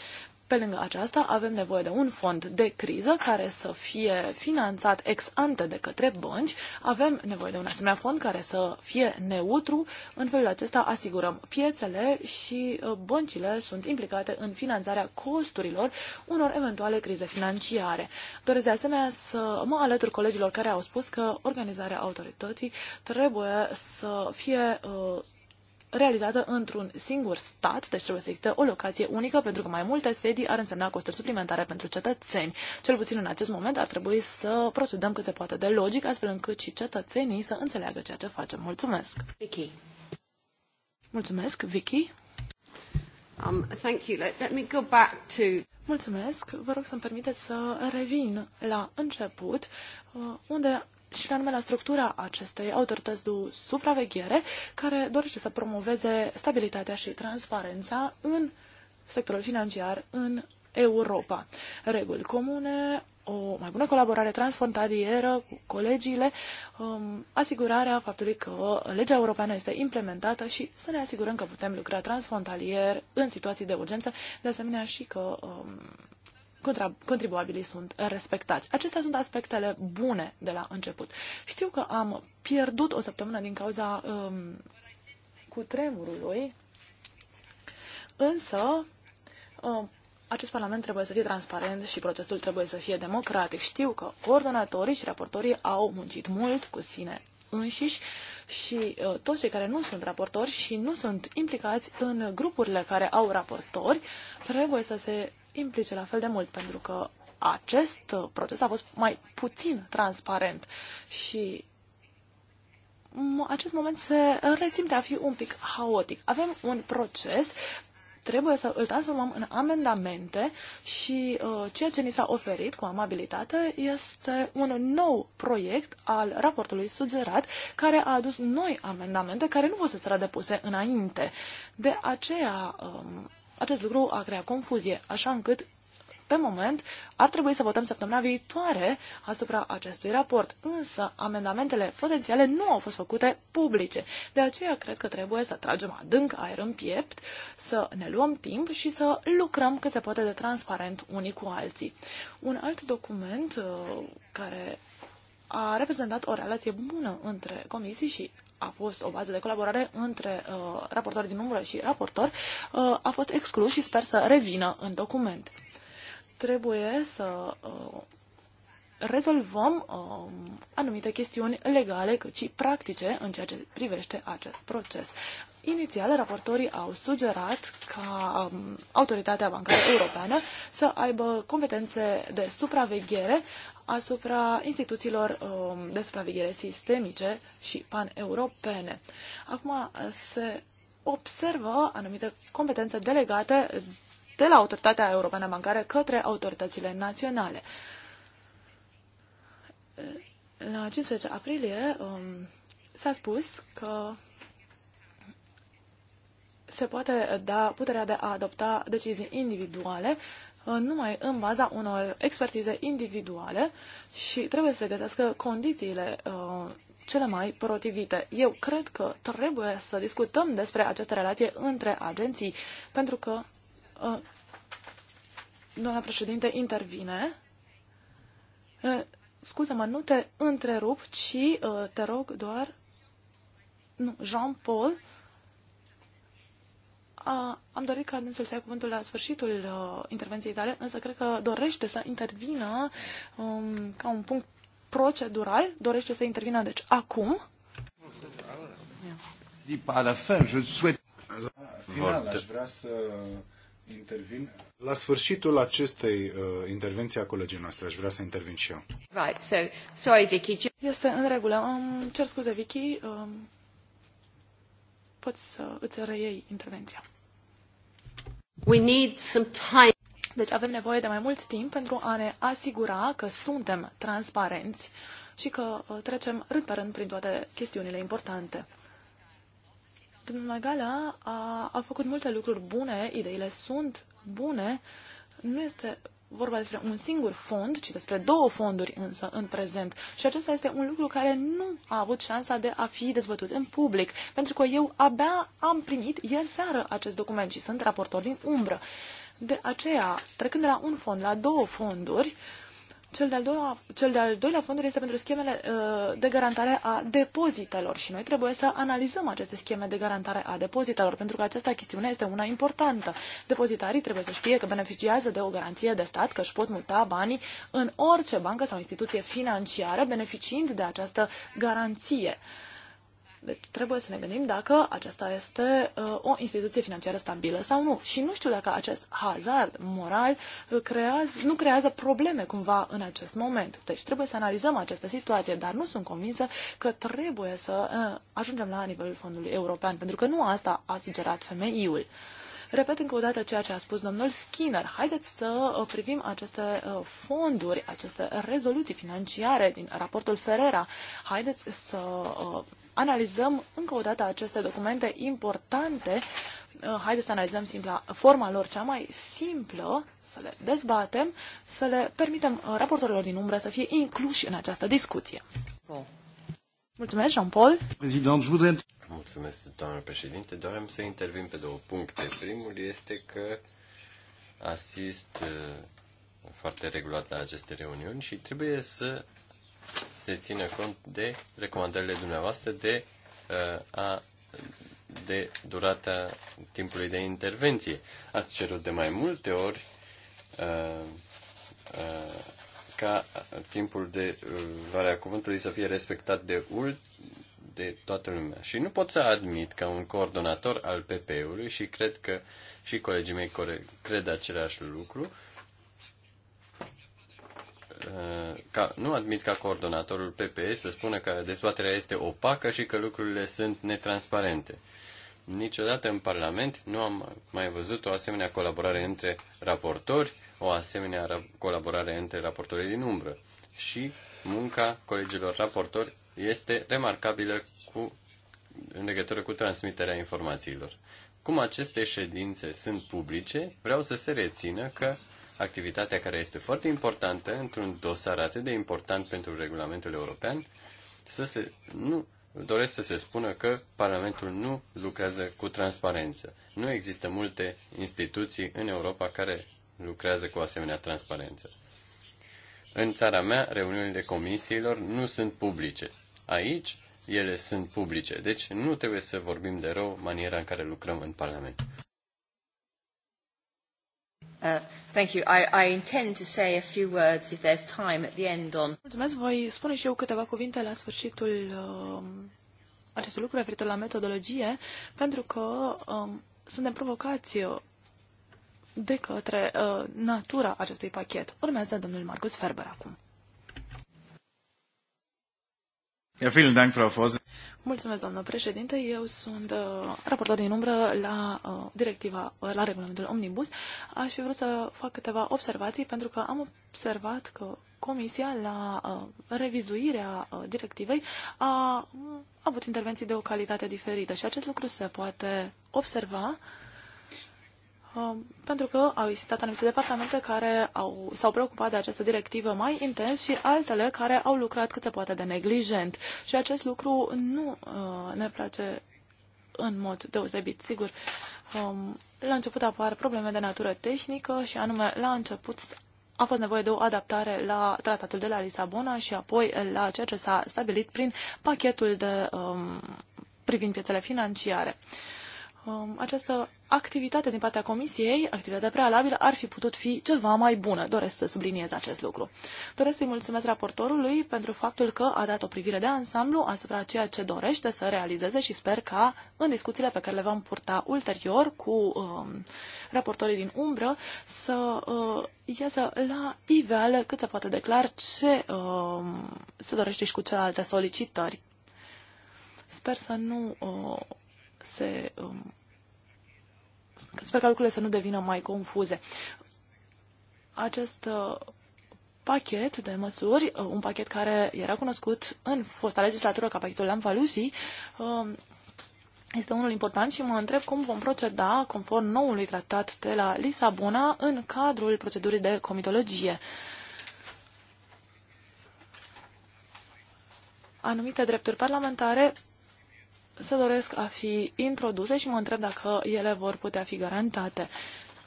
Pe lângă aceasta, avem nevoie de un fond de criză care să fie finanțat ex ante de către bănci. Avem nevoie de un asemenea fond care să fie neutru. În felul acesta asigurăm piețele și uh, băncile sunt implicate în finanțarea costurilor unor eventuale crize financiare. Doresc de asemenea să mă alătur colegilor care au spus că organizarea autorității trebuie să fie uh, realizată într-un singur stat, deci trebuie să existe o locație unică, pentru că mai multe sedii ar însemna costuri suplimentare pentru cetățeni. Cel puțin în acest moment ar trebui să procedăm cât se poate de logic, astfel încât și cetățenii să înțeleagă ceea ce facem. Mulțumesc! Vicky. Mulțumesc, Vicky. Um, thank you. Let, let me go back to... Mulțumesc. Vă rog să-mi permiteți să revin la început, uh, unde și anume la structura acestei autorități de supraveghere care dorește să promoveze stabilitatea și transparența în sectorul financiar în Europa. Reguli comune, o mai bună colaborare transfrontalieră cu colegiile, um, asigurarea faptului că legea europeană este implementată și să ne asigurăm că putem lucra transfrontalier în situații de urgență, de asemenea și că um, contribuabilii sunt respectați. Acestea sunt aspectele bune de la început. Știu că am pierdut o săptămână din cauza um, cu tremurului, însă um, acest Parlament trebuie să fie transparent și procesul trebuie să fie democratic. Știu că coordonatorii și raportorii au muncit mult cu sine înșiși și uh, toți cei care nu sunt raportori și nu sunt implicați în grupurile care au raportori trebuie să se implice la fel de mult, pentru că acest proces a fost mai puțin transparent și acest moment se resimte a fi un pic haotic. Avem un proces, trebuie să îl transformăm în amendamente și uh, ceea ce ni s-a oferit cu amabilitate este un nou proiect al raportului sugerat care a adus noi amendamente care nu fuseseră depuse înainte. De aceea um, acest lucru a creat confuzie, așa încât pe moment ar trebui să votăm săptămâna viitoare asupra acestui raport, însă amendamentele potențiale nu au fost făcute publice. De aceea cred că trebuie să tragem adânc aer în piept, să ne luăm timp și să lucrăm cât se poate de transparent unii cu alții. Un alt document uh, care a reprezentat o relație bună între comisii și a fost o bază de colaborare între uh, raportori din umbră și raportor, uh, a fost exclus și sper să revină în document. Trebuie să uh, rezolvăm uh, anumite chestiuni legale cât și practice în ceea ce privește acest proces. Inițial, raportorii au sugerat ca um, Autoritatea Bancară Europeană să aibă competențe de supraveghere asupra instituțiilor um, de supraveghere sistemice și paneuropene. Acum se observă anumite competențe delegate de la Autoritatea Europeană Bancară către autoritățile naționale. La 15 aprilie um, s-a spus că se poate da puterea de a adopta decizii individuale Uh, numai în baza unor expertize individuale și trebuie să se găsească condițiile uh, cele mai protivite. Eu cred că trebuie să discutăm despre această relație între agenții, pentru că uh, doamna președinte intervine. Scuze-mă, nu te întrerup, ci te rog doar... Nu, Jean-Paul, Uh, am dorit ca dânsul să ia cuvântul la sfârșitul uh, intervenției tale, însă cred că dorește să intervină um, ca un punct procedural, dorește să intervină, deci, acum. Final, aș vrea să intervin. La sfârșitul acestei uh, intervenții a colegii noastre, aș vrea să intervin și eu. Right, so, sorry, Vicky. Este în regulă. Um, cer scuze, Vicky. Um, poți să îți reiei intervenția. We need some time. Deci avem nevoie de mai mult timp pentru a ne asigura că suntem transparenți și că uh, trecem rând pe rând prin toate chestiunile importante. Domnul Magala a, a făcut multe lucruri bune, ideile sunt bune, nu este vorba despre un singur fond, ci despre două fonduri însă în prezent. Și acesta este un lucru care nu a avut șansa de a fi dezbătut în public, pentru că eu abia am primit ieri seară acest document și sunt raportor din umbră. De aceea, trecând de la un fond la două fonduri, uh, cel de-al doilea, cel de-al doilea fonduri este pentru schemele uh, de garantare a depozitelor și noi trebuie să analizăm aceste scheme de garantare a depozitelor, pentru că această chestiune este una importantă. Depozitarii trebuie să știe că beneficiază de o garanție de stat, că își pot muta banii în orice bancă sau instituție financiară, beneficiind de această garanție. Deci trebuie să ne gândim dacă aceasta este uh, o instituție financiară stabilă sau nu. Și nu știu dacă acest hazard moral uh, creează, nu creează probleme cumva în acest moment. Deci trebuie să analizăm această situație, dar nu sunt convinsă că trebuie să uh, ajungem la nivelul fondului european, pentru că nu asta a sugerat femeiul. Repet încă o dată ceea ce a spus domnul Skinner. Haideți să uh, privim aceste uh, fonduri, aceste rezoluții financiare din raportul Ferrera. Haideți să analizăm încă o dată aceste documente importante. Uh, haideți să analizăm simpla, forma lor cea mai simplă, să le dezbatem, să le permitem uh, raportorilor din umbră să fie incluși în această discuție. Mulțumesc, Jean-Paul. Mulțumesc, doamnă președinte. Doream să intervin pe două puncte. Primul este că asist uh, foarte regulat la aceste reuniuni și trebuie să se țină cont de recomandările dumneavoastră de, uh, a, de durata timpului de intervenție. Ați cerut de mai multe ori uh, uh, ca timpul de uh, valoare cuvântului să fie respectat de ult de toată lumea. Și nu pot să admit ca un coordonator al PP-ului și cred că și colegii mei cred același lucru, uh, Uh, ca, nu admit ca coordonatorul PPS să spună că dezbaterea este opacă și că lucrurile sunt netransparente. Niciodată în Parlament nu am mai văzut o asemenea colaborare între raportori, o asemenea colaborare între raportorii din umbră. Și munca colegilor raportori este remarcabilă cu, în legătură cu transmiterea informațiilor. Cum aceste ședințe sunt publice, vreau să se rețină că activitatea care este foarte importantă într-un dosar atât de important pentru regulamentul european, să se, nu doresc să se spună că Parlamentul nu lucrează cu transparență. Nu există multe instituții în Europa care lucrează cu asemenea transparență. În țara mea, reuniunile comisiilor nu sunt publice. Aici, ele sunt publice. Deci nu trebuie să vorbim de rău maniera în care lucrăm în Parlament. Uh, thank you. I, I intend to say a few words if there's time at the end on. Mulțumesc. Voi spune și eu câteva cuvinte la sfârșitul uh, acestui lucru referitor la metodologie, pentru că um, suntem provocați de către uh, natura acestui pachet. Urmează domnul Marcus Ferber acum. Ja, vielen Dank, Frau Vorsitzende. Mulțumesc, doamnă președinte. Eu sunt uh, raportor din umbră la uh, directiva, uh, la regulamentul Omnibus. Aș fi vrut să fac câteva observații pentru că am observat că Comisia la uh, revizuirea uh, directivei a, a avut intervenții de o calitate diferită și acest lucru se poate observa uh, Um, pentru că au existat anumite departamente care au, s-au preocupat de această directivă mai intens și altele care au lucrat cât se poate de neglijent. Și acest lucru nu uh, ne place în mod deosebit, sigur. Um, la început apar probleme de natură tehnică și anume la început a fost nevoie de o adaptare la tratatul de la Lisabona și apoi la ceea ce s-a stabilit prin pachetul de, um, privind piețele financiare. Uh, um, această activitate din partea comisiei, activitatea prealabilă, ar fi putut fi ceva mai bună. Doresc să subliniez acest lucru. Doresc să-i mulțumesc raportorului pentru faptul că a dat o privire de ansamblu asupra ceea ce dorește să realizeze și sper ca în discuțiile pe care le vom purta ulterior cu um, raportorii din umbră să uh, iasă la iveală cât se poate declar ce um, se dorește și cu celelalte solicitări. Sper să nu uh, se um, sper ca lucrurile să nu devină mai confuze. Acest uh, pachet de măsuri, uh, un pachet care era cunoscut în fosta legislatură ca pachetul Lamfalusi, um, este unul important și mă întreb cum vom proceda conform noului tratat de la Lisabona în cadrul procedurii de comitologie. Anumite drepturi parlamentare se doresc a fi introduse și mă întreb dacă ele vor putea fi garantate.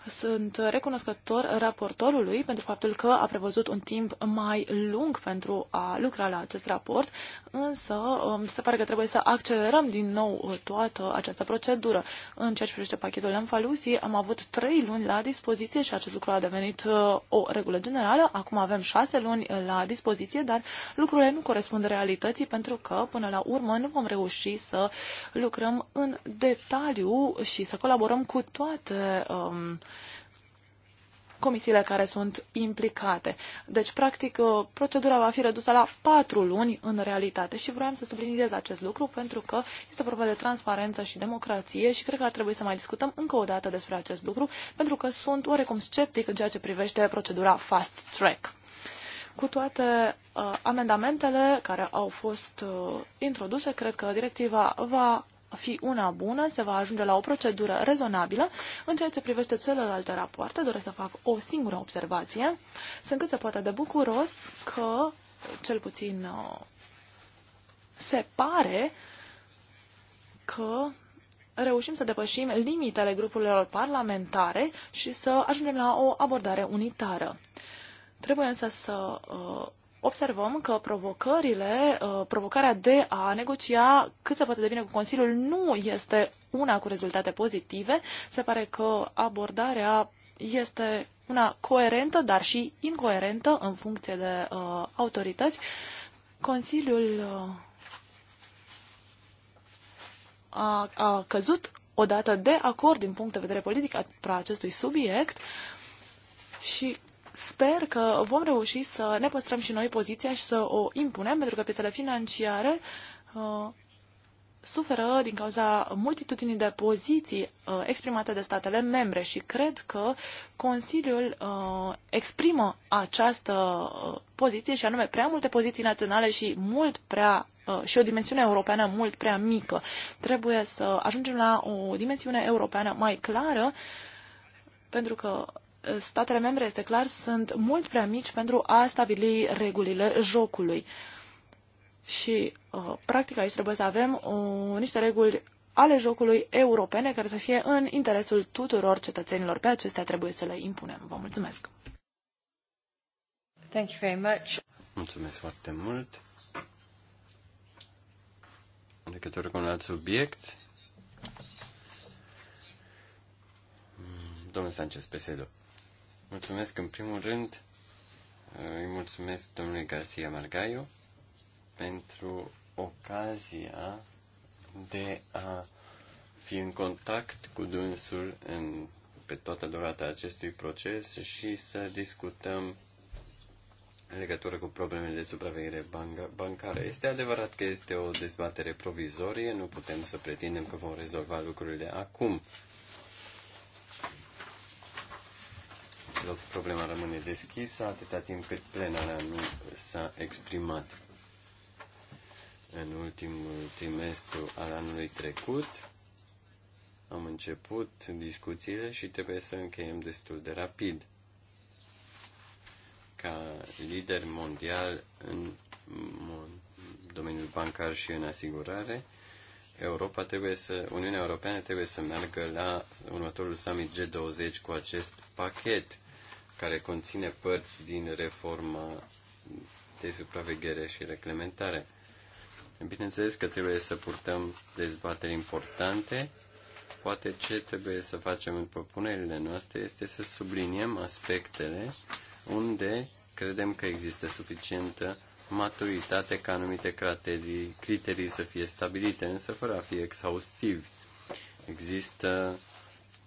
Sunt recunoscător raportorului pentru faptul că a prevăzut un timp mai lung pentru a lucra la acest raport, însă um, se pare că trebuie să accelerăm din nou uh, toată această procedură. În ceea ce privește pachetul Lemfalusi, am avut trei luni la dispoziție și acest lucru a devenit uh, o regulă generală. Acum avem șase luni uh, la dispoziție, dar lucrurile nu corespund realității pentru că, până la urmă, nu vom reuși să lucrăm în detaliu și să colaborăm cu toate um, comisiile care sunt implicate. Deci, practic, uh, procedura va fi redusă la patru luni în realitate și vreau să subliniez acest lucru pentru că este vorba de transparență și democrație și cred că ar trebui să mai discutăm încă o dată despre acest lucru pentru că sunt oarecum sceptic în ceea ce privește procedura fast track cu toate uh, amendamentele care au fost uh, introduse, cred că directiva va fi una bună, se va ajunge la o procedură rezonabilă. În ceea ce privește celelalte rapoarte, doresc să fac o singură observație. Sunt cât se poate de bucuros că, cel puțin uh, se pare că reușim să depășim limitele grupurilor parlamentare și să ajungem la o abordare unitară. Trebuie însă să uh, observăm că provocările, uh, provocarea de a negocia cât se poate de bine cu Consiliul nu este una cu rezultate pozitive. Se pare că abordarea este una coerentă, dar și incoerentă în funcție de uh, autorități. Consiliul uh, a, a căzut odată de acord din punct de vedere politic asupra acestui subiect și sper că vom reuși să ne păstrăm și noi poziția și să o impunem, pentru că piețele financiare uh, suferă din cauza multitudinii de poziții uh, exprimate de statele membre și cred că Consiliul uh, exprimă această uh, poziție și anume prea multe poziții naționale și mult prea uh, și o dimensiune europeană mult prea mică. Trebuie să ajungem la o dimensiune europeană mai clară pentru că statele membre, este clar, sunt mult prea mici pentru a stabili regulile jocului. Și, uh, practic, aici trebuie să avem uh, niște reguli ale jocului europene care să fie în interesul tuturor cetățenilor. Pe acestea trebuie să le impunem. Vă mulțumesc! Thank you very much. Mulțumesc foarte mult! În legătură cu un alt subiect, mm, domnul Sanchez PSD. Mulțumesc în primul rând, îi mulțumesc domnului Garcia Margaiu pentru ocazia de a fi în contact cu dânsul în, pe toată durata acestui proces și să discutăm în legătură cu problemele de supraveghere bancară. Este adevărat că este o dezbatere provizorie, nu putem să pretindem că vom rezolva lucrurile acum. loc, problema rămâne deschisă atâta timp cât plenarea nu s-a exprimat. În ultimul trimestru al anului trecut am început discuțiile și trebuie să încheiem destul de rapid. Ca lider mondial în domeniul bancar și în asigurare, Europa trebuie să, Uniunea Europeană trebuie să meargă la următorul summit G20 cu acest pachet care conține părți din reforma de supraveghere și reclementare. Bineînțeles că trebuie să purtăm dezbateri importante. Poate ce trebuie să facem în propunerile noastre este să subliniem aspectele unde credem că există suficientă maturitate ca anumite criterii, criterii să fie stabilite, însă fără a fi exhaustivi. Există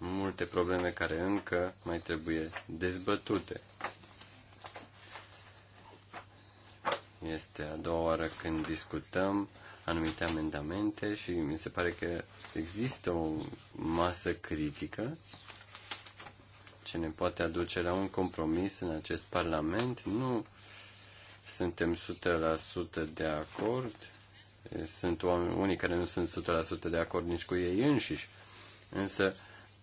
multe probleme care încă mai trebuie dezbătute. Este a doua oară când discutăm anumite amendamente și mi se pare că există o masă critică ce ne poate aduce la un compromis în acest Parlament. Nu suntem 100% de acord. Sunt oameni, unii care nu sunt 100% de acord nici cu ei înșiși. Însă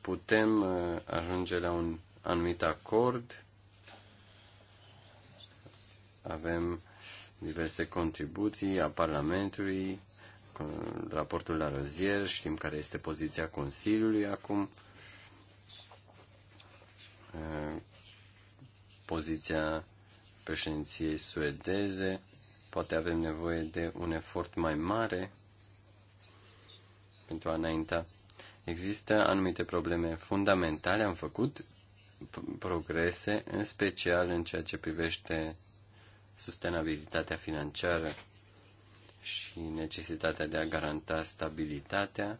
putem uh, ajunge la un anumit acord. Avem diverse contribuții a Parlamentului, raportul la rozier, știm care este poziția Consiliului acum, uh, poziția președinției suedeze, poate avem nevoie de un efort mai mare pentru a înainta Există anumite probleme fundamentale, am făcut progrese, în special în ceea ce privește sustenabilitatea financiară și necesitatea de a garanta stabilitatea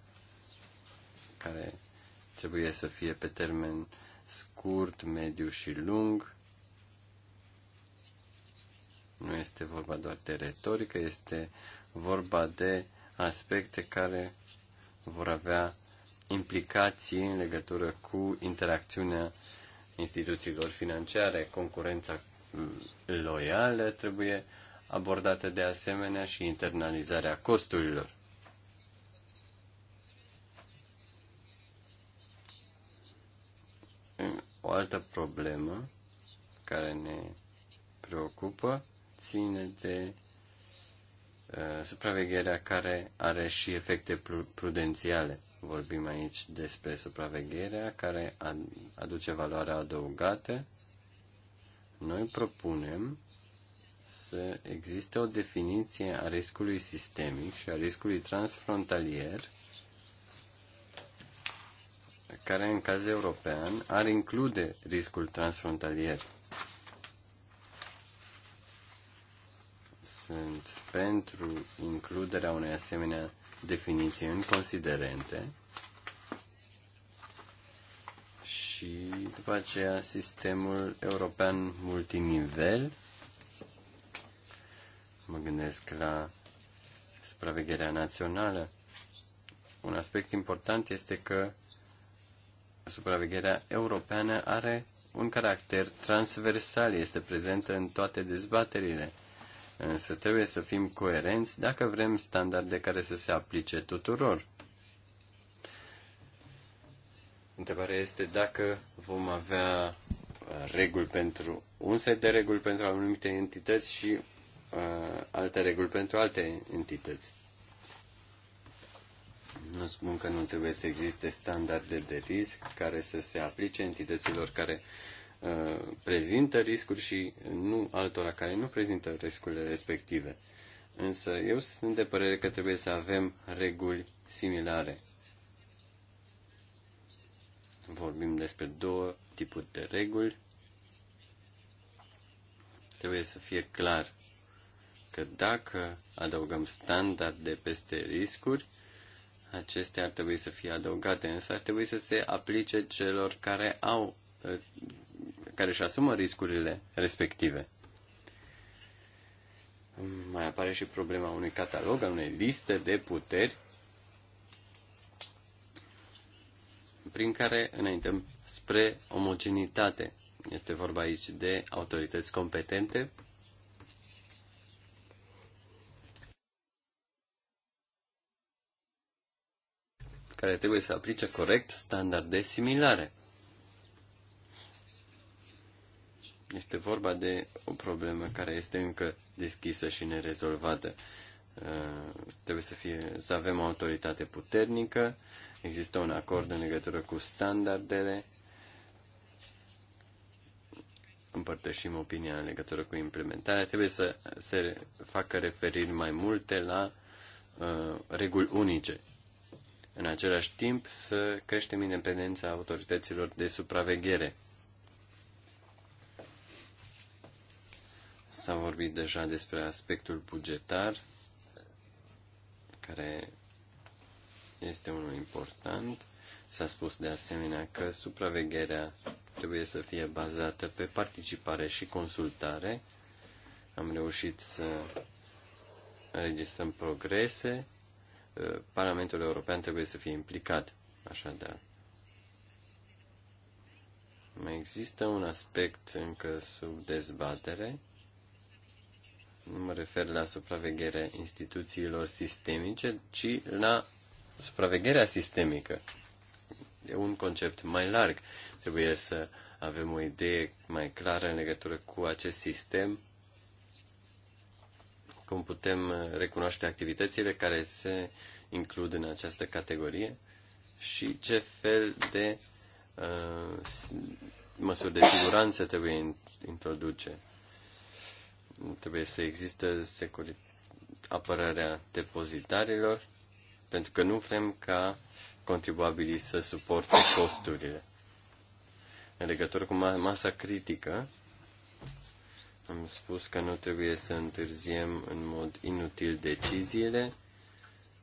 care trebuie să fie pe termen scurt, mediu și lung. Nu este vorba doar de retorică, este vorba de aspecte care vor avea implicații în legătură cu interacțiunea instituțiilor financiare, concurența mm, loială trebuie abordată de asemenea și internalizarea costurilor. O altă problemă care ne preocupă ține de uh, supravegherea care are și efecte prudențiale. Vorbim aici despre supravegherea care aduce valoarea adăugată. Noi propunem să existe o definiție a riscului sistemic și a riscului transfrontalier care în caz european ar include riscul transfrontalier. Sunt pentru includerea unei asemenea definiție în considerente și după aceea sistemul european multinivel. Mă gândesc la supravegherea națională. Un aspect important este că supravegherea europeană are un caracter transversal, este prezentă în toate dezbaterile. Însă trebuie să fim coerenți dacă vrem standarde care să se aplice tuturor. Întrebarea este dacă vom avea uh, reguli pentru un set de reguli pentru anumite entități și uh, alte reguli pentru alte entități. Nu spun că nu trebuie să existe standarde de risc care să se aplice entităților care uh, Uh, prezintă riscuri și nu altora care nu prezintă riscurile respective. Însă eu sunt de părere că trebuie să avem reguli similare. Vorbim despre două tipuri de reguli. Trebuie să fie clar că dacă adăugăm standarde peste riscuri, acestea ar trebui să fie adăugate, însă ar trebui să se aplice celor care au care își asumă riscurile respective. Mai apare și problema unui catalog, a unei liste de puteri prin care înaintăm spre omogenitate. Este vorba aici de autorități competente care trebuie să aplice corect standarde similare. Este vorba de o problemă care este încă deschisă și nerezolvată. Uh, trebuie să, fie, să avem o autoritate puternică, există un acord în legătură cu standardele, împărtășim opinia în legătură cu implementarea. Trebuie să se facă referiri mai multe la uh, reguli unice. În același timp, să creștem independența autorităților de supraveghere S-a vorbit deja despre aspectul bugetar, care este unul important. S-a spus de asemenea că supravegherea trebuie să fie bazată pe participare și consultare. Am reușit să înregistrăm progrese. Parlamentul European trebuie să fie implicat, așadar. Mai există un aspect încă sub dezbatere nu mă refer la supravegherea instituțiilor sistemice, ci la supravegherea sistemică. E un concept mai larg. Trebuie să avem o idee mai clară în legătură cu acest sistem, cum putem recunoaște activitățile care se includ în această categorie și ce fel de uh, măsuri de siguranță trebuie introduce. Trebuie să existe securi... apărarea depozitarilor, pentru că nu vrem ca contribuabilii să suporte costurile. În legătură cu masa critică, am spus că nu trebuie să întârziem în mod inutil deciziile.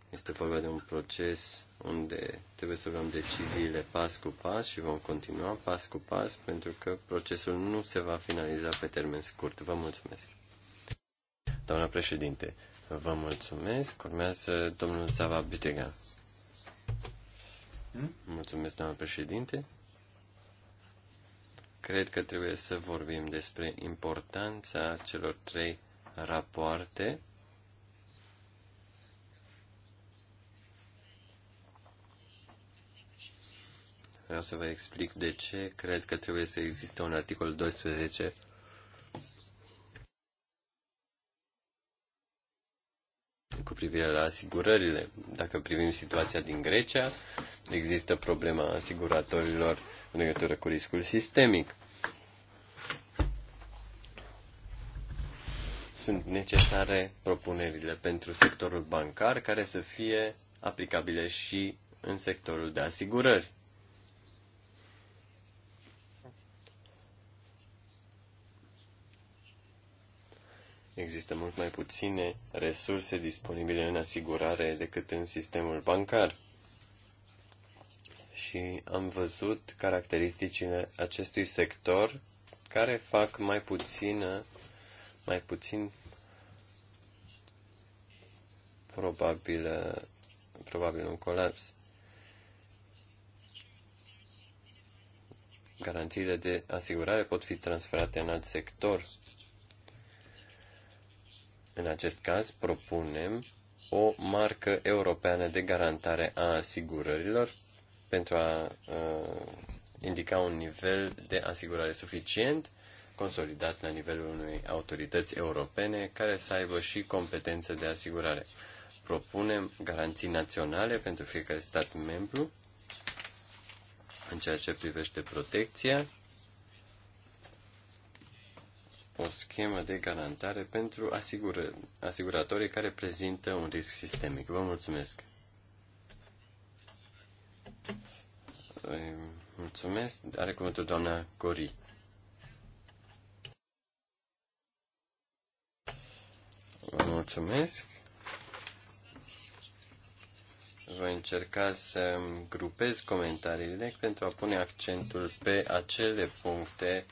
Este vorba de un proces unde trebuie să luăm deciziile pas cu pas și vom continua pas cu pas pentru că procesul nu se va finaliza pe termen scurt. Vă mulțumesc! Doamna președinte, vă mulțumesc. Urmează domnul Zava Bitegan. Hmm? Mulțumesc, doamna președinte. Cred că trebuie să vorbim despre importanța celor trei rapoarte Vreau să vă explic de ce cred că trebuie să existe un articol 12 cu privire la asigurările. Dacă privim situația din Grecia, există problema asiguratorilor în legătură cu riscul sistemic. Sunt necesare propunerile pentru sectorul bancar care să fie aplicabile și în sectorul de asigurări. Există mult mai puține resurse disponibile în asigurare decât în sistemul bancar. Și am văzut caracteristicile acestui sector care fac mai puțină, mai puțin probabil, probabil un colaps. Garanțiile de asigurare pot fi transferate în alt sector în acest caz, propunem o marcă europeană de garantare a asigurărilor pentru a uh, indica un nivel de asigurare suficient consolidat la nivelul unei autorități europene care să aibă și competență de asigurare. Propunem garanții naționale pentru fiecare stat membru în ceea ce privește protecția o schemă de garantare pentru asigură, asiguratorii care prezintă un risc sistemic. Vă mulțumesc! Mulțumesc. Are cuvântul doamna Gori. Vă mulțumesc. Voi încerca să grupez comentariile pentru a pune accentul pe acele puncte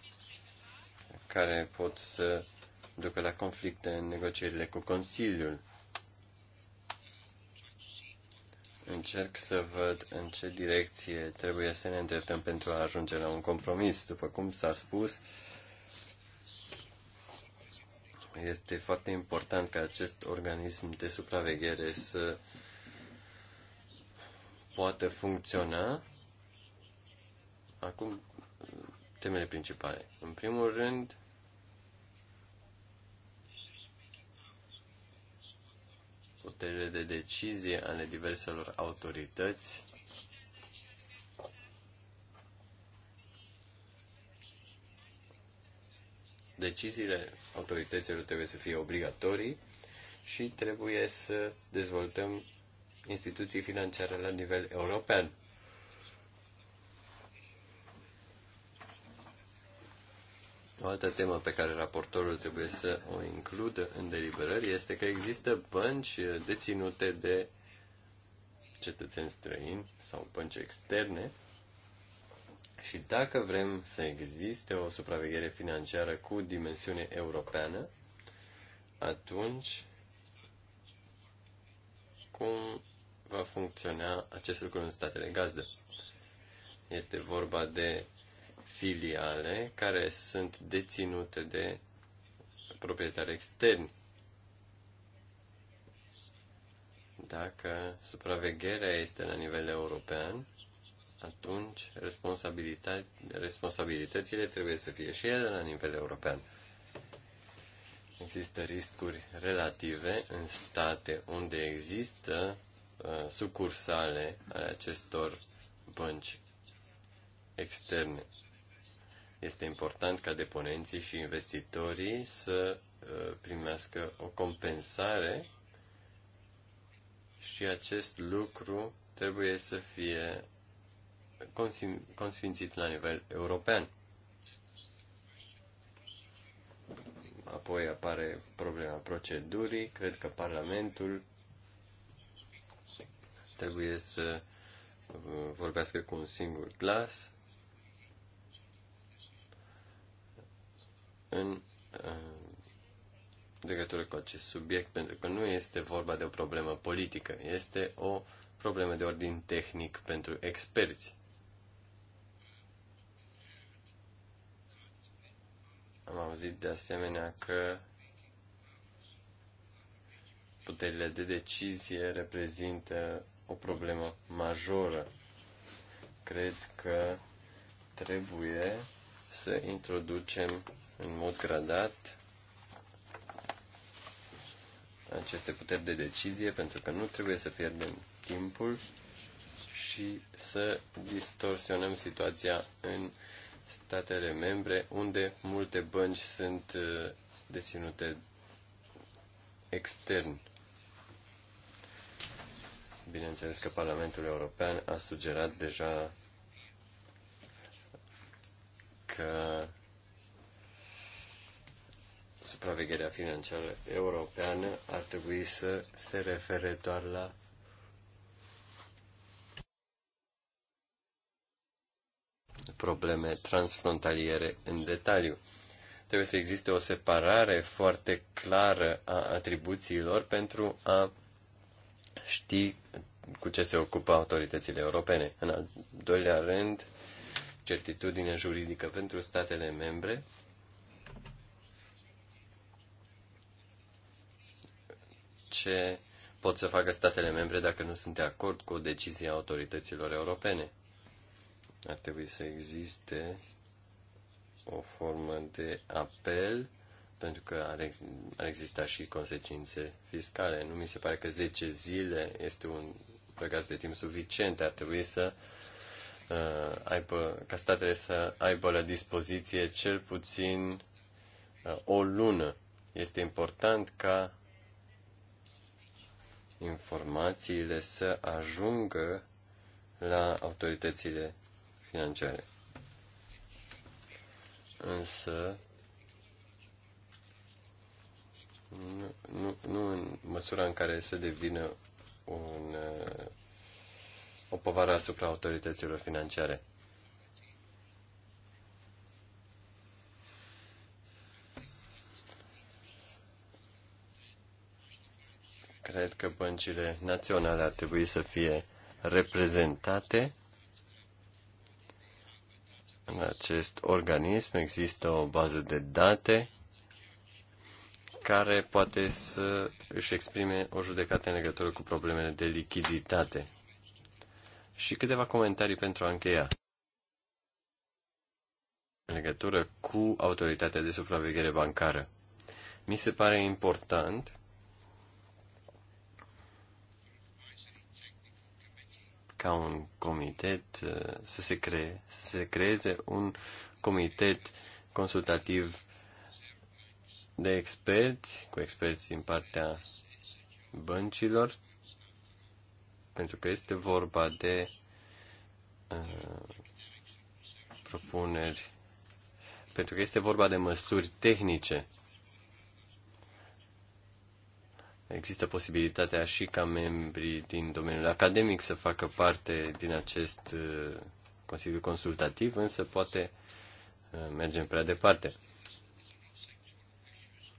care pot să ducă la conflicte în negocierile cu Consiliul. Încerc să văd în ce direcție trebuie să ne îndreptăm pentru a ajunge la un compromis. După cum s-a spus, este foarte important ca acest organism de supraveghere să poată funcționa. Acum, temele principale. În primul rând, puterile de decizie ale diverselor autorități deciziile autorităților trebuie să fie obligatorii și trebuie să dezvoltăm instituții financiare la nivel european. O altă temă pe care raportorul trebuie să o includă în deliberări este că există bănci deținute de cetățeni străini sau bănci externe și dacă vrem să existe o supraveghere financiară cu dimensiune europeană, atunci cum va funcționa acest lucru în statele gazdă? Este vorba de filiale care sunt deținute de proprietari externi. Dacă supravegherea este la nivel european, atunci responsabilitățile trebuie să fie și ele la nivel european. Există riscuri relative în state unde există uh, sucursale ale acestor bănci externe. Este important ca deponenții și investitorii să uh, primească o compensare și acest lucru trebuie să fie consfințit la nivel european. Apoi apare problema procedurii. Cred că Parlamentul trebuie să uh, vorbească cu un singur glas în uh, legătură cu acest subiect, pentru că nu este vorba de o problemă politică, este o problemă de ordin tehnic pentru experți. Am auzit de asemenea că puterile de decizie reprezintă o problemă majoră. Cred că trebuie să introducem în mod gradat aceste puteri de decizie, pentru că nu trebuie să pierdem timpul și să distorsionăm situația în statele membre, unde multe bănci sunt uh, deținute extern. Bineînțeles că Parlamentul European a sugerat deja că supravegherea financiară europeană ar trebui să se refere doar la probleme transfrontaliere în detaliu. Trebuie să existe o separare foarte clară a atribuțiilor pentru a ști cu ce se ocupă autoritățile europene. În al doilea rând, certitudine juridică pentru statele membre ce pot să facă statele membre dacă nu sunt de acord cu a autorităților europene. Ar trebui să existe o formă de apel, pentru că ar, ex- ar exista și consecințe fiscale. Nu mi se pare că 10 zile este un răgaz de timp suficient. Ar trebui să uh, aibă, ca statele să aibă la dispoziție cel puțin uh, o lună. Este important ca informațiile să ajungă la autoritățile financiare. Însă, nu, nu, nu în măsura în care să devină un, uh, o povară asupra autorităților financiare. Cred că băncile naționale ar trebui să fie reprezentate în acest organism. Există o bază de date care poate să își exprime o judecată în legătură cu problemele de lichiditate. Și câteva comentarii pentru a încheia. În legătură cu autoritatea de supraveghere bancară. Mi se pare important ca un comitet, uh, să se, cree, să se creeze un comitet consultativ de experți, cu experți din partea băncilor, pentru că este vorba de uh, propuneri, pentru că este vorba de măsuri tehnice Există posibilitatea și ca membrii din domeniul academic să facă parte din acest uh, Consiliu Consultativ, însă poate uh, mergem prea departe.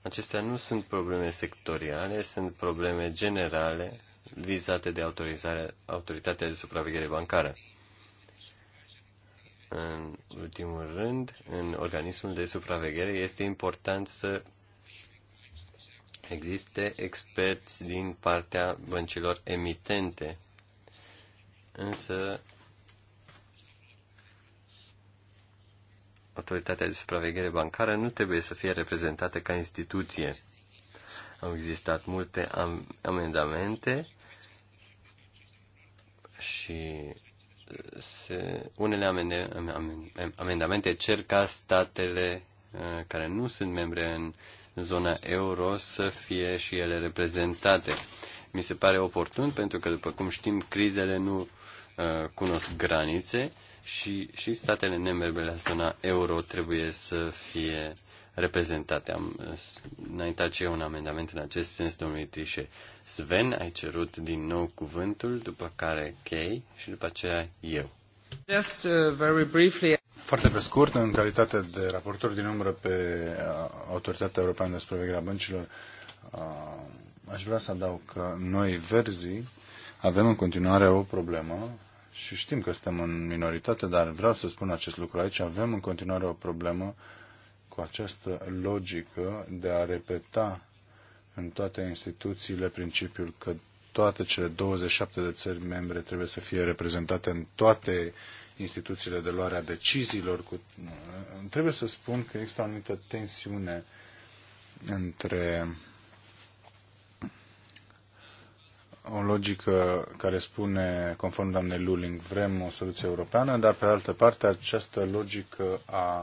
Acestea nu sunt probleme sectoriale, sunt probleme generale vizate de autorizarea, autoritatea de supraveghere bancară. În ultimul rând, în organismul de supraveghere este important să existe experți din partea băncilor emitente, însă autoritatea de supraveghere bancară nu trebuie să fie reprezentată ca instituție. Au existat multe amendamente și se, unele amende, amende, amendamente cer ca statele uh, care nu sunt membre în uh, în zona euro să fie și ele reprezentate. Mi se pare oportun pentru că, după cum știm, crizele nu uh, cunosc granițe și, și statele nemembre la zona euro trebuie să fie reprezentate. Am uh, înaintat și eu un amendament în acest sens, domnului Trișe. Sven, ai cerut din nou cuvântul, după care Kay și după aceea eu. Just uh, very briefly. Foarte pe scurt, în calitate de raportor din umbră pe uh, Autoritatea Europeană de Supraveghere a Băncilor, uh, aș vrea să adaug că noi, verzii, avem în continuare o problemă și știm că suntem în minoritate, dar vreau să spun acest lucru aici. Avem în continuare o problemă cu această logică de a repeta în toate instituțiile principiul că toate cele 27 de țări membre trebuie să fie reprezentate în toate uh, instituțiile de luare a deciziilor. Cu... Uh, trebuie să spun că există o anumită tensiune între o logică care spune, conform doamnei Luling, vrem o soluție europeană, dar pe de altă parte această logică a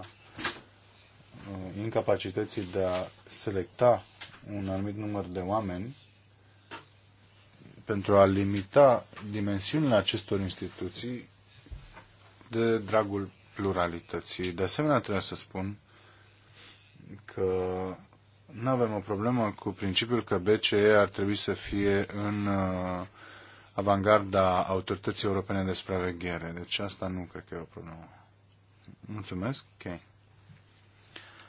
uh, incapacității de a selecta un anumit număr de oameni pentru a limita dimensiunile acestor instituții de dragul pluralității. De asemenea, trebuie să spun că nu avem o problemă cu principiul că BCE ar trebui să fie în uh, avangarda autorității europene de supraveghere. Deci asta nu cred că e o problemă. Mulțumesc. Ok.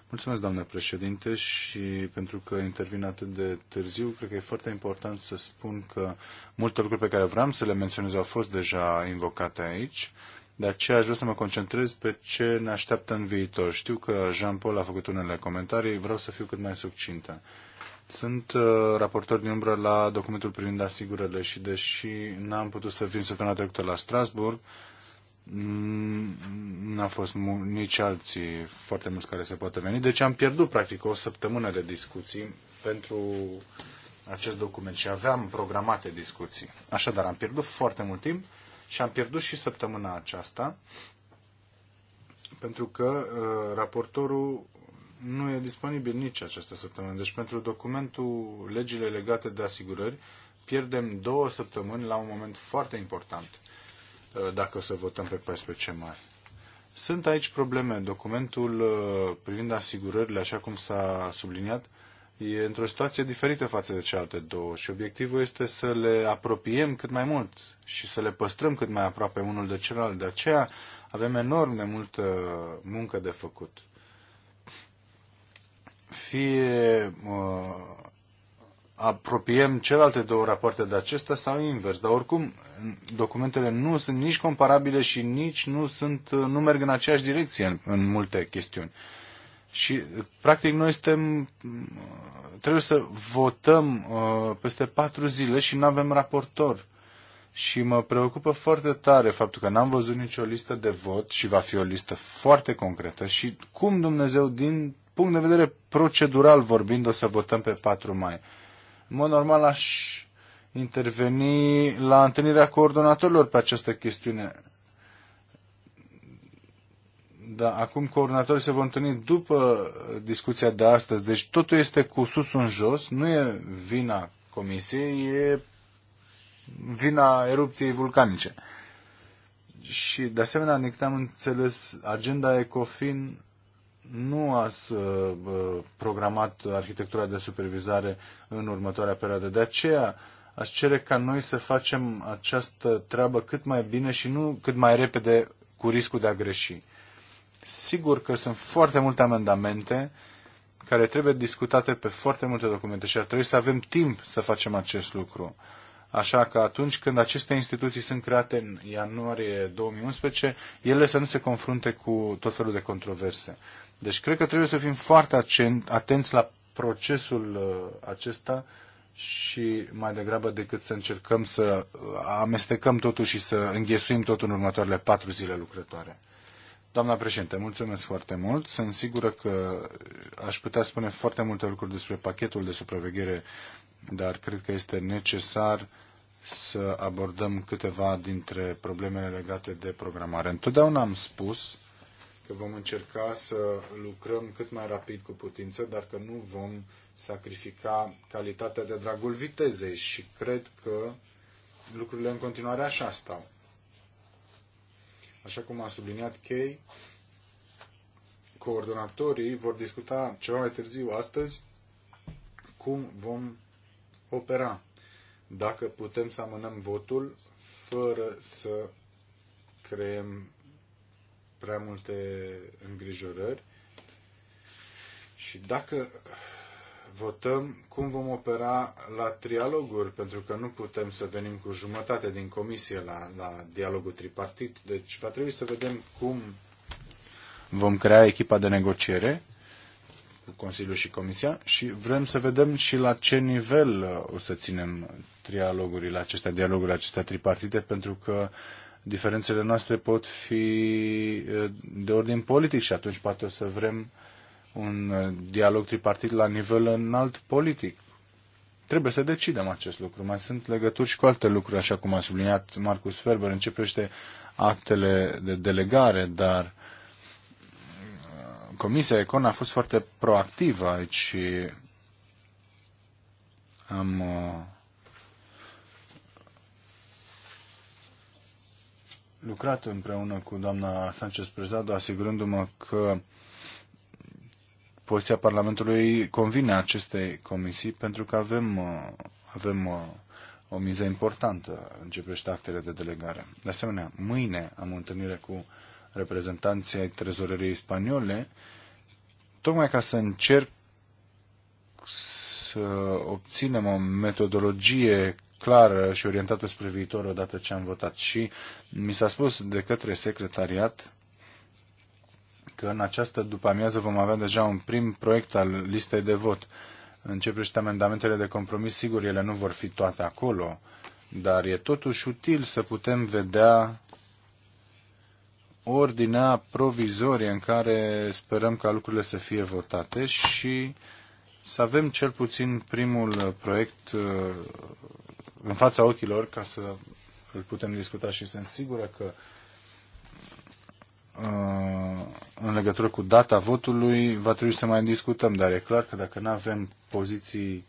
Mulțumesc, doamnă președinte, și pentru că intervin atât de târziu, cred că e foarte important să spun că multe lucruri pe care vreau să le menționez au fost deja invocate aici. De aceea aș vrea să mă concentrez pe ce ne așteaptă în viitor. Știu că Jean-Paul a făcut unele comentarii, vreau să fiu cât mai succintă. Sunt uh, raportor din umbră la documentul privind asigurările și deși n-am putut să vin săptămâna trecută la Strasburg, n-a fost nici alții foarte mulți care se poate veni. Deci am pierdut practic o săptămână de discuții pentru acest document și aveam programate discuții. Așadar, am pierdut foarte mult timp și am pierdut și săptămâna aceasta, pentru că uh, raportorul nu e disponibil nici această săptămână. Deci pentru documentul legile legate de asigurări pierdem două săptămâni la un moment foarte important uh, dacă o să votăm pe 14 mai. Sunt aici probleme. Documentul uh, privind asigurările, așa cum s-a subliniat, e într-o situație diferită față de cealaltă două și obiectivul este să le apropiem cât mai mult și să le păstrăm cât mai aproape unul de celălalt. De aceea avem enorm de multă muncă de făcut. Fie uh, apropiem celelalte două rapoarte de acesta sau invers. Dar oricum, documentele nu sunt nici comparabile și nici nu, sunt, nu merg în aceeași direcție în, în multe chestiuni. Și, practic, noi suntem trebuie să votăm uh, peste patru zile și nu avem raportor. Și mă preocupă foarte tare faptul că n-am văzut nicio listă de vot și va fi o listă foarte concretă și cum Dumnezeu, din punct de vedere procedural vorbind, o să votăm pe 4 mai. În mod normal aș interveni la întâlnirea coordonatorilor pe această chestiune. Da, acum coordonatorii se vor întâlni după uh, discuția de astăzi. Deci totul este cu sus în jos. Nu e vina comisiei, e vina erupției vulcanice. Și, de asemenea, din am înțeles, agenda ECOFIN nu a uh, uh, programat arhitectura de supervizare în următoarea perioadă. De aceea aș cere ca noi să facem această treabă cât mai bine și nu cât mai repede cu riscul de a greși. Sigur că sunt foarte multe amendamente care trebuie discutate pe foarte multe documente și ar trebui să avem timp să facem acest lucru. Așa că atunci când aceste instituții sunt create în ianuarie 2011, ele să nu se confrunte cu tot felul de controverse. Deci cred că trebuie să fim foarte atenți la procesul uh, acesta și mai degrabă decât să încercăm să uh, amestecăm totul și să înghesuim totul în următoarele patru zile lucrătoare. Doamna președinte, mulțumesc foarte mult. Sunt sigură că aș putea spune foarte multe lucruri despre pachetul de supraveghere, dar cred că este necesar să abordăm câteva dintre problemele legate de programare. Întotdeauna am spus că vom încerca să lucrăm cât mai rapid cu putință, dar că nu vom sacrifica calitatea de dragul vitezei și cred că lucrurile în continuare așa stau. Așa cum a subliniat Kay, coordonatorii vor discuta ceva mai târziu astăzi cum vom opera, dacă putem să amânăm votul fără să creăm prea multe îngrijorări și dacă votăm cum vom opera la trialoguri, pentru că nu putem să venim cu jumătate din comisie la, la dialogul tripartit. Deci va trebui să vedem cum vom crea echipa de negociere cu Consiliul și Comisia și vrem să vedem și la ce nivel uh, o să ținem trialogurile acestea, dialogurile acestea tripartite, pentru că diferențele noastre pot fi uh, de ordin politic și atunci poate o să vrem uh, un uh, dialog tripartit la nivel înalt politic. Trebuie să decidem acest lucru. Mai sunt legături și cu alte lucruri, așa cum a subliniat Marcus Ferber, începește actele de delegare, dar uh, Comisia Econ a fost foarte proactivă aici și am uh, lucrat împreună cu doamna Sanchez Prezado, asigurându-mă că poziția Parlamentului convine acestei comisii pentru că avem, uh, avem uh, o miză importantă în ce privește actele de delegare. De asemenea, mâine am o întâlnire cu reprezentanții ai trezoreriei spaniole, tocmai ca să încerc să obținem o metodologie clară și orientată spre viitor odată ce am votat. Și mi s-a spus de către secretariat că în această după-amiază vom avea deja un prim proiect al listei de vot. Începește amendamentele de compromis, sigur, ele nu vor fi toate acolo, dar e totuși util să putem vedea ordinea provizorie în care sperăm ca lucrurile să fie votate și să avem cel puțin primul proiect uh, în fața ochilor ca să îl putem discuta și sunt sigură că Uh, în legătură cu data votului va trebui să mai discutăm, dar e clar că dacă nu avem poziții,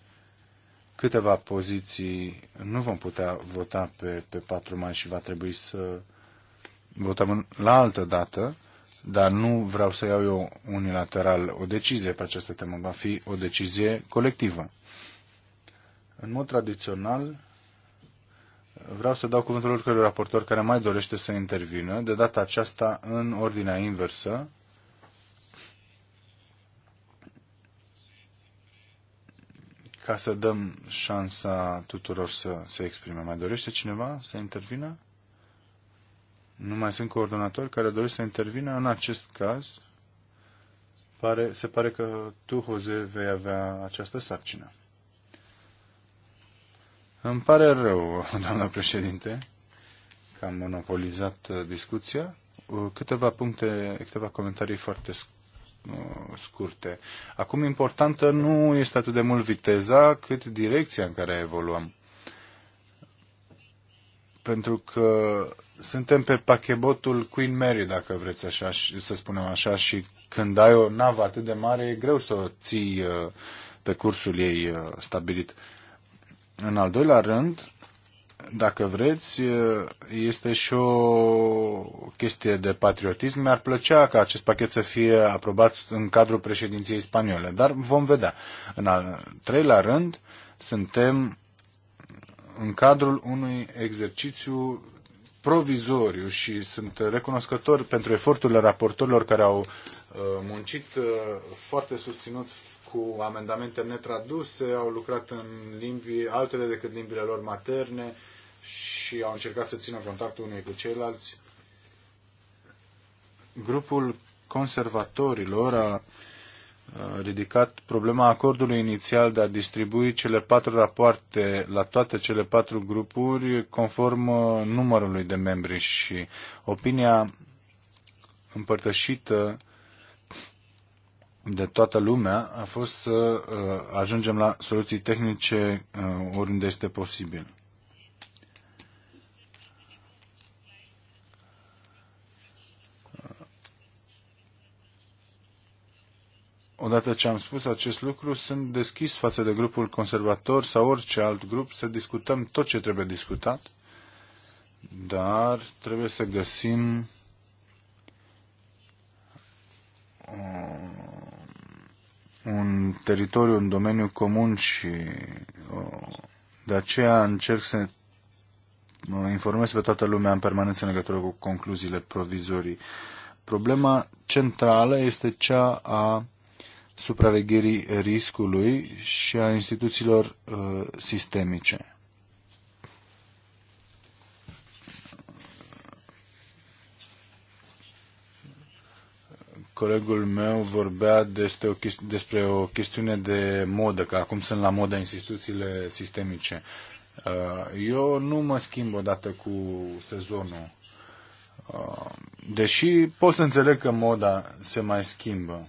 câteva poziții, nu vom putea vota pe, pe 4 mai și va trebui să votăm la altă dată, dar nu vreau să iau eu unilateral o decizie pe această temă, va fi o decizie colectivă. În mod tradițional, Vreau să dau cuvântul oricărui raportor care mai dorește să intervină, de data aceasta în ordinea inversă. ca să dăm șansa tuturor să se exprime. Mai dorește cineva să intervină? Nu mai sunt coordonatori care doresc să intervină. În acest caz, pare, se pare că tu, Jose, vei avea această sarcină. Îmi pare rău, doamna președinte, că am monopolizat uh, discuția. Uh, câteva puncte, câteva comentarii foarte uh, scurte. Acum importantă nu este atât de mult viteza, cât direcția în care evoluăm. Pentru că suntem pe pachebotul Queen Mary, dacă vreți așa, să spunem așa, și când ai o navă atât de mare, e greu să o ții pe cursul ei stabilit. În al doilea rând, dacă vreți, este și o chestie de patriotism. Mi-ar plăcea ca acest pachet să fie aprobat în cadrul președinției spaniole, dar vom vedea. În al treilea rând, suntem în cadrul unui exercițiu provizoriu și sunt recunoscător pentru eforturile raportorilor care au uh, muncit uh, foarte susținut cu amendamente netraduse, au lucrat în limbi altele decât limbile lor materne și au încercat să țină contactul unei cu ceilalți. Grupul conservatorilor a ridicat problema acordului inițial de a distribui cele patru rapoarte la toate cele patru grupuri conform uh, numărului de membri și opinia împărtășită de toată lumea a fost să uh, ajungem la soluții tehnice uh, oriunde este posibil. Uh, odată ce am spus acest lucru, sunt deschis față de grupul conservator sau orice alt grup să discutăm tot ce trebuie discutat, dar trebuie să găsim un teritoriu, un domeniu comun și de aceea încerc să informez pe toată lumea în permanență în legătură cu concluziile provizorii. Problema centrală este cea a supravegherii riscului și a instituțiilor uh, sistemice. colegul meu vorbea despre o, despre o chestiune de modă, că acum sunt la modă instituțiile sistemice. Uh, eu nu mă schimb odată cu sezonul. Uh, deși pot să înțeleg că moda se mai schimbă.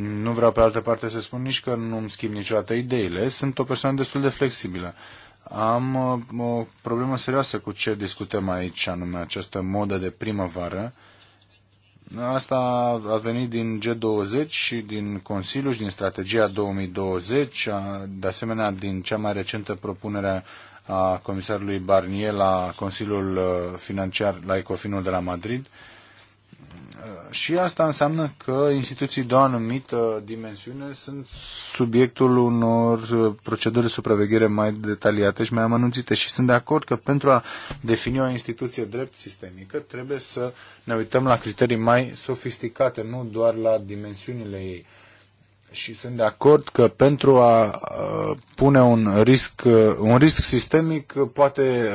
Nu vreau pe altă parte să spun nici că nu îmi schimb niciodată ideile. Sunt o persoană destul de flexibilă. Uh, am uh, o problemă serioasă cu ce discutăm aici, anume această modă de primăvară. Asta a venit din G20 și din Consiliu și din strategia 2020, de asemenea din cea mai recentă propunere a comisarului Barnier la Consiliul uh, Financiar, la Ecofinul de la Madrid. Uh, și asta înseamnă că instituții de o anumită dimensiune sunt subiectul unor uh, proceduri de supraveghere mai detaliate și mai amănunțite și sunt de acord că pentru a defini o instituție drept sistemică trebuie să ne uităm la criterii mai sofisticate, nu doar la dimensiunile ei și sunt de acord că pentru a pune un risc, un risc sistemic poate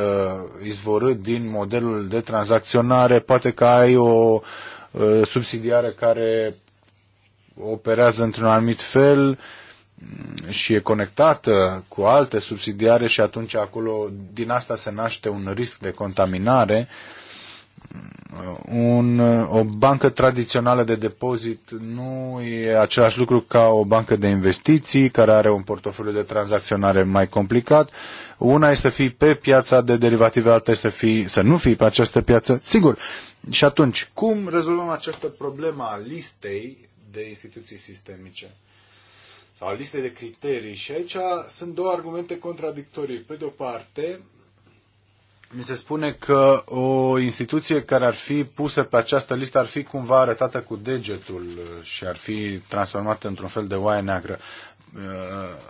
izvorâ din modelul de tranzacționare, poate că ai o subsidiară care operează într-un anumit fel și e conectată cu alte subsidiare și atunci acolo din asta se naște un risc de contaminare uh, un, o bancă tradițională de depozit nu e același lucru ca o bancă de investiții care are un portofoliu de tranzacționare mai complicat. Una e să fii pe piața de derivative, alta e să, fii, să nu fii pe această piață. Sigur. Și atunci, cum rezolvăm această problemă a listei de instituții sistemice? Sau a listei de criterii? Și aici sunt două argumente contradictorii. Pe de o parte, mi se spune că o instituție care ar fi pusă pe această listă ar fi cumva arătată cu degetul uh, și ar fi transformată într-un fel de oaie neagră. Uh,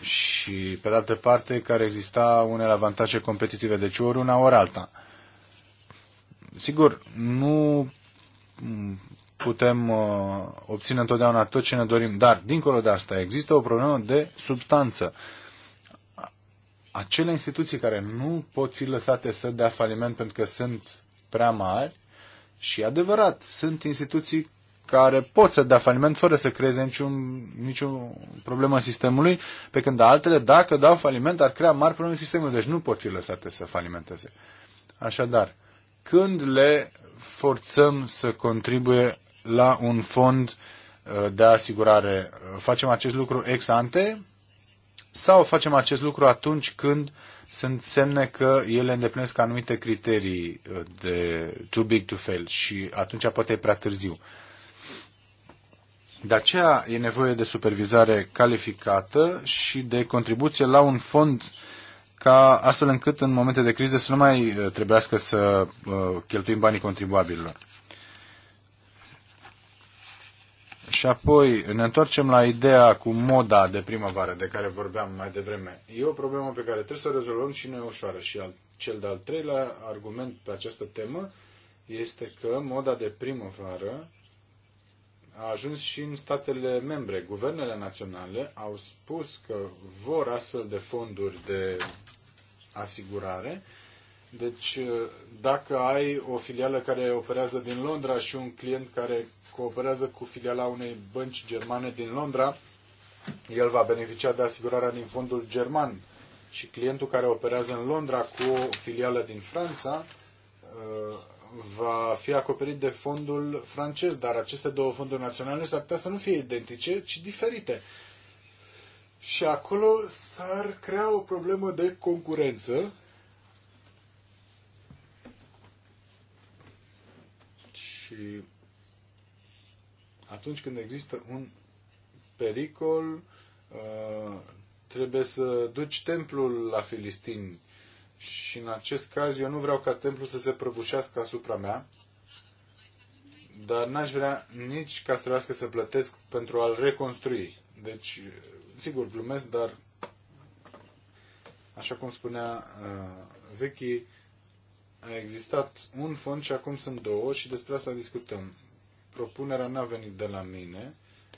și, pe de altă parte, care exista unele avantaje competitive, deci ori una, ori alta. Sigur, nu putem uh, obține întotdeauna tot ce ne dorim, dar, dincolo de asta, există o problemă de substanță. Uh, acele instituții care nu pot fi lăsate să dea faliment pentru că sunt prea mari, și adevărat, sunt instituții care pot să dea faliment fără să creeze niciun, niciun problemă sistemului, pe când altele, dacă dau faliment, ar crea mari probleme sistemului, deci nu pot fi lăsate să falimenteze. Așadar, când le forțăm să contribuie la un fond uh, de asigurare, uh, facem acest lucru ex ante sau facem acest lucru atunci când sunt semne că ele îndeplinesc anumite criterii uh, de too big to fail și atunci poate e prea târziu. De aceea e nevoie de supervizare calificată și de contribuție la un fond ca astfel încât în momente de criză să nu mai uh, trebuiască să uh, cheltuim banii contribuabililor. Și apoi ne întoarcem la ideea cu moda de primăvară de care vorbeam mai devreme. E o problemă pe care trebuie să o rezolvăm și nu e ușoară. Și al, cel de-al treilea argument pe această temă este că moda de primăvară a ajuns și în statele membre. Guvernele naționale au spus că vor astfel de fonduri de asigurare. Deci, dacă ai o filială care operează din Londra și un client care cooperează cu filiala unei bănci germane din Londra. El va beneficia de asigurarea din fondul german și clientul care operează în Londra cu o filială din Franța uh, va fi acoperit de fondul francez, dar aceste două fonduri naționale s-ar putea să nu fie identice, ci diferite. Și acolo s-ar crea o problemă de concurență și atunci când există un pericol, uh, trebuie să duci templul la filistini. Și în acest caz eu nu vreau ca templul să se prăbușească asupra mea, dar n-aș vrea nici ca să trebuiască să plătesc pentru a-l reconstrui. Deci, sigur, glumesc, dar așa cum spunea uh, a existat un fond și acum sunt două și despre asta discutăm propunerea n-a venit de la mine.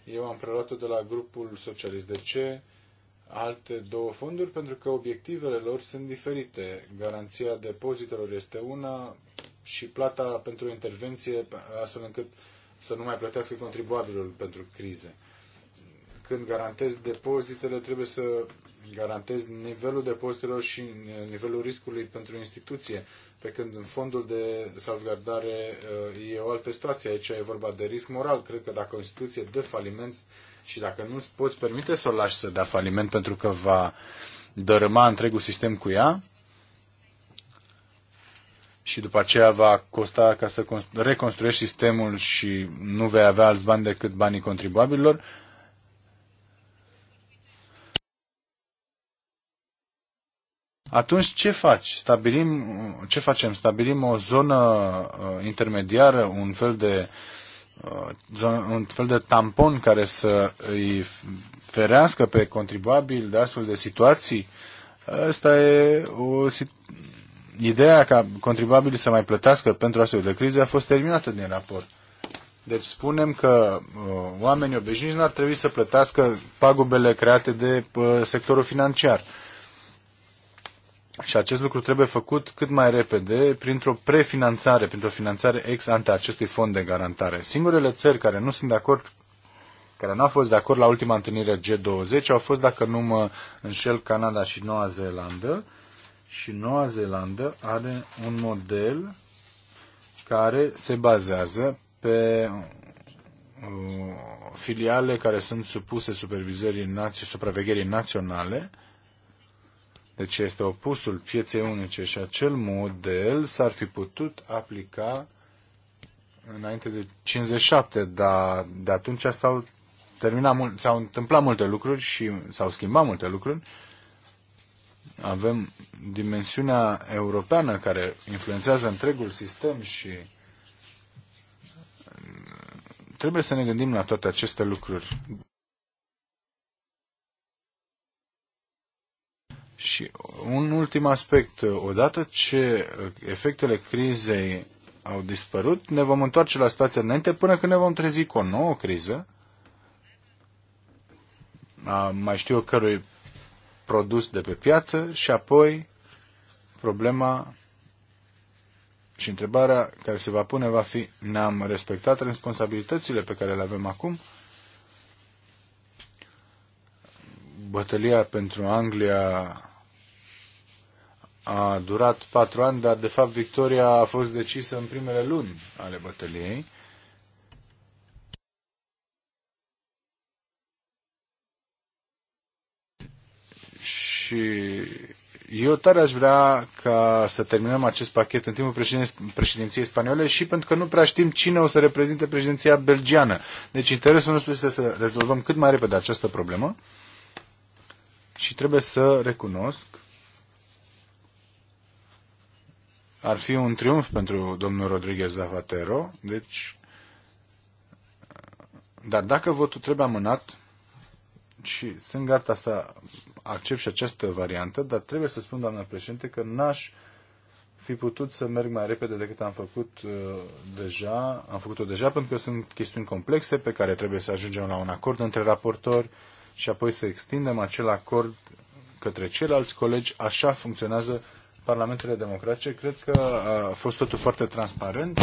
Eu am preluat-o de la grupul socialist. De ce alte două fonduri? Pentru că obiectivele lor sunt diferite. Garanția depozitelor este una și plata pentru intervenție astfel încât să nu mai plătească contribuabilul pentru crize. Când garantezi depozitele, trebuie să garantezi nivelul depozitelor și nivelul riscului pentru instituție pe când în fondul de salvgardare uh, e o altă situație. Aici e vorba de risc moral. Cred că dacă o instituție dă faliment și dacă nu îți poți permite să o lași să dea faliment pentru că va dărâma întregul sistem cu ea, și după aceea va costa ca să reconstruiești sistemul și nu vei avea alți bani decât banii contribuabililor, atunci ce faci? Stabilim, ce facem? Stabilim o zonă uh, intermediară, un fel de uh, un fel de tampon care să îi ferească pe contribuabil de astfel de situații? Asta e o ideea ca contribuabilii să mai plătească pentru astfel de crize a fost terminată din raport. Deci spunem că uh, oamenii obișnuiți n-ar trebui să plătească pagubele create de uh, sectorul financiar. Uh, și acest lucru trebuie făcut cât mai repede printr-o prefinanțare, printr-o finanțare ex ante acestui fond de garantare. Singurele țări care nu sunt de acord, care nu au fost de acord la ultima întâlnire G20, au fost, dacă nu mă înșel, Canada și Noua Zeelandă. Și Noua Zeelandă are un model care se bazează pe uh, filiale care sunt supuse supervizării supravegherii naționale deci este opusul pieței unice și acel model s-ar fi putut aplica înainte de 57, dar de atunci s-au terminat, s-au întâmplat multe lucruri și s-au schimbat multe lucruri. Avem dimensiunea europeană care influențează întregul sistem și uh, trebuie să ne gândim la toate aceste lucruri. Și un ultim aspect, odată ce efectele crizei au dispărut, ne vom întoarce la situația înainte până când ne vom trezi cu o nouă criză. A, mai știu eu cărui produs de pe piață și apoi problema și întrebarea care se va pune va fi ne-am respectat responsabilitățile pe care le avem acum? Bătălia pentru Anglia a durat patru ani, dar de fapt victoria a fost decisă în primele luni ale bătăliei. Și eu tare aș vrea ca să terminăm acest pachet în timpul președinției spaniole și pentru că nu prea știm cine o să reprezinte președinția belgiană. Deci interesul nostru este să rezolvăm cât mai repede această problemă și trebuie să recunosc ar fi un triumf pentru domnul Rodriguez Zavatero, deci... Dar dacă votul trebuie amânat, și sunt gata să accept și această variantă, dar trebuie să spun, doamna președinte, că n-aș fi putut să merg mai repede decât am făcut uh, deja, am făcut-o deja, pentru că sunt chestiuni complexe pe care trebuie să ajungem la un acord între raportori și apoi să extindem acel acord către ceilalți colegi. Așa funcționează parlamentele democratice, cred că a fost totul foarte transparent.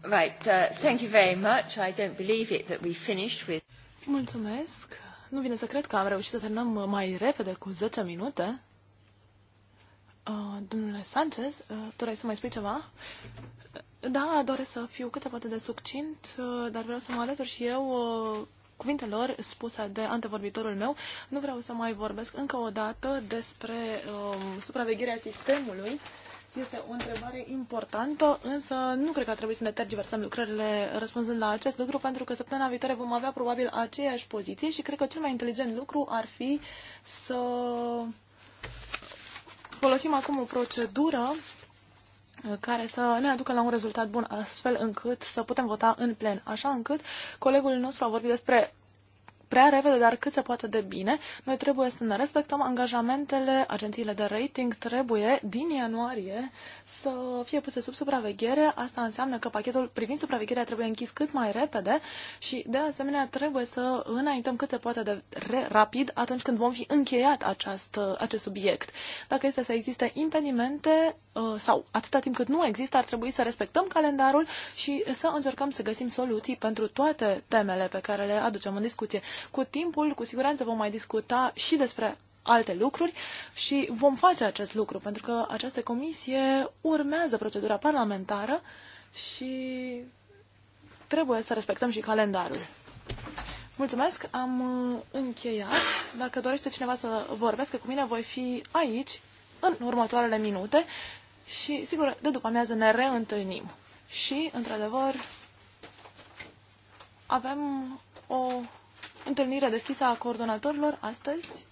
Right, uh, thank you very much. I don't believe it that we finished with Mulțumesc. Nu vine să cred că am reușit să terminăm mai repede cu 10 minute. Uh, domnule Sanchez, uh, doreai să mai spui ceva? Uh, da, doresc să fiu cât se poate de succint, uh, dar vreau să mă alătur și eu uh, cuvintelor spuse de antevorbitorul meu, nu vreau să mai vorbesc încă o dată despre um, supravegherea sistemului. Este o întrebare importantă, însă nu cred că ar trebui să ne tergiversăm lucrările răspunzând la acest lucru, pentru că săptămâna viitoare vom avea probabil aceeași poziție și cred că cel mai inteligent lucru ar fi să folosim acum o procedură care să ne aducă la un rezultat bun, astfel încât să putem vota în plen, așa încât colegul nostru a vorbit despre prea repede, dar cât se poate de bine. Noi trebuie să ne respectăm angajamentele, agențiile de rating trebuie din ianuarie să fie puse sub supraveghere. Asta înseamnă că pachetul privind supravegherea trebuie închis cât mai repede și de asemenea trebuie să înaintăm cât se poate de rapid atunci când vom fi încheiat această, acest subiect. Dacă este să existe impedimente, Uh, sau atâta timp cât nu există, ar trebui să respectăm calendarul și să încercăm să găsim soluții pentru toate temele pe care le aducem în discuție. Cu timpul, cu siguranță, vom mai discuta și despre alte lucruri și vom face acest lucru, pentru că această comisie urmează procedura parlamentară și trebuie să respectăm și calendarul. Mulțumesc, am uh, încheiat. Dacă dorește cineva să vorbească cu mine, voi fi aici în următoarele minute și, sigur, de după amiază ne reîntâlnim. Și, într-adevăr, avem o întâlnire deschisă a coordonatorilor astăzi